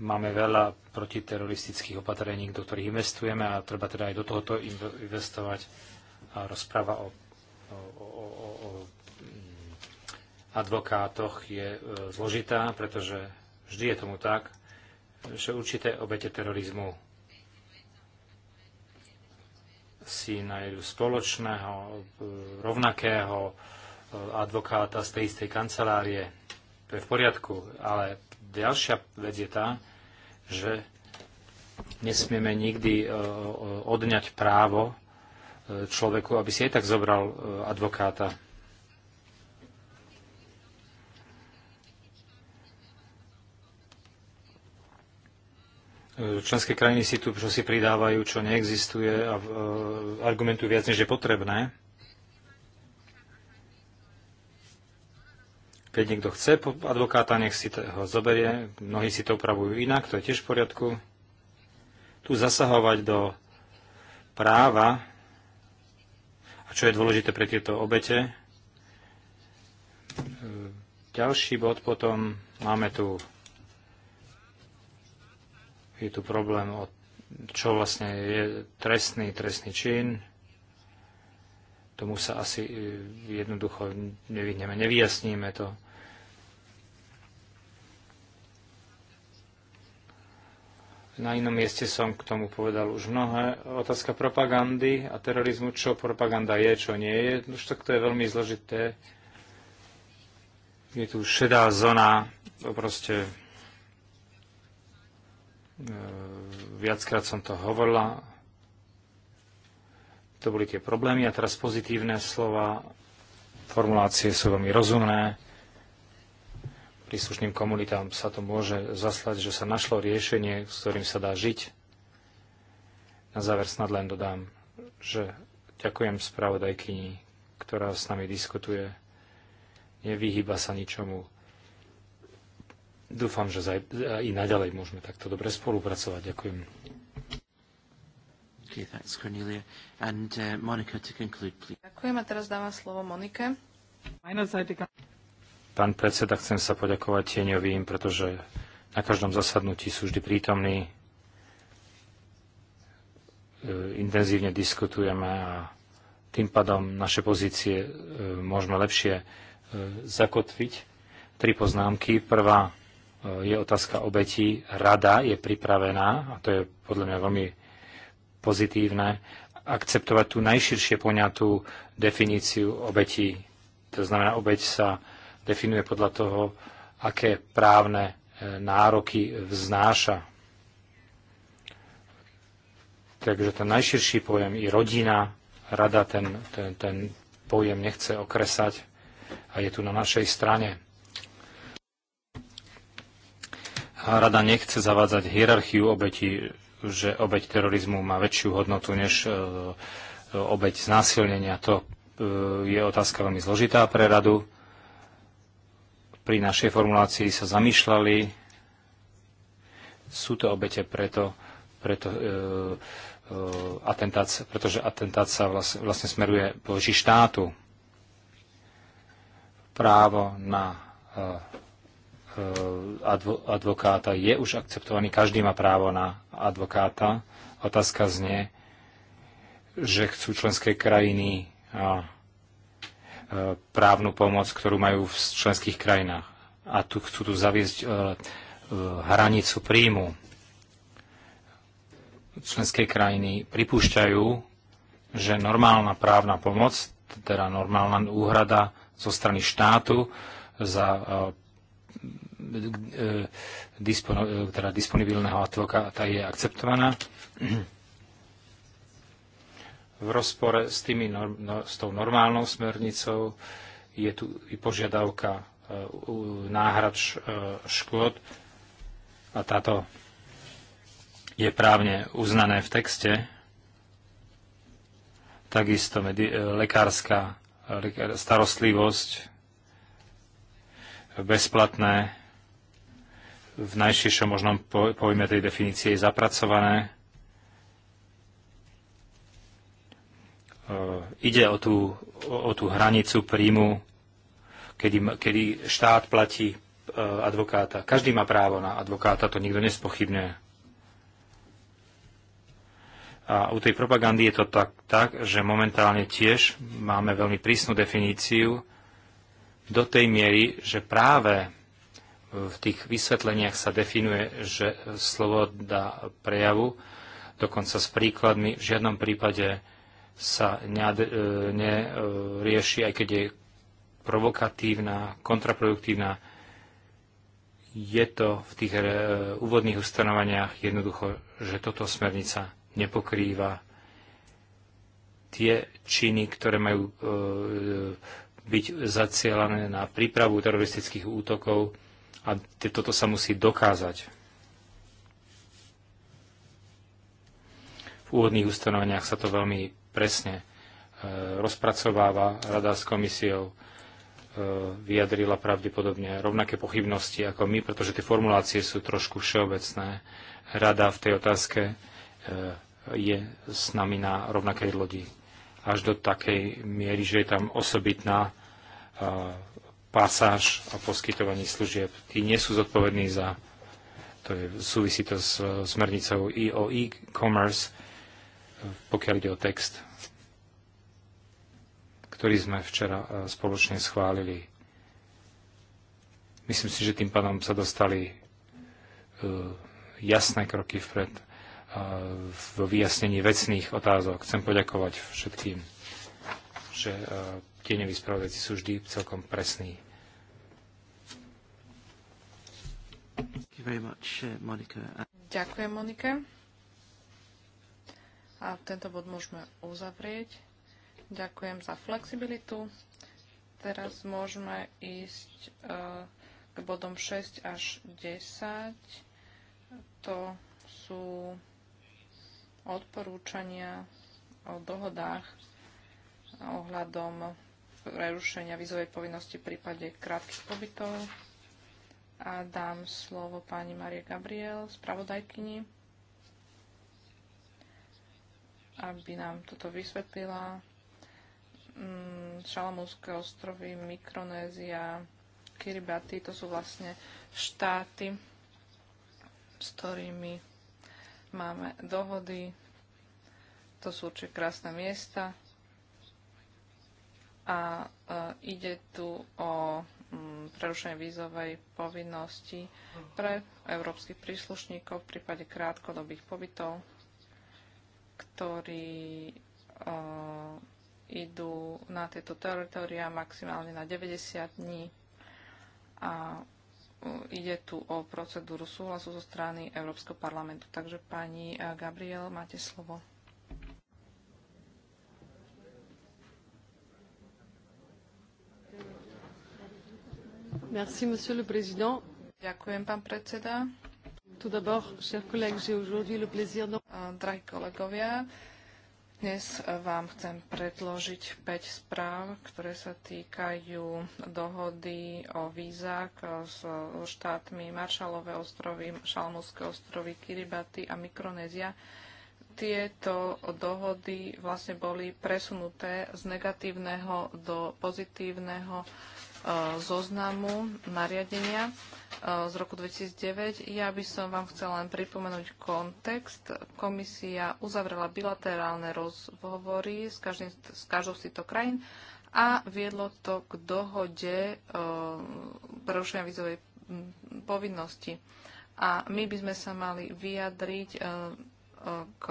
máme veľa protiteroristických opatrení, do ktorých investujeme a treba teda aj do tohoto investovať. A rozpráva o, o, o, o mm, advokátoch je e, zložitá, pretože vždy je tomu tak, že určité obete terorizmu si nájdu spoločného, e, rovnakého, advokáta z tej istej kancelárie. To je v poriadku, ale ďalšia vec je tá, že nesmieme nikdy e, e, odňať právo e, človeku, aby si aj tak zobral advokáta. Členské krajiny si tu čo si pridávajú, čo neexistuje a argumentujú viac, než je potrebné. Keď niekto chce advokáta, nech si ho zoberie. Mnohí si to upravujú inak, to je tiež v poriadku. Tu zasahovať do práva, a čo je dôležité pre tieto obete. Ďalší bod potom máme tu je tu problém o čo vlastne je trestný, trestný čin. Tomu sa asi eh, jednoducho nevyhneme, nevyjasníme to. Na inom mieste som k tomu povedal už mnohé. Otázka propagandy a terorizmu, čo propaganda je, čo nie je, no už tak to je veľmi zložité. Je tu šedá zóna, proste e, viackrát som to hovorila, to boli tie problémy a teraz pozitívne slova, formulácie sú veľmi rozumné, príslušným komunitám sa to môže zaslať, že sa našlo riešenie, s ktorým sa dá žiť. Na záver snad len dodám, že ďakujem spravodajkyni, ktorá s nami diskutuje. Nevyhýba sa ničomu. Dúfam, že zaj- i naďalej môžeme takto dobre spolupracovať. Ďakujem. Okay, thanks, Cornelia. And, uh, Monica, to conclude, please. Ďakujem a teraz dávam slovo Monike. Pán predseda, chcem sa poďakovať tieňovým, pretože na každom zasadnutí sú vždy prítomní. E, intenzívne diskutujeme a tým pádom naše pozície e, môžeme lepšie e, zakotviť. Tri poznámky. Prvá je otázka obetí. Rada je pripravená, a to je podľa mňa veľmi pozitívne, akceptovať tú najširšie poňatú definíciu obetí. To znamená, obeť sa definuje podľa toho, aké právne e, nároky vznáša. Takže ten najširší pojem i rodina, rada ten, ten, ten pojem nechce okresať a je tu na našej strane. A rada nechce zavádzať hierarchiu obeti, že obeť terorizmu má väčšiu hodnotu než e, obeť znásilnenia. To e, je otázka veľmi zložitá pre radu pri našej formulácii sa zamýšľali. Sú to obete preto, preto e, e, atentát, pretože atentát sa vlastne, vlastne smeruje voči štátu. Právo na e, e, advo, advokáta je už akceptovaný, každý má právo na advokáta. Otázka znie, že chcú členské krajiny a, E, právnu pomoc, ktorú majú v členských krajinách. A tu chcú tu zaviesť e, e, hranicu príjmu. Členské krajiny pripúšťajú, že normálna právna pomoc, teda normálna úhrada zo strany štátu za teda disponibilného advokáta je akceptovaná v rozpore s, tými, no, s tou normálnou smernicou. Je tu i požiadavka e, náhrad e, škôd a táto je právne uznané v texte. Takisto medi- e, lekárska starostlivosť bezplatné v najširšom možnom pojme tej definície je zapracované Eh, ide o tú, o tú hranicu príjmu, kedy, kedy štát platí eh, advokáta. Každý má právo na advokáta, to nikto nespochybňuje. A u tej propagandy je to tak, tak, že momentálne tiež máme veľmi prísnu definíciu do tej miery, že práve v tých vysvetleniach sa definuje, že slovo dá prejavu, dokonca s príkladmi, v žiadnom prípade sa e, nerieši, aj keď je provokatívna, kontraproduktívna. Je to v tých e, úvodných ustanovaniach jednoducho, že toto smernica nepokrýva tie činy, ktoré majú e, byť zacielané na prípravu teroristických útokov a toto sa musí dokázať. V úvodných ustanoveniach sa to veľmi presne e, rozpracováva rada s komisiou e, vyjadrila pravdepodobne rovnaké pochybnosti ako my, pretože tie formulácie sú trošku všeobecné. Rada v tej otázke e, je s nami na rovnakej lodi. Až do takej miery, že je tam osobitná pasáž o poskytovaní služieb. Tí nie sú zodpovední za, to je, súvisí to s smernicou EOE e-commerce, pokiaľ ide o text, ktorý sme včera e, spoločne schválili. Myslím si, že tým pádom sa dostali e, jasné kroky vpred e, v vyjasnení vecných otázok. Chcem poďakovať všetkým, že tieňoví spravodajci sú vždy celkom presní. Uh, Ďakujem, Monike. A tento bod môžeme uzavrieť. Ďakujem za flexibilitu. Teraz môžeme ísť eh, k bodom 6 až 10. To sú odporúčania o dohodách ohľadom prerušenia vizovej povinnosti v prípade krátkych pobytov. A dám slovo pani Marie Gabriel, spravodajkyni aby nám toto vysvetlila. Mm, Šalamúnske ostrovy, Mikronézia, Kiribati, to sú vlastne štáty, s ktorými máme dohody. To sú určite krásne miesta. A e, ide tu o m, mm, prerušenie vízovej povinnosti pre európskych príslušníkov v prípade krátkodobých pobytov ktorí uh, idú na tieto teritoria maximálne na 90 dní a e, ide tu o procedúru súhlasu zo strany Európskeho parlamentu. Takže pani e, Gabriel, máte slovo. Merci, monsieur le président. Ďakujem, pán predseda. Drahí kolegovia, dnes vám chcem predložiť 5 správ, ktoré sa týkajú dohody o vízach e, s štátmi Maršalové ostrovy, Šalmovské ostrovy, Kiribati a Mikronézia. Tieto dohody vlastne boli presunuté z negatívneho do pozitívneho E, zoznamu nariadenia e, z roku 2009. Ja by som vám chcela len pripomenúť kontext. Komisia uzavrela bilaterálne rozhovory s, každým, s každou z týchto krajín a viedlo to k dohode e, prerušenia vízovej povinnosti. A my by sme sa mali vyjadriť e, e, k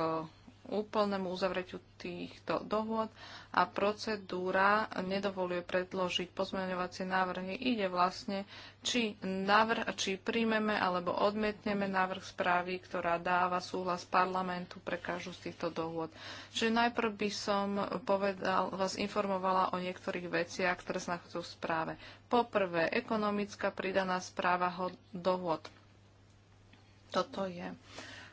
úplnému uzavretiu týchto dohôd a procedúra nedovoluje predložiť pozmeňovacie návrhy. Ide vlastne, či, navr- či príjmeme alebo odmietneme návrh správy, ktorá dáva súhlas parlamentu pre každú z týchto dohôd. Čiže najprv by som povedal, vás informovala o niektorých veciach, ktoré sa nachádzajú v správe. Poprvé, ekonomická pridaná správa dohôd. Toto je. Uh,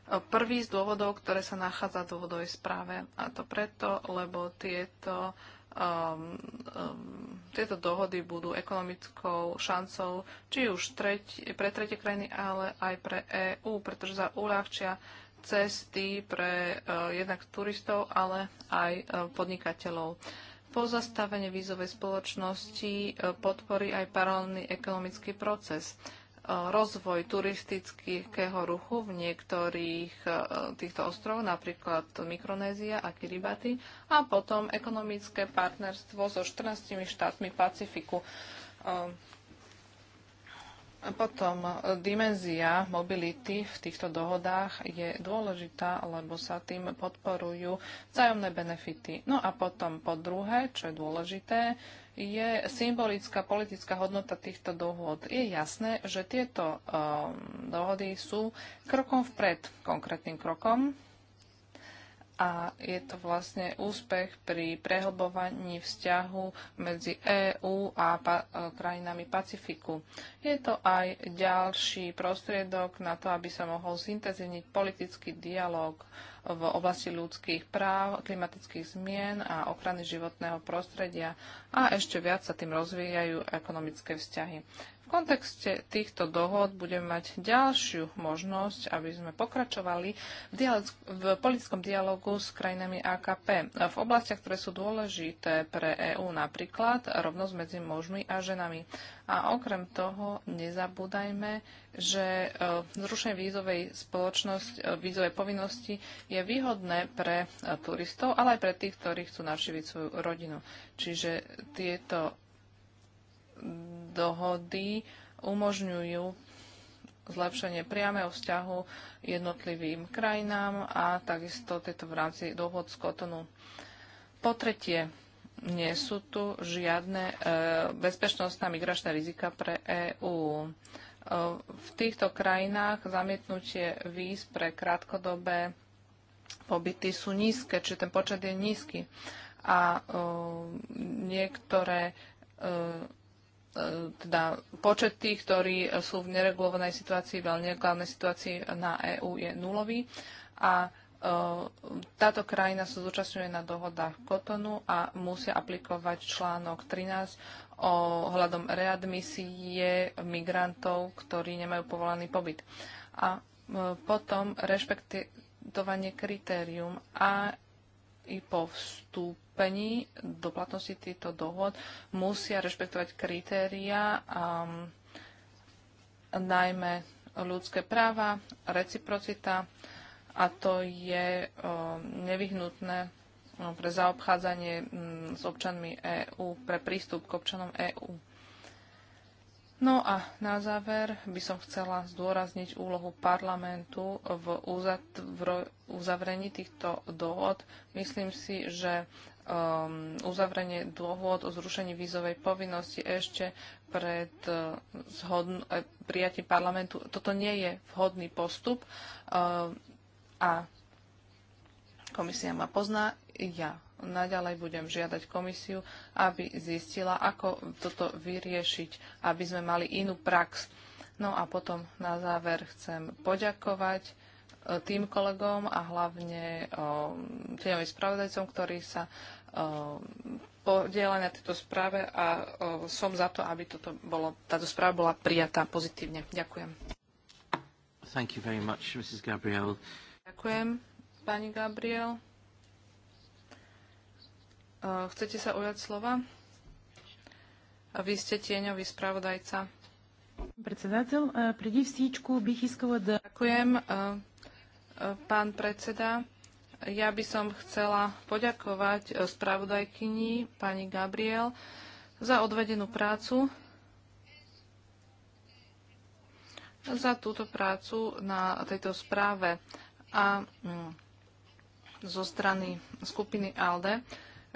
Prvý z dôvodov, ktoré sa nachádza v dôvodovej správe, a to preto, lebo tieto, um, um, tieto dohody budú ekonomickou šancou či už treť, pre tretie krajiny, ale aj pre EÚ, pretože sa uľahčia cesty pre uh, jednak turistov, ale aj uh, podnikateľov. Pozastavenie vízovej spoločnosti uh, podporí aj paralelný ekonomický proces. Uh, rozvoj turistického ruchu v niektorých e, týchto ostrovoch, napríklad Mikronézia a Kiribati, a potom ekonomické partnerstvo so 14 štátmi Pacifiku. E, potom e, dimenzia mobility v týchto dohodách je dôležitá, lebo sa tým podporujú vzájomné benefity. No a potom po druhé, čo je dôležité, je symbolická politická hodnota týchto dohôd. Je jasné, že tieto um, dohody sú krokom vpred, konkrétnym krokom, a je to vlastne úspech pri prehlbovaní vzťahu medzi EÚ a pa- e, krajinami Pacifiku. Je to aj ďalší prostriedok na to, aby sa mohol zintenzívniť politický dialog v oblasti ľudských práv, klimatických zmien a ochrany životného prostredia a ešte viac sa tým rozvíjajú ekonomické vzťahy kontexte týchto dohod budeme mať ďalšiu možnosť, aby sme pokračovali v, dialog, v politickom dialogu s krajinami AKP v oblastiach, ktoré sú dôležité pre EÚ, napríklad rovnosť medzi mužmi a ženami. A okrem toho nezabúdajme, že e, zrušenie vízovej spoločnosti, e, vízovej povinnosti je výhodné pre e, turistov, ale aj pre tých, ktorí chcú navštíviť svoju rodinu. Čiže tieto dohody umožňujú zlepšenie priameho vzťahu jednotlivým krajinám a takisto tieto v rámci dohod z Kotonu. Po tretie, nie sú tu žiadne e, bezpečnostná migračná rizika pre EÚ. E, v týchto krajinách zamietnutie víz pre krátkodobé pobyty sú nízke, či ten počet je nízky. A e, niektoré e, E, teda počet tých, ktorí sú v neregulovanej situácii, veľmi neregulovanej situácii na EÚ je nulový a e, táto krajina sa zúčastňuje na dohodách Kotonu a musia aplikovať článok 13 o hľadom readmisie migrantov, ktorí nemajú povolaný pobyt. A e, potom rešpektovanie kritérium a i po vstúpení do platnosti týchto dohod musia rešpektovať kritéria, um, najmä ľudské práva, reciprocita a to je um, nevyhnutné um, pre zaobchádzanie mm, s občanmi EÚ, pre prístup k občanom EÚ. No a na záver by som chcela zdôrazniť úlohu parlamentu v, uzavrení týchto dohod. Myslím si, že um, uzavrenie dôvod o zrušení vízovej povinnosti ešte pred uh, zhodn- eh, prijatím parlamentu, toto nie je vhodný postup uh, a komisia ma pozná, ja naďalej budem žiadať komisiu, aby zistila, ako toto vyriešiť, aby sme mali inú prax. No a potom na záver chcem poďakovať e, tým kolegom a hlavne e, tieňovým spravodajcom, ktorí sa e, podielali na tejto správe a som za to, aby toto bolo, táto správa bola prijatá pozitívne. Ďakujem. Thank you very much, Mrs. Gabriel. Ďakujem, pani Gabriel. Eh, chcete sa ujať slova? A vy ste tieňový spravodajca. Predsedateľ, eh, predi vstíčku bych iskala Ďakujem, eh, pán predseda. Ja by som chcela poďakovať spravodajkyni pani Gabriel za odvedenú prácu, za túto prácu na tejto správe a mm, zo strany skupiny ALDE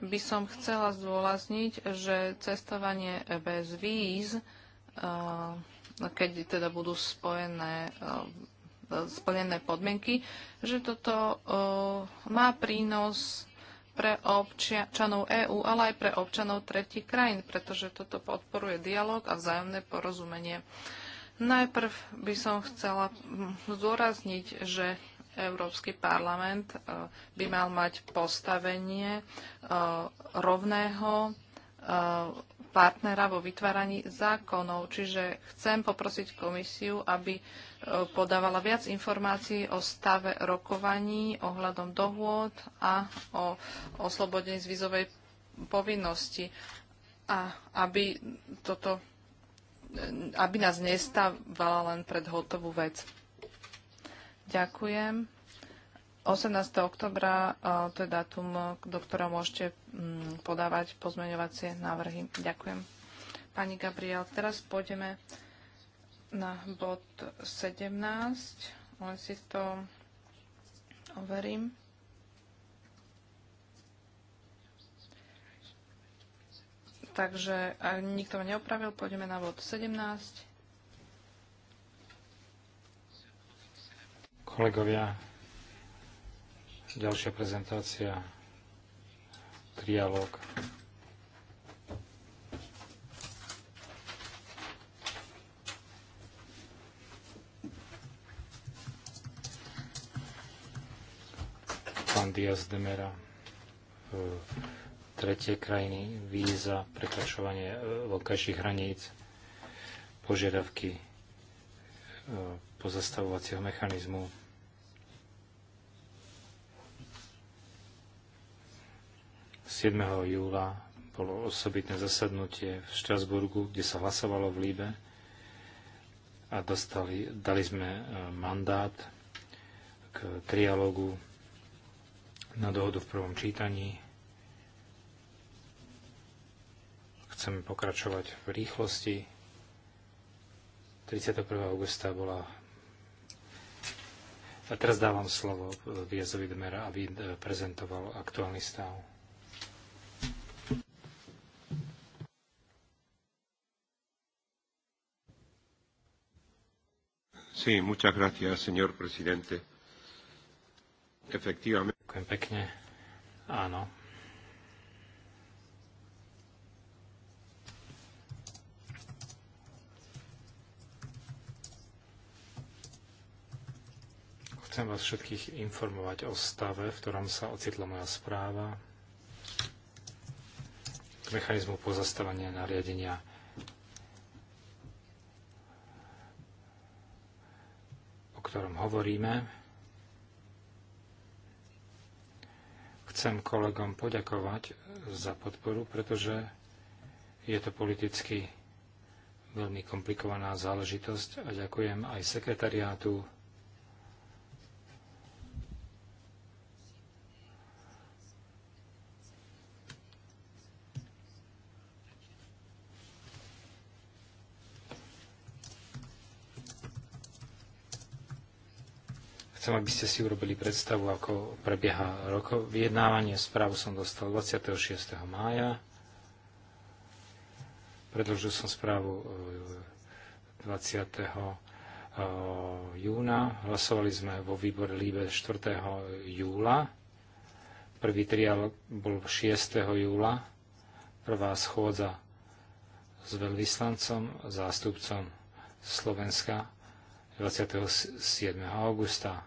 by som chcela zdôrazniť, že cestovanie bez víz, eh, keď teda budú spojené, eh, splnené podmienky, že toto eh, má prínos pre občanov EÚ, ale aj pre občanov tretich krajín, pretože toto podporuje dialog a vzájomné porozumenie. Najprv by som chcela hm, zdôrazniť, že Európsky parlament e, by mal mať postavenie e, rovného e, partnera vo vytváraní zákonov. Čiže chcem poprosiť komisiu, aby podávala viac informácií o stave rokovaní ohľadom dohôd a o oslobodení z vizovej povinnosti a aby toto aby nás nestávala len pred hotovú vec. Ďakujem. 18. oktobra, to je dátum, do ktorého môžete mm, podávať pozmeňovacie návrhy. Ďakujem. Pani Gabriel, teraz pôjdeme na bod 17. Len si to overím. Takže ak nikto ma neopravil, pôjdeme na bod 17. kolegovia. Ďalšia prezentácia. Trialóg. Pán Diaz de Mera. E, tretie krajiny víza, prekračovanie e, vonkajších hraníc, požiadavky e, pozastavovacieho mechanizmu 7. júla bolo osobitné zasadnutie v Štrasburgu, kde sa hlasovalo v Líbe a dostali, dali sme e, mandát k trialogu na dohodu v prvom čítaní. Chceme pokračovať v rýchlosti. 31. augusta bola a teraz dávam slovo Viazovi e, Demera, aby e, prezentoval aktuálny stav. Sí, muchas gracias, señor presidente. Efectivamente. Ďakujem pekne. Áno. Chcem vás všetkých informovať o stave, v ktorom sa ocitla moja správa k mechanizmu pozastavania nariadenia ktorom hovoríme. Chcem kolegom poďakovať za podporu, pretože je to politicky veľmi komplikovaná záležitosť a ďakujem aj sekretariátu aby ste si urobili predstavu, ako prebieha roko. Vyjednávanie správu som dostal 26. mája. Predložil som správu 20. E, e, júna. Hlasovali sme vo výbore Líbe 4. júla. Prvý triál bol 6. júla. Prvá schôdza s veľvyslancom, zástupcom Slovenska 27. augusta.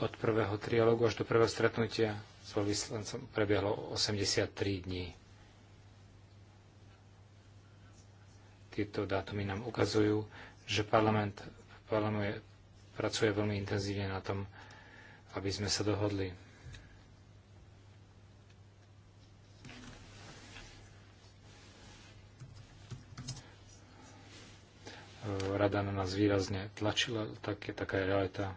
od prvého trialogu až do prvého stretnutia s veľvyslancom prebiehlo 83 dní. Tieto dátumy nám ukazujú, že parlament, parlament pracuje veľmi intenzívne na tom, aby sme sa dohodli. Rada na nás výrazne tlačila, tak je taká realita.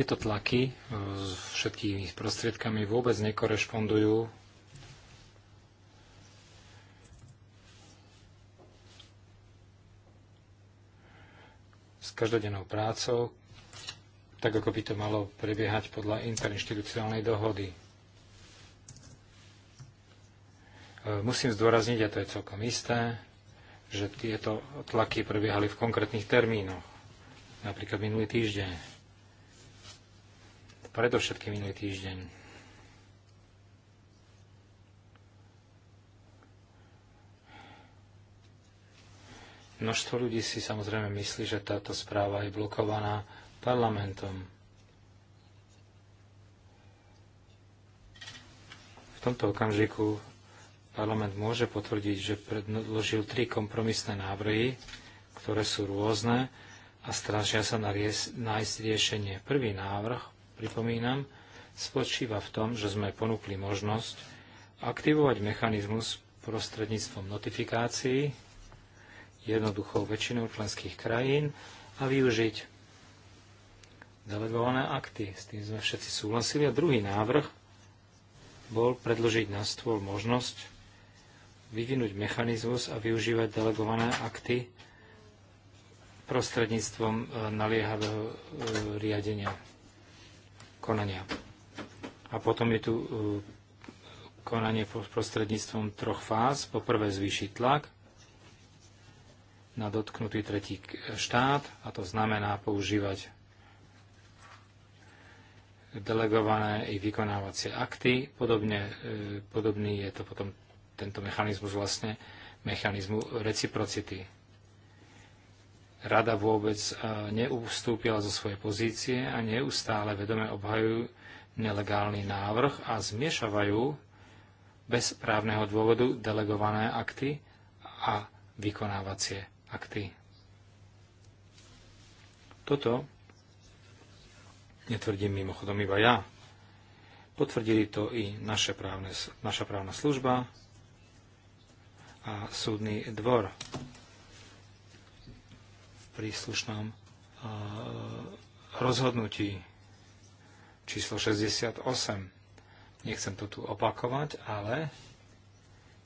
Tieto tlaky e, s všetkými prostriedkami vôbec nekorešpondujú s každodennou prácou, tak ako by to malo prebiehať podľa interinstitucionálnej dohody. E, musím zdôrazniť, a to je celkom isté, že tieto tlaky prebiehali v konkrétnych termínoch, napríklad minulý týždeň predovšetkým minulý týždeň. Množstvo ľudí si samozrejme myslí, že táto správa je blokovaná parlamentom. V tomto okamžiku parlament môže potvrdiť, že predložil tri kompromisné návrhy, ktoré sú rôzne a strašia sa na ries- nájsť riešenie. Prvý návrh pripomínam, spočíva v tom, že sme ponúkli možnosť aktivovať mechanizmus prostredníctvom notifikácií jednoduchou väčšinou členských krajín a využiť delegované akty. S tým sme všetci súhlasili. A druhý návrh bol predložiť na stôl možnosť vyvinúť mechanizmus a využívať delegované akty prostredníctvom eh, naliehavého eh, riadenia konania. A potom je tu e, konanie prostredníctvom troch fáz. Po prvé zvýši tlak na dotknutý tretí štát, a to znamená používať delegované i vykonávacie akty. Podobne, e, podobný je to potom tento mechanizmus vlastne mechanizmu reciprocity rada vôbec neustúpila zo svojej pozície a neustále vedome obhajujú nelegálny návrh a zmiešavajú bez právneho dôvodu delegované akty a vykonávacie akty. Toto netvrdím mimochodom iba ja. Potvrdili to i naše právne, naša právna služba a súdny dvor príslušnom rozhodnutí číslo 68. Nechcem to tu opakovať, ale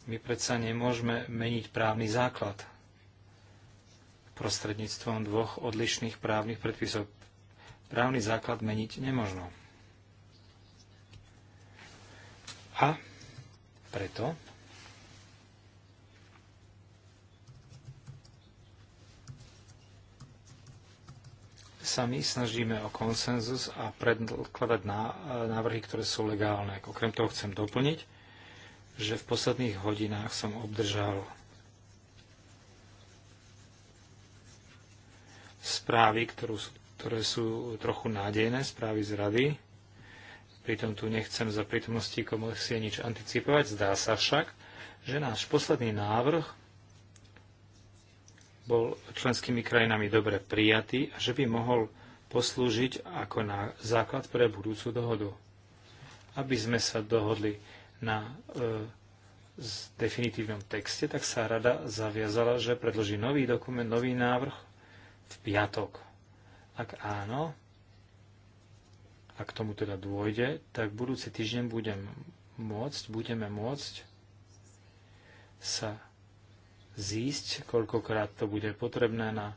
my predsa nemôžeme meniť právny základ prostredníctvom dvoch odlišných právnych predpisov. Právny základ meniť nemožno. A preto sami my snažíme o konsenzus a predkladať e, návrhy, ktoré sú legálne. Okrem toho chcem doplniť, že v posledných hodinách som obdržal správy, ktorú, ktoré sú trochu nádejné, správy z rady. Pritom tu nechcem za prítomnosti komisie nič anticipovať. Zdá sa však, že náš posledný návrh bol členskými krajinami dobre prijatý a že by mohol poslúžiť ako na základ pre budúcu dohodu. Aby sme sa dohodli na e, definitívnom texte, tak sa rada zaviazala, že predloží nový dokument, nový návrh v piatok. Ak áno, ak tomu teda dôjde, tak budúci týždeň budem môcť, budeme môcť sa zísť, koľkokrát to bude potrebné na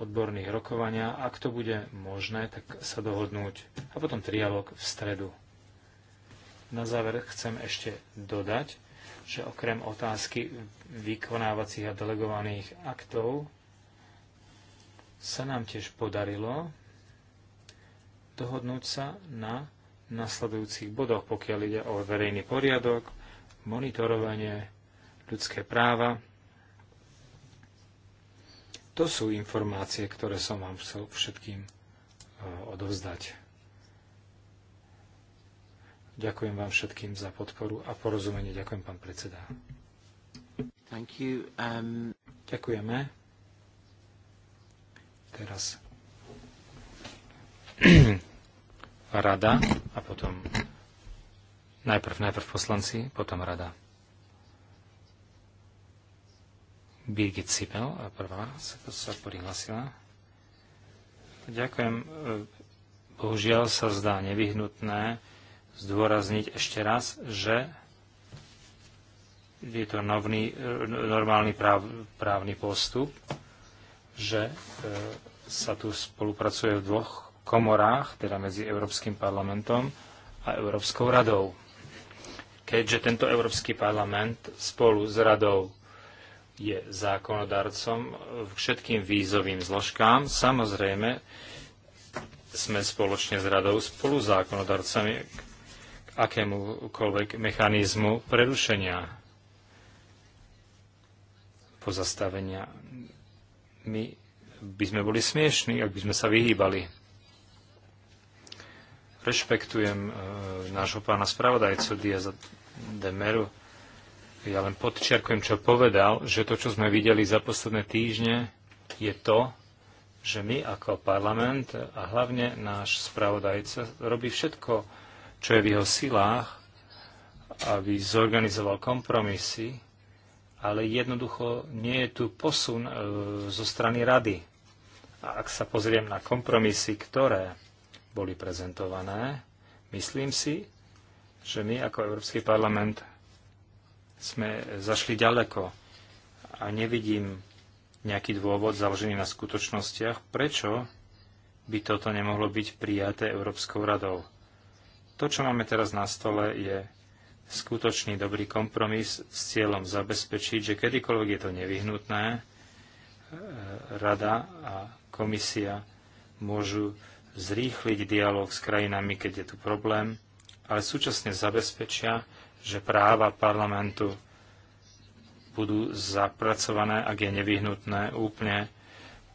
odborných rokovania. Ak to bude možné, tak sa dohodnúť. A potom trialog v stredu. Na záver chcem ešte dodať, že okrem otázky vykonávacích a delegovaných aktov sa nám tiež podarilo dohodnúť sa na nasledujúcich bodoch, pokiaľ ide o verejný poriadok, monitorovanie, ľudské práva, to sú informácie, ktoré som vám chcel všetkým e, odovzdať. Ďakujem vám všetkým za podporu a porozumenie. Ďakujem, pán predseda. Thank you. Um... Ďakujeme. Teraz rada a potom najprv, najprv poslanci, potom rada. Birgit Sipel a prvá sa, sa prihlasila. Ďakujem. Bohužiaľ sa zdá nevyhnutné zdôrazniť ešte raz, že je to novný, normálny práv, právny postup, že e, sa tu spolupracuje v dvoch komorách, teda medzi Európskym parlamentom a Európskou radou. Keďže tento Európsky parlament spolu s radou je zákonodarcom všetkým vízovým zložkám. Samozrejme, sme spoločne s radou spolu zákonodarcami k akémukoľvek mechanizmu prerušenia pozastavenia. My by sme boli smiešní, ak by sme sa vyhýbali. Rešpektujem e, nášho pána spravodajcu Diaza de Meru, ja len podčiarkujem, čo povedal, že to, čo sme videli za posledné týždne, je to, že my ako parlament a hlavne náš spravodajca robí všetko, čo je v jeho silách, aby zorganizoval kompromisy, ale jednoducho nie je tu posun e, zo strany rady. A ak sa pozriem na kompromisy, ktoré boli prezentované, myslím si, že my ako Európsky parlament sme zašli ďaleko a nevidím nejaký dôvod založený na skutočnostiach, prečo by toto nemohlo byť prijaté Európskou radou. To, čo máme teraz na stole, je skutočný dobrý kompromis s cieľom zabezpečiť, že kedykoľvek je to nevyhnutné, e, rada a komisia môžu zrýchliť dialog s krajinami, keď je tu problém, ale súčasne zabezpečia, že práva parlamentu budú zapracované, ak je nevyhnutné, úplne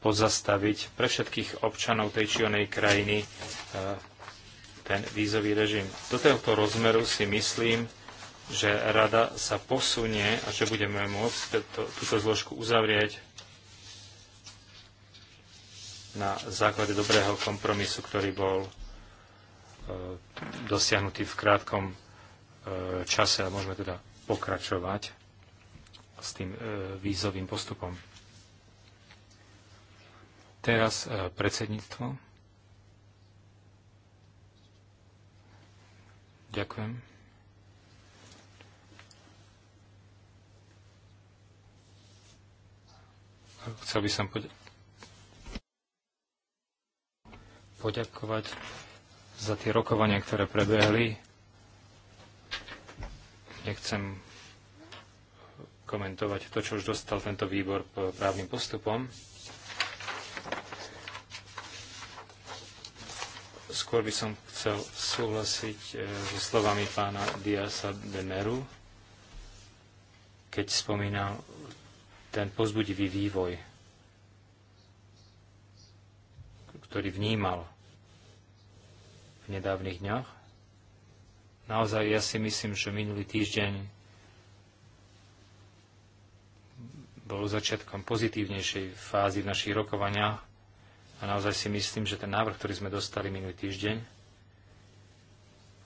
pozastaviť pre všetkých občanov tej či onej krajiny e, ten vízový režim. Do tohto rozmeru si myslím, že rada sa posunie a že budeme môcť tento, túto zložku uzavrieť na základe dobrého kompromisu, ktorý bol e, dosiahnutý v krátkom E, čase a môžeme teda pokračovať s tým e, vízovým postupom. Teraz e, predsedníctvo. Ďakujem. Chcel by som poďakovať za tie rokovania, ktoré prebehli Nechcem komentovať to, čo už dostal tento výbor právnym postupom. Skôr by som chcel súhlasiť e, so slovami pána Diasa de Meru, keď spomínal ten pozbudivý vývoj, ktorý vnímal v nedávnych dňoch Naozaj ja si myslím, že minulý týždeň bol začiatkom pozitívnejšej fázy v našich rokovaniach a naozaj si myslím, že ten návrh, ktorý sme dostali minulý týždeň,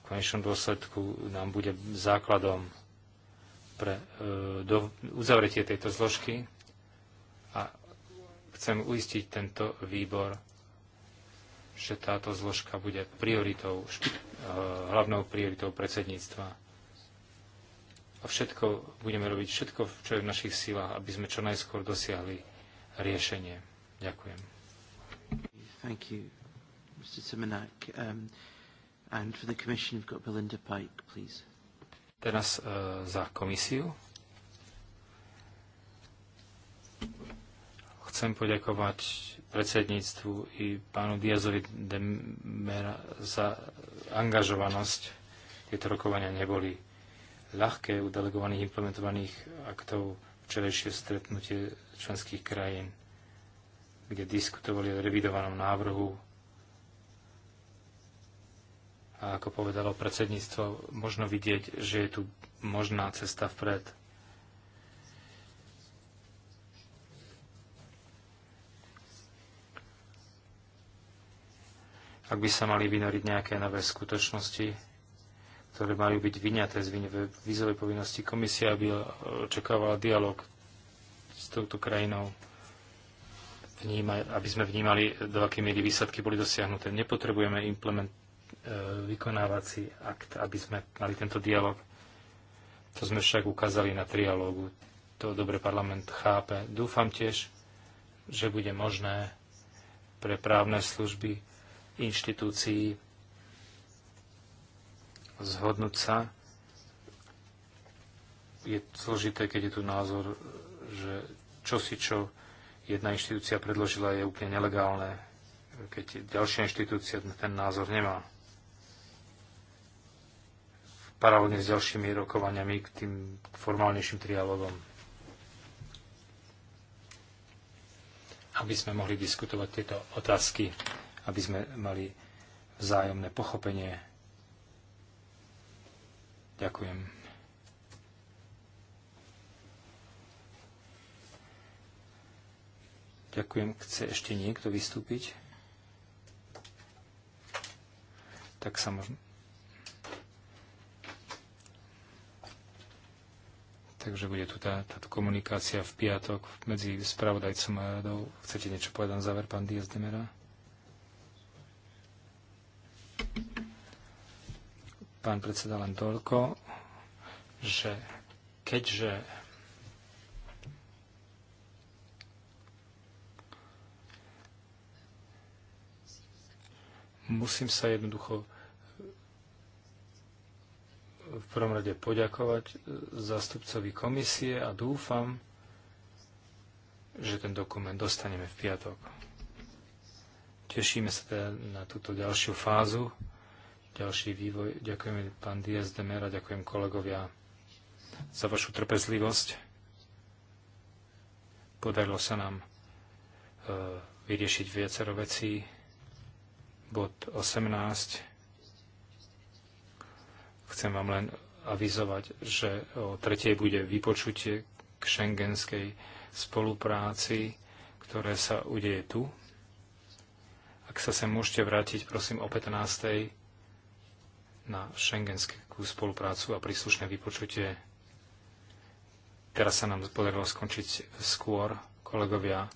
v konečnom dôsledku nám bude základom pre e, do, uzavretie tejto zložky a chcem uistiť tento výbor, že táto zložka bude prioritou, eh, hlavnou prioritou predsedníctva. A všetko, budeme robiť všetko, čo je v našich silách, aby sme čo najskôr dosiahli riešenie. Ďakujem. Thank you, Mr. Simonak. Um, and for the Commission, we've got Belinda Pike, please. Teraz uh, za komisiu. chcem poďakovať predsedníctvu i pánu Diazovi de Mera za angažovanosť. Tieto rokovania neboli ľahké u delegovaných implementovaných aktov včerajšie stretnutie členských krajín, kde diskutovali o revidovanom návrhu a ako povedalo predsedníctvo, možno vidieť, že je tu možná cesta vpred. ak by sa mali vynoriť nejaké nové skutočnosti, ktoré majú byť vyňaté z vízovej povinnosti, komisia aby očakávala dialog s touto krajinou, Vníma, aby sme vnímali, do aké miery výsledky boli dosiahnuté. Nepotrebujeme implement, e, vykonávací akt, aby sme mali tento dialog. To sme však ukázali na trialógu. To dobre parlament chápe. Dúfam tiež, že bude možné pre právne služby inštitúcií zhodnúť sa. Je zložité, keď je tu názor, že čo si čo jedna inštitúcia predložila je úplne nelegálne, keď ďalšia inštitúcia ten názor nemá. Paralelne s ďalšími rokovaniami k tým formálnejším trialogom. Aby sme mohli diskutovať tieto otázky aby sme mali vzájomné pochopenie. Ďakujem. Ďakujem. Chce ešte niekto vystúpiť? Tak sa možno... takže bude tu tá, táto komunikácia v piatok medzi spravodajcom a radou. Chcete niečo povedať na záver, pán Diaz Demera? Pán predseda, len toľko, že keďže musím sa jednoducho v prvom rade poďakovať e, zástupcovi komisie a dúfam, že ten dokument dostaneme v piatok. Tešíme sa teda na túto ďalšiu fázu ďalší vývoj. Ďakujem pán Diaz Demera, ďakujem kolegovia za vašu trpezlivosť. Podarilo sa nám e, vyriešiť viacero vecí. Bod 18. Chcem vám len avizovať, že o tretej bude vypočutie k šengenskej spolupráci, ktoré sa udeje tu. Ak sa sem môžete vrátiť, prosím, o 15 na šengenskú spoluprácu a príslušné vypočutie. Teraz sa nám podarilo skončiť skôr, kolegovia. E,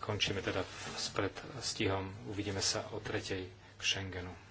končíme teda spred stihom, Uvidíme sa o tretej k Schengenu.